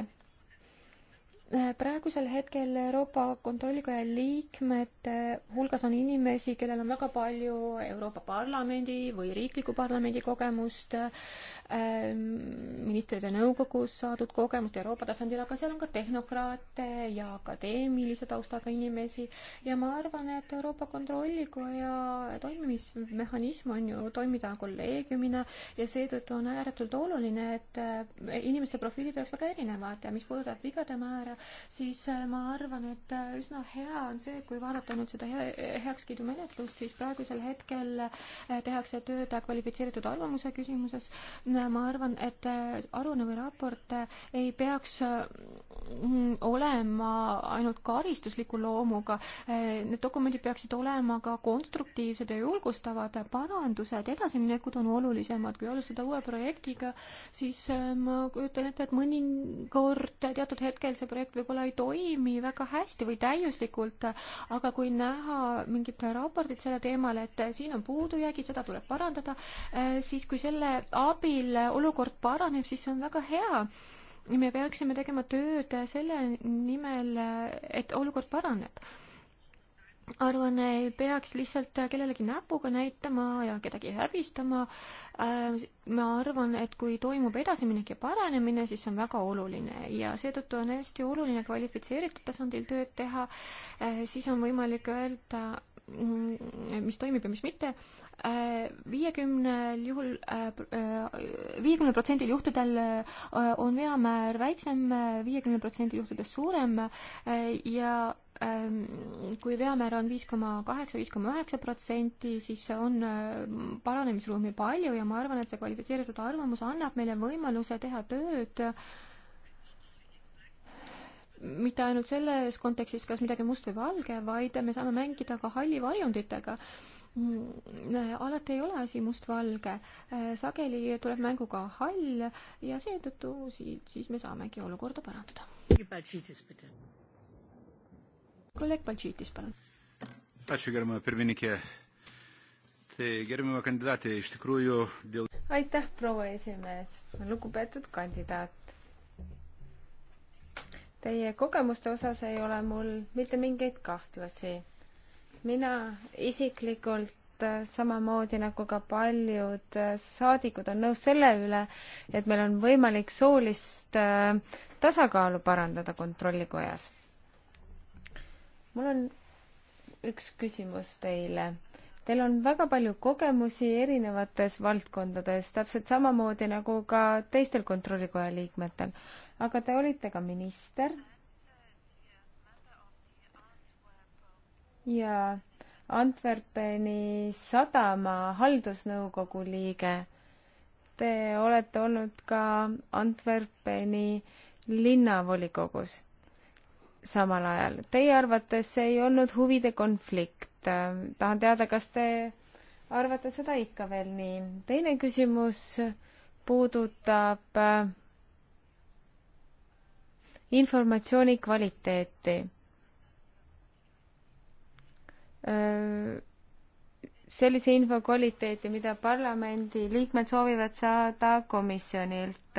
Äh, praegusel hetkel Euroopa Kontrollikoja liikmete hulgas on inimesi, kellel on väga palju Euroopa Parlamendi või riikliku parlamendi kogemust, ähm, ministrite nõukogus saadud kogemust Euroopa tasandil, aga seal on ka tehnokraate ja akadeemilise taustaga inimesi ja ma arvan, et Euroopa Kontrollikoja toimimismehhanism on ju toimida kolleegiumina ja seetõttu on ääretult oluline, et äh, inimeste profiilid oleks väga erinevad ja mis puudutab vigade määra, siis äh, ma arvan, et äh, üsna hea on see, kui vaadata nüüd seda heakskiidumenetlust, siis praegusel hetkel äh, tehakse tööd kvalifitseeritud arvamuse küsimuses. ma arvan, et aruanne või raport ei peaks olema ainult karistusliku loomuga. Need dokumendid peaksid olema ka konstruktiivsed ja julgustavad. parandused, edasiminekud on olulisemad, kui alustada uue projektiga, siis ma kujutan ette, et mõnikord teatud hetkel see projekt projekt võib-olla ei toimi väga hästi või täiuslikult, aga kui näha mingit raportit selle teemal, et siin on puudujäägid, seda tuleb parandada, eh, siis kui selle abil olukord paraneb, siis see on väga hea me peaksime tegema tööd selle nimel, et olukord paraneb arvan, ei peaks lihtsalt kellelegi näpuga näitama ja kedagi häbistama. Äh, ma arvan, et kui toimub edasiminek ja paranemine, siis see on väga oluline ja seetõttu on hästi oluline kvalifitseeritud tasandil tööd teha. Äh, siis on võimalik öelda Mm, mis toimib ja mis mitte. Äh, viiekümnel juhul, äh, viiekümnel protsendil juhtudel äh, on veamäär väiksem, viiekümnel protsendil juhtudest suurem ja ähm, kui veamäär on viis koma kaheksa, viis koma üheksa protsenti, siis on paranemisruumi palju ja ma arvan, et see kvalifitseeritud arvamus annab meile võimaluse teha tööd äh, mitte ainult selles kontekstis, kas midagi on must või valge, vaid me saame mängida ka halli varjunditega. Mm, alati ei ole asi mustvalge, äh, sageli tuleb mängu ka hall ja seetõttu siit, siis me saamegi olukorda parandada. kolleeg Baltšiitis, palun. aitäh, proua esimees, lugupeetud kandidaat Teie kogemuste osas ei ole mul mitte mingeid kahtlusi. mina isiklikult äh, samamoodi nagu ka paljud äh, saadikud on nõus selle üle, et meil on võimalik soolist äh, tasakaalu parandada Kontrollikojas. mul on üks küsimus teile. Teil on väga palju kogemusi erinevates valdkondades, täpselt samamoodi nagu ka teistel Kontrollikoja liikmetel aga te olite ka minister. ja Antwerpeni sadama haldusnõukogu liige. Te olete olnud ka Antwerpeni linnavolikogus samal ajal. Teie arvates ei olnud huvide konflikt. tahan teada, kas te arvate seda ikka veel nii? teine küsimus puudutab äh, informatsiooni kvaliteeti. sellise info kvaliteeti, mida parlamendi liikmed soovivad saada komisjonilt.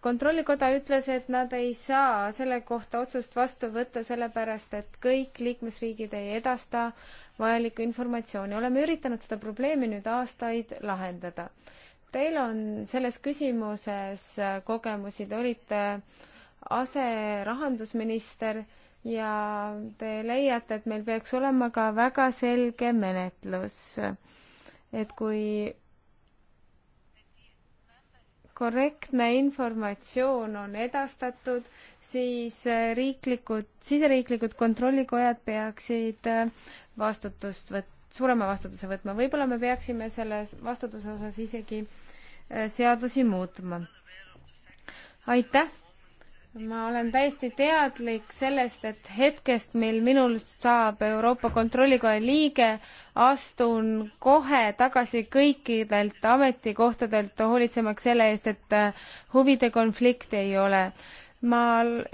kontrollikoda ütles, et nad ei saa selle kohta otsust vastu võtta, sellepärast et kõik liikmesriigid ei edasta vajalikku informatsiooni. oleme üritanud seda probleemi nüüd aastaid lahendada. Teil on selles küsimuses kogemusi, te olite äh, aserahandusminister ja te leiate, et meil peaks olema ka väga selge menetlus, et kui korrektne informatsioon on edastatud, siis riiklikud, siseriiklikud kontrollikojad peaksid vastutust võt-, suurema vastutuse võtma. võib-olla me peaksime selles vastutuse osas isegi äh, seadusi muutma. aitäh! ma olen täiesti teadlik sellest, et hetkest, mil minust saab Euroopa Kontrollikoja liige, astun kohe tagasi kõikidelt ametikohtadelt, hoolitsemaks selle eest, et äh, huvide konflikti ei ole. ma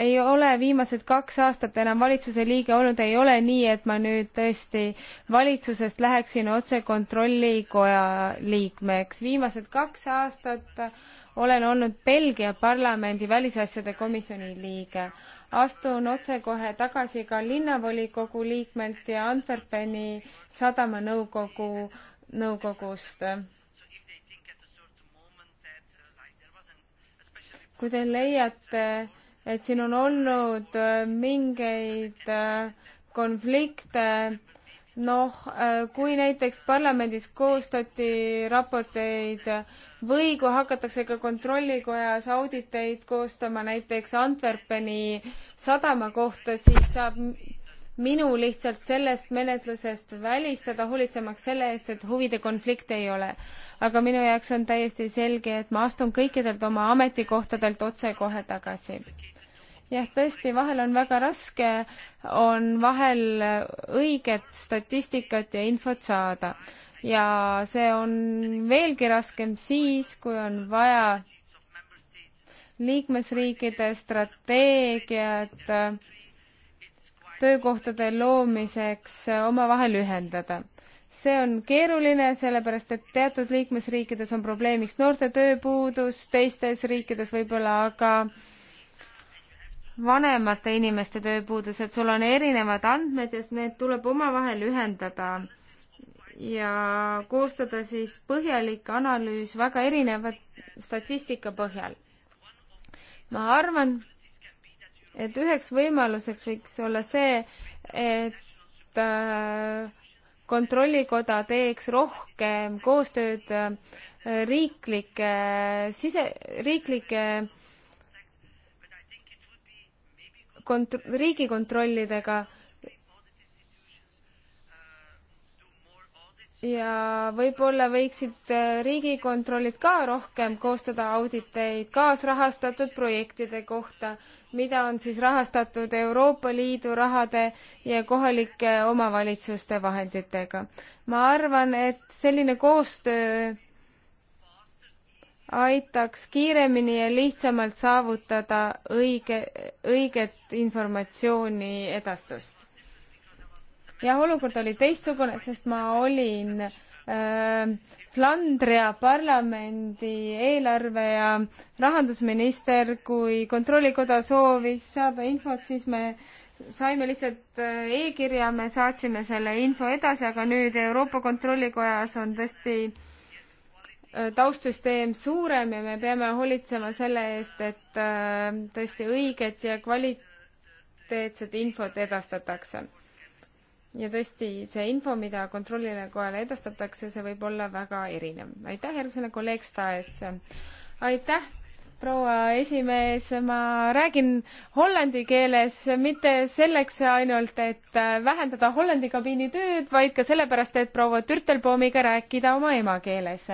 ei ole viimased kaks aastat enam valitsuse liige olnud, ei ole nii, et ma nüüd tõesti valitsusest läheksin otse Kontrollikoja liikmeks. viimased kaks aastat olen olnud Belgia parlamendi välisasjade komisjoni liige. astun otsekohe tagasi ka linnavolikogu liikmelt ja Antwerpeni sadamanõukogu nõukogust. kui te leiate, et siin on olnud mingeid äh, konflikte noh, äh, kui näiteks parlamendis koostati raporteid või kui hakatakse ka kontrollikojas auditeid koostama näiteks Antwerpeni sadama kohta, siis saab minu lihtsalt sellest menetlusest välistada, hoolitsemaks selle eest, et huvide konflikte ei ole. aga minu jaoks on täiesti selge, et ma astun kõikidelt oma ametikohtadelt otsekohe tagasi jah, tõesti, vahel on väga raske, on vahel õiget statistikat ja infot saada. ja see on veelgi raskem siis, kui on vaja liikmesriikide strateegiad äh, töökohtade loomiseks äh, omavahel ühendada see on keeruline, sellepärast et teatud liikmesriikides on probleemiks noorte tööpuudus, teistes riikides võib-olla aga äh, vanemate inimeste tööpuudus, et sul on erinevad andmed ja siis need tuleb omavahel ühendada ja koostada siis põhjalik analüüs väga erineva statistika põhjal. ma arvan, et üheks võimaluseks võiks olla see, et äh, kontrollikoda teeks rohkem koostööd äh, riiklike sise, riiklike äh, kont-, riigikontrollidega ja võib-olla võiksid äh, riigikontrollid ka rohkem koostada auditeid kaasrahastatud projektide kohta, mida on siis rahastatud Euroopa Liidu rahade ja kohalike omavalitsuste vahenditega. ma arvan, et selline koostöö aitaks kiiremini ja lihtsamalt saavutada õige, õiget informatsiooni edastust. jah, olukord oli teistsugune, sest ma olin äh, Flandria parlamendi eelarve ja rahandusminister, kui Kontrollikoda soovis saada infot, siis me saime lihtsalt äh, e-kirja, me saatsime selle info edasi, aga nüüd Euroopa Kontrollikojas on tõesti äh, Äh, taustsüsteem suurem ja me peame hoolitsema selle eest, et äh, tõesti õiget ja kvaliteetset infot edastatakse. ja tõesti, see info, mida kontrollile kohale edastatakse, see võib olla väga erinev. aitäh, järgmisena kolleeg Staes. aitäh, proua esimees, ma räägin hollandi keeles mitte selleks ainult, et äh, vähendada Hollandi kabiini tööd, vaid ka sellepärast, et proua Türtelbaumiga rääkida oma emakeeles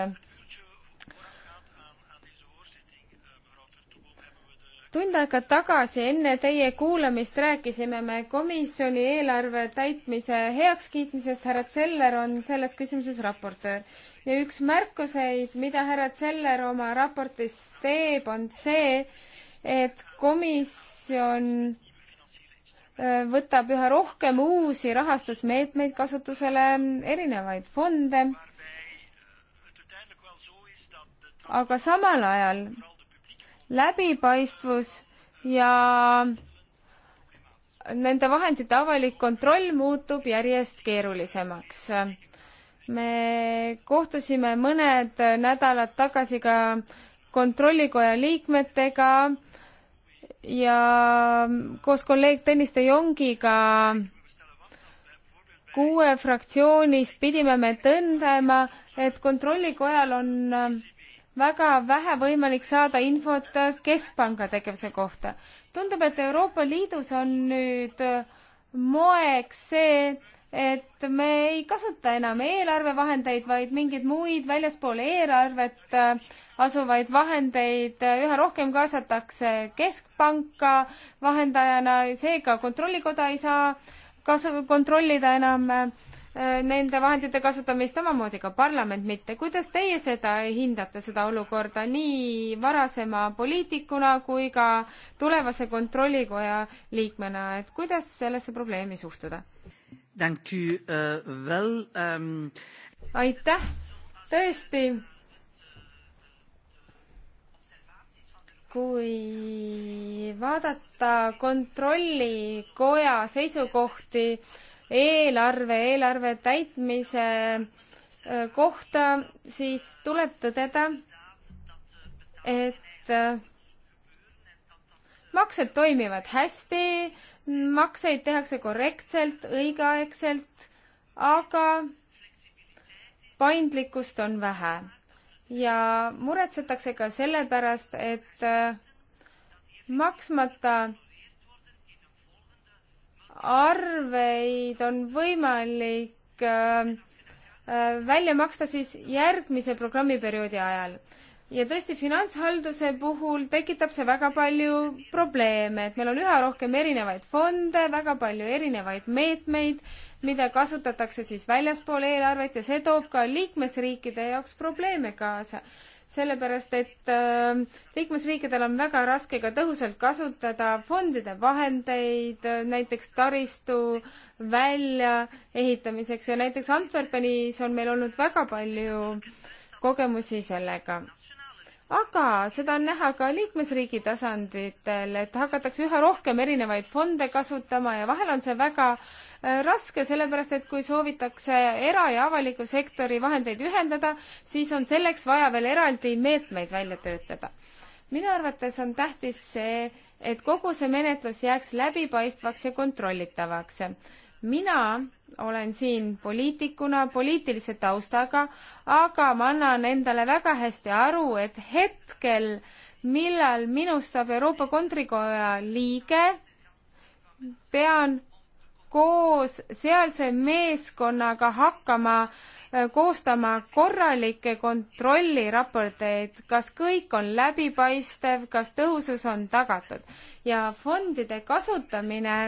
tund aega tagasi enne teie kuulamist rääkisime me komisjoni eelarve täitmise heakskiitmisest, härra Zeller on selles küsimuses raportöör. ja üks märkuseid, mida härra Zeller oma raportis teeb, on see, et komisjon äh, võtab üha rohkem uusi rahastusmeetmeid kasutusele, erinevaid fonde, aga samal ajal läbipaistvus ja nende vahendite avalik kontroll muutub järjest keerulisemaks. me kohtusime mõned nädalad tagasi ka kontrollikoja liikmetega ja koos kolleeg Tõnis de Jongiga kuue fraktsioonist pidime me tõdema, et kontrollikojal on väga vähe võimalik saada infot keskpanga tegevuse kohta. tundub, et Euroopa Liidus on nüüd moeks see, et me ei kasuta enam eelarvevahendeid, vaid mingeid muid väljaspool eelarvet äh, asuvaid vahendeid üha rohkem kaasatakse keskpanka vahendajana, seega kontrollikoda ei saa kasu, kontrollida enam äh, Äh, nende vahendite kasutamist, samamoodi ka parlament mitte. kuidas teie seda hindate, seda olukorda nii varasema poliitikuna kui ka tulevase kontrollikoja liikmena, et kuidas sellesse probleemi suhtuda? Uh, um, aitäh, tõesti. kui vaadata kontrollikoja seisukohti, eelarve, eelarve täitmise äh, kohta, siis tuleb tõdeda, et äh, maksed toimivad hästi, makseid tehakse korrektselt, õigeaegselt, aga paindlikkust on vähe ja muretsetakse ka selle pärast, et äh, maksmata arveid on võimalik äh, äh, välja maksta siis järgmise programmiperioodi ajal. ja tõesti, finantshalduse puhul tekitab see väga palju probleeme, et meil on üha rohkem erinevaid fonde, väga palju erinevaid meetmeid, mida kasutatakse siis väljaspool eelarvet ja see toob ka liikmesriikide jaoks probleeme kaasa sellepärast et äh, liikmesriikidel on väga raske ka tõhusalt kasutada fondide vahendeid näiteks taristu väljaehitamiseks ja näiteks Antwerpenis on meil olnud väga palju kogemusi sellega aga seda on näha ka liikmesriigi tasanditel, et hakatakse üha rohkem erinevaid fonde kasutama ja vahel on see väga Äh, raske, sellepärast et kui soovitakse era- ja avaliku sektori vahendeid ühendada, siis on selleks vaja veel eraldi meetmeid välja töötada. minu arvates on tähtis see, et kogu see menetlus jääks läbipaistvaks ja kontrollitavaks. mina olen siin poliitikuna, poliitilise taustaga, aga ma annan endale väga hästi aru, et hetkel, millal minust saab Euroopa Kontrikoja liige, pean koos sealse meeskonnaga hakkama äh, koostama korralikke kontrolliraporteid, kas kõik on läbipaistev, kas tõhusus on tagatud ja fondide kasutamine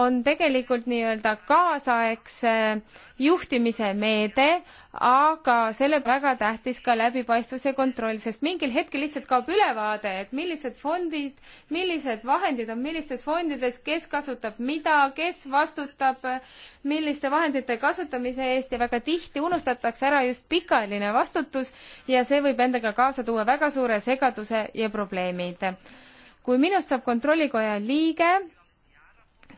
on tegelikult nii-öelda kaasaegse juhtimise meede, aga selle väga tähtis ka läbipaistvus ja kontroll, sest mingil hetkel lihtsalt kaob ülevaade, et millised fondid, millised vahendid on millistes fondides, kes kasutab mida, kes vastutab milliste vahendite kasutamise eest ja väga tihti unustatakse ära just pikaajaline vastutus ja see võib endaga kaasa tuua väga suure segaduse ja probleemid. kui minust saab kontrollikoja liige,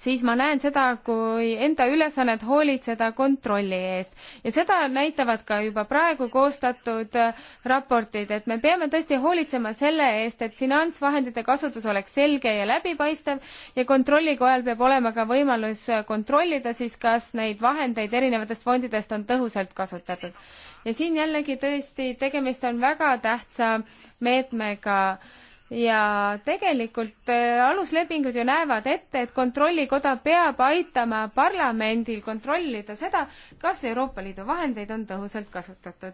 siis ma näen seda kui enda ülesannet hoolitseda kontrolli eest. ja seda näitavad ka juba praegu koostatud äh, raportid, et me peame tõesti hoolitsema selle eest, et finantsvahendite kasutus oleks selge ja läbipaistev ja kontrollikojal peab olema ka võimalus äh, kontrollida siis, kas neid vahendeid erinevatest fondidest on tõhusalt kasutatud. ja siin jällegi tõesti, tegemist on väga tähtsa meetmega ja tegelikult äh, aluslepingud ju näevad ette, et Kontrollikoda peab aitama parlamendil kontrollida seda, kas Euroopa Liidu vahendeid on tõhusalt kasutatud.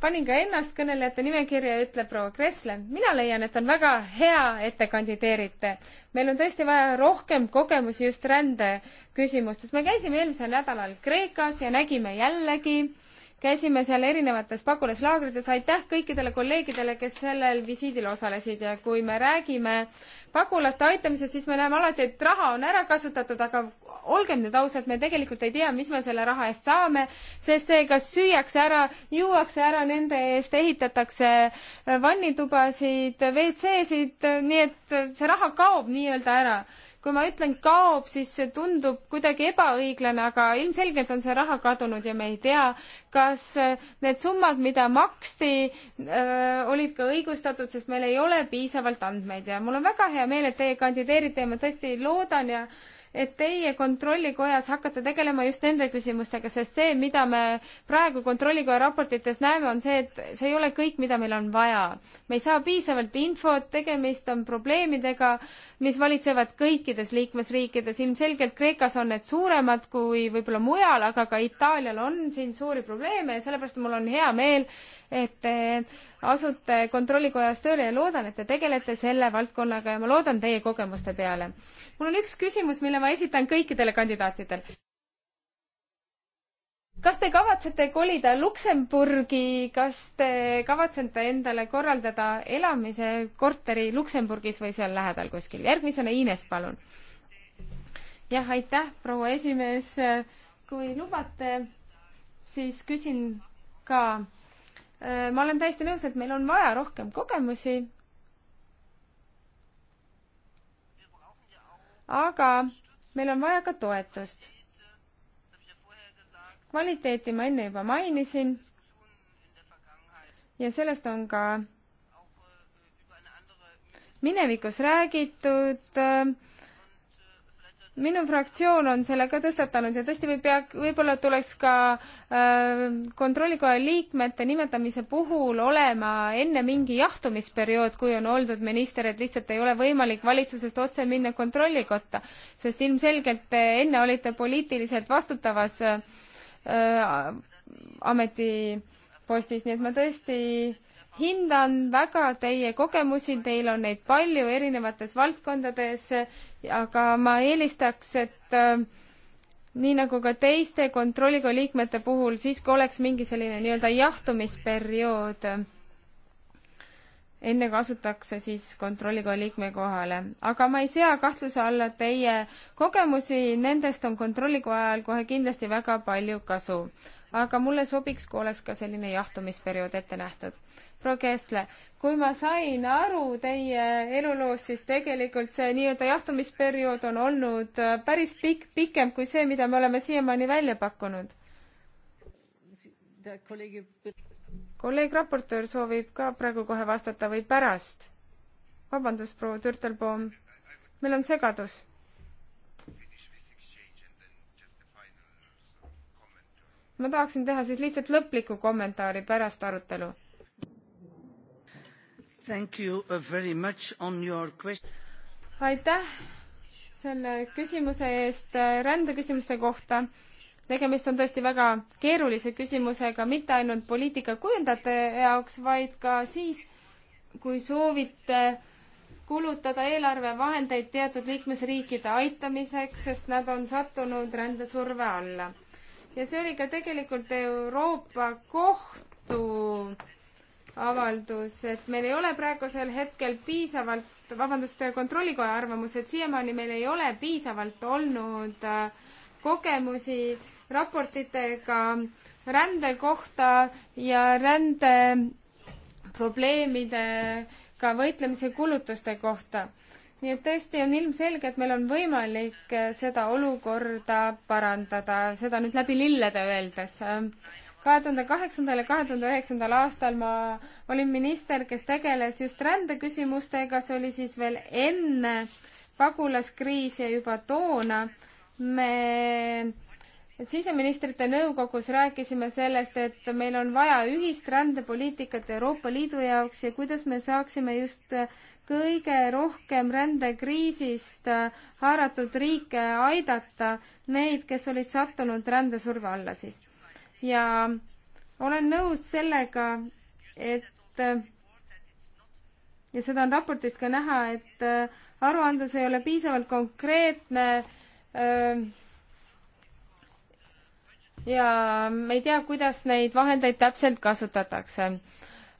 panin ka ennast kõnelejate nimekirja, ütleb proua Kressle. mina leian, et on väga hea, et te kandideerite. meil on tõesti vaja rohkem kogemusi just rände küsimustes. me käisime eelmisel nädalal Kreekas ja nägime jällegi, käisime seal erinevates pagulaslaagrites, aitäh kõikidele kolleegidele, kes sellel visiidil osalesid ja kui me räägime pagulaste aitamisest, siis me näeme alati, et raha on ära kasutatud, aga olgem nüüd ausad, me tegelikult ei tea, mis me selle raha eest saame, sest see kas süüakse ära, juuakse ära nende eest, ehitatakse vannitubasid, WC-sid, nii et see raha kaob nii-öelda ära kui ma ütlen kaob, siis see tundub kuidagi ebaõiglane, aga ilmselgelt on see raha kadunud ja me ei tea, kas äh, need summad, mida maksti, äh, olid ka õigustatud, sest meil ei ole piisavalt andmeid ja mul on väga hea meel, et teie kandideerite ja ma tõesti loodan ja et teie Kontrollikojas hakkate tegelema just nende küsimustega, sest see, mida me praegu Kontrollikoja raportites näeme, on see, et see ei ole kõik, mida meil on vaja. me ei saa piisavalt infot, tegemist on probleemidega, mis valitsevad kõikides liikmesriikides, ilmselgelt Kreekas on need suuremad kui võib-olla mujal, aga ka Itaalial on siin suuri probleeme ja sellepärast mul on hea meel, et te asute Kontrollikojas tööle ja loodan, et te tegelete selle valdkonnaga ja ma loodan teie kogemuste peale. mul on üks küsimus, mille ma esitan kõikidele kandidaatidele kas te kavatsete kolida Luksemburgi, kas te kavatsete endale korraldada elamise korteri Luksemburgis või seal lähedal kuskil? järgmisena Ines, palun. jah, aitäh, proua esimees. kui lubate, siis küsin ka Äh, ma olen täiesti nõus, et meil on vaja rohkem kogemusi. aga meil on vaja ka toetust. kvaliteeti ma enne juba mainisin. ja sellest on ka minevikus räägitud äh, minu fraktsioon on selle ka tõstatanud ja tõesti võib pea, võib-olla tuleks ka äh, kontrollikoja liikmete nimetamise puhul olema enne mingi jahtumisperiood, kui on oldud minister, et lihtsalt ei ole võimalik valitsusest otse minna kontrollikotta, sest ilmselgelt te enne olite poliitiliselt vastutavas äh, äh, ametipostis, nii et ma tõesti äh, hindan väga teie kogemusi, teil on neid palju erinevates valdkondades, aga ma eelistaks, et äh, nii nagu ka teiste kontrollikoja liikmete puhul, siis kui oleks mingi selline nii-öelda jahtumisperiood, enne kui asutakse siis kontrollikoja liikme kohale. aga ma ei sea kahtluse alla teie kogemusi, nendest on kontrollikoja ajal kohe kindlasti väga palju kasu aga mulle sobiks, kui oleks ka selline jahtumisperiood ette nähtud. proua Kessle, kui ma sain aru teie eluloost, siis tegelikult see nii-öelda jahtumisperiood on olnud äh, päris pikk, pikem kui see, mida me oleme siiamaani välja pakkunud. kolleeg raportöör soovib ka praegu kohe vastata või pärast? vabandust, proua Türtelbaum, meil on segadus ma tahaksin teha siis lihtsalt lõpliku kommentaari pärast arutelu. Uh, aitäh selle küsimuse eest äh, rändeküsimuste kohta. tegemist on tõesti väga keerulise küsimusega, mitte ainult poliitikakujundajate jaoks, vaid ka siis, kui soovite kulutada eelarvevahendeid teatud liikmesriikide aitamiseks, sest nad on sattunud rändesurve alla ja see oli ka tegelikult Euroopa Kohtu avaldus, et meil ei ole praegusel hetkel piisavalt, vabandust, kontrollikoja arvamus, et siiamaani meil ei ole piisavalt olnud äh, kogemusi raportitega rände kohta ja rände probleemidega võitlemise kulutuste kohta nii et tõesti on ilmselge, et meil on võimalik eh, seda olukorda parandada, seda nüüd läbi lillede öeldes. kahe tuhande kaheksandal ja kahe tuhande üheksandal aastal ma olin minister, kes tegeles just rändeküsimustega, see oli siis veel enne pagulaskriisi ja juba toona me siseministrite nõukogus rääkisime sellest, et meil on vaja ühist rändepoliitikat Euroopa Liidu jaoks ja kuidas me saaksime just kõige rohkem rändekriisist äh, haaratud riike aidata, neid, kes olid sattunud rändesurve alla siis. ja olen nõus sellega, et äh, ja seda on raportist ka näha, et äh, aruandlus ei ole piisavalt konkreetne öö, ja me ei tea, kuidas neid vahendeid täpselt kasutatakse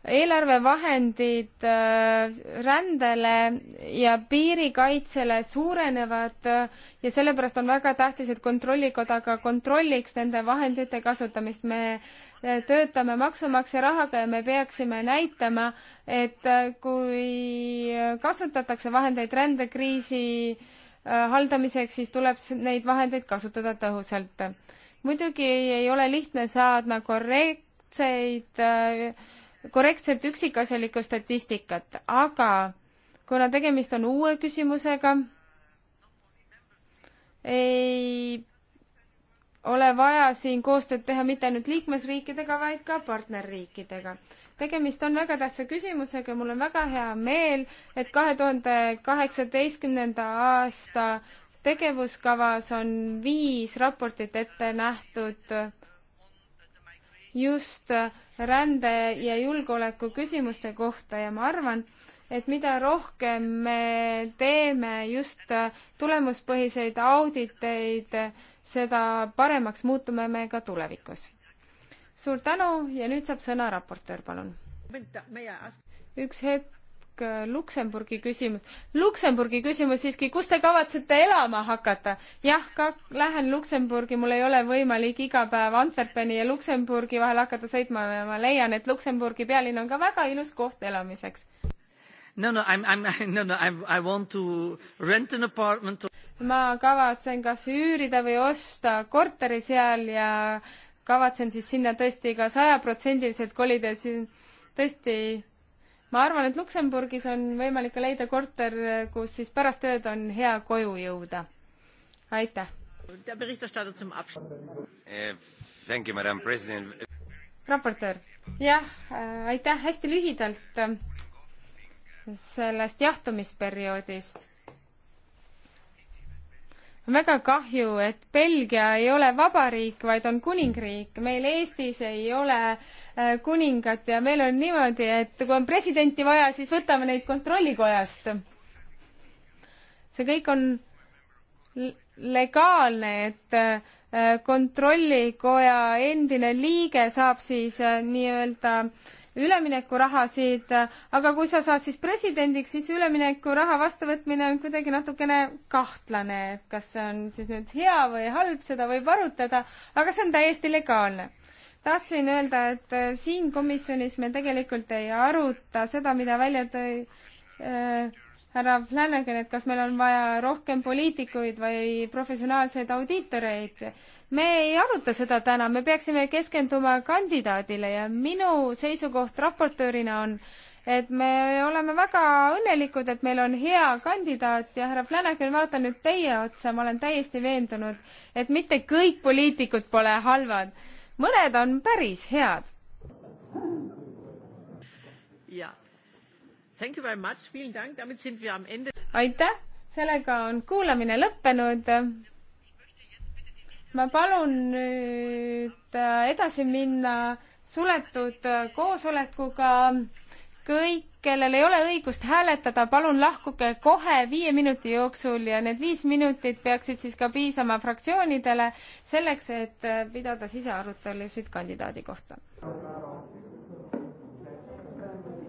eelarvevahendid äh, rändele ja piirikaitsele suurenevad äh, ja sellepärast on väga tähtis, et Kontrollikoda ka kontrolliks nende vahendite kasutamist. me äh, töötame maksumaksja rahaga ja me peaksime näitama, et kui kasutatakse vahendeid rändekriisi haldamiseks, siis tuleb neid vahendeid kasutada tõhusalt. muidugi ei ole lihtne saada korrektseid äh, korrektset üksikasjalikku statistikat, aga kuna tegemist on uue küsimusega, ei ole vaja siin koostööd teha mitte ainult liikmesriikidega, vaid ka partnerriikidega. tegemist on väga tähtsa küsimusega, mul on väga hea meel, et kahe tuhande kaheksateistkümnenda aasta tegevuskavas on viis raportit ette nähtud just äh, rände ja julgeoleku küsimuste kohta ja ma arvan, et mida rohkem me teeme just äh, tulemuspõhiseid auditeid, seda paremaks muutume me ka tulevikus. suur tänu ja nüüd saab sõna raportöör, palun. üks hetk Äh, Luksemburgi küsimus. Luksemburgi küsimus siiski, kus te kavatsete elama hakata? jah, ka lähen Luksemburgi, mul ei ole võimalik iga päev Antwerpeni ja Luksemburgi vahel hakata sõitma ja ma leian, et Luksemburgi pealinn on ka väga ilus koht elamiseks. No, no, I m, I m, (laughs) no, no, I want to rent an apartment. ma kavatsen kas üürida või osta korteri seal ja kavatsen siis sinna tõesti ka sajaprotsendiliselt kolida, siin tõesti ma arvan, et Luksemburgis on võimalik ka leida korter, kus siis pärast ööd on hea koju jõuda. aitäh! Eh, raportöör, jah, äh, aitäh, hästi lühidalt äh, sellest jahtumisperioodist on väga kahju, et Belgia ei ole vabariik, vaid on kuningriik. meil Eestis ei ole äh, kuningat ja meil on niimoodi, et kui on presidenti vaja, siis võtame neid kontrollikojast. see kõik on legaalne, et äh, kontrollikoja endine liige saab siis äh, nii-öelda äh, üleminekurahasid, aga kui sa saad siis presidendiks, siis üleminekuraha vastuvõtmine on kuidagi natukene kahtlane, et kas see on siis nüüd hea või halb, seda võib arutada, aga see on täiesti legaalne tahtsin öelda, et äh, siin komisjonis me tegelikult ei aruta seda, mida välja tõi äh, härra Flanagan, et kas meil on vaja rohkem poliitikuid või professionaalseid audiitoreid me ei aruta seda täna, me peaksime keskenduma kandidaadile ja minu seisukoht raportöörina on, et me oleme väga õnnelikud, et meil on hea kandidaat ja härra Flanagan, vaatan nüüd teie otsa, ma olen täiesti veendunud, et mitte kõik poliitikud pole halvad, mõned on päris head. aitäh, sellega on kuulamine lõppenud ma palun nüüd äh, edasi minna suletud äh, koosolekuga. kõik, kellel ei ole õigust hääletada, palun lahkuge kohe viie minuti jooksul ja need viis minutit peaksid siis ka piisama fraktsioonidele selleks, et äh, pidada sisearutelusid kandidaadi kohta.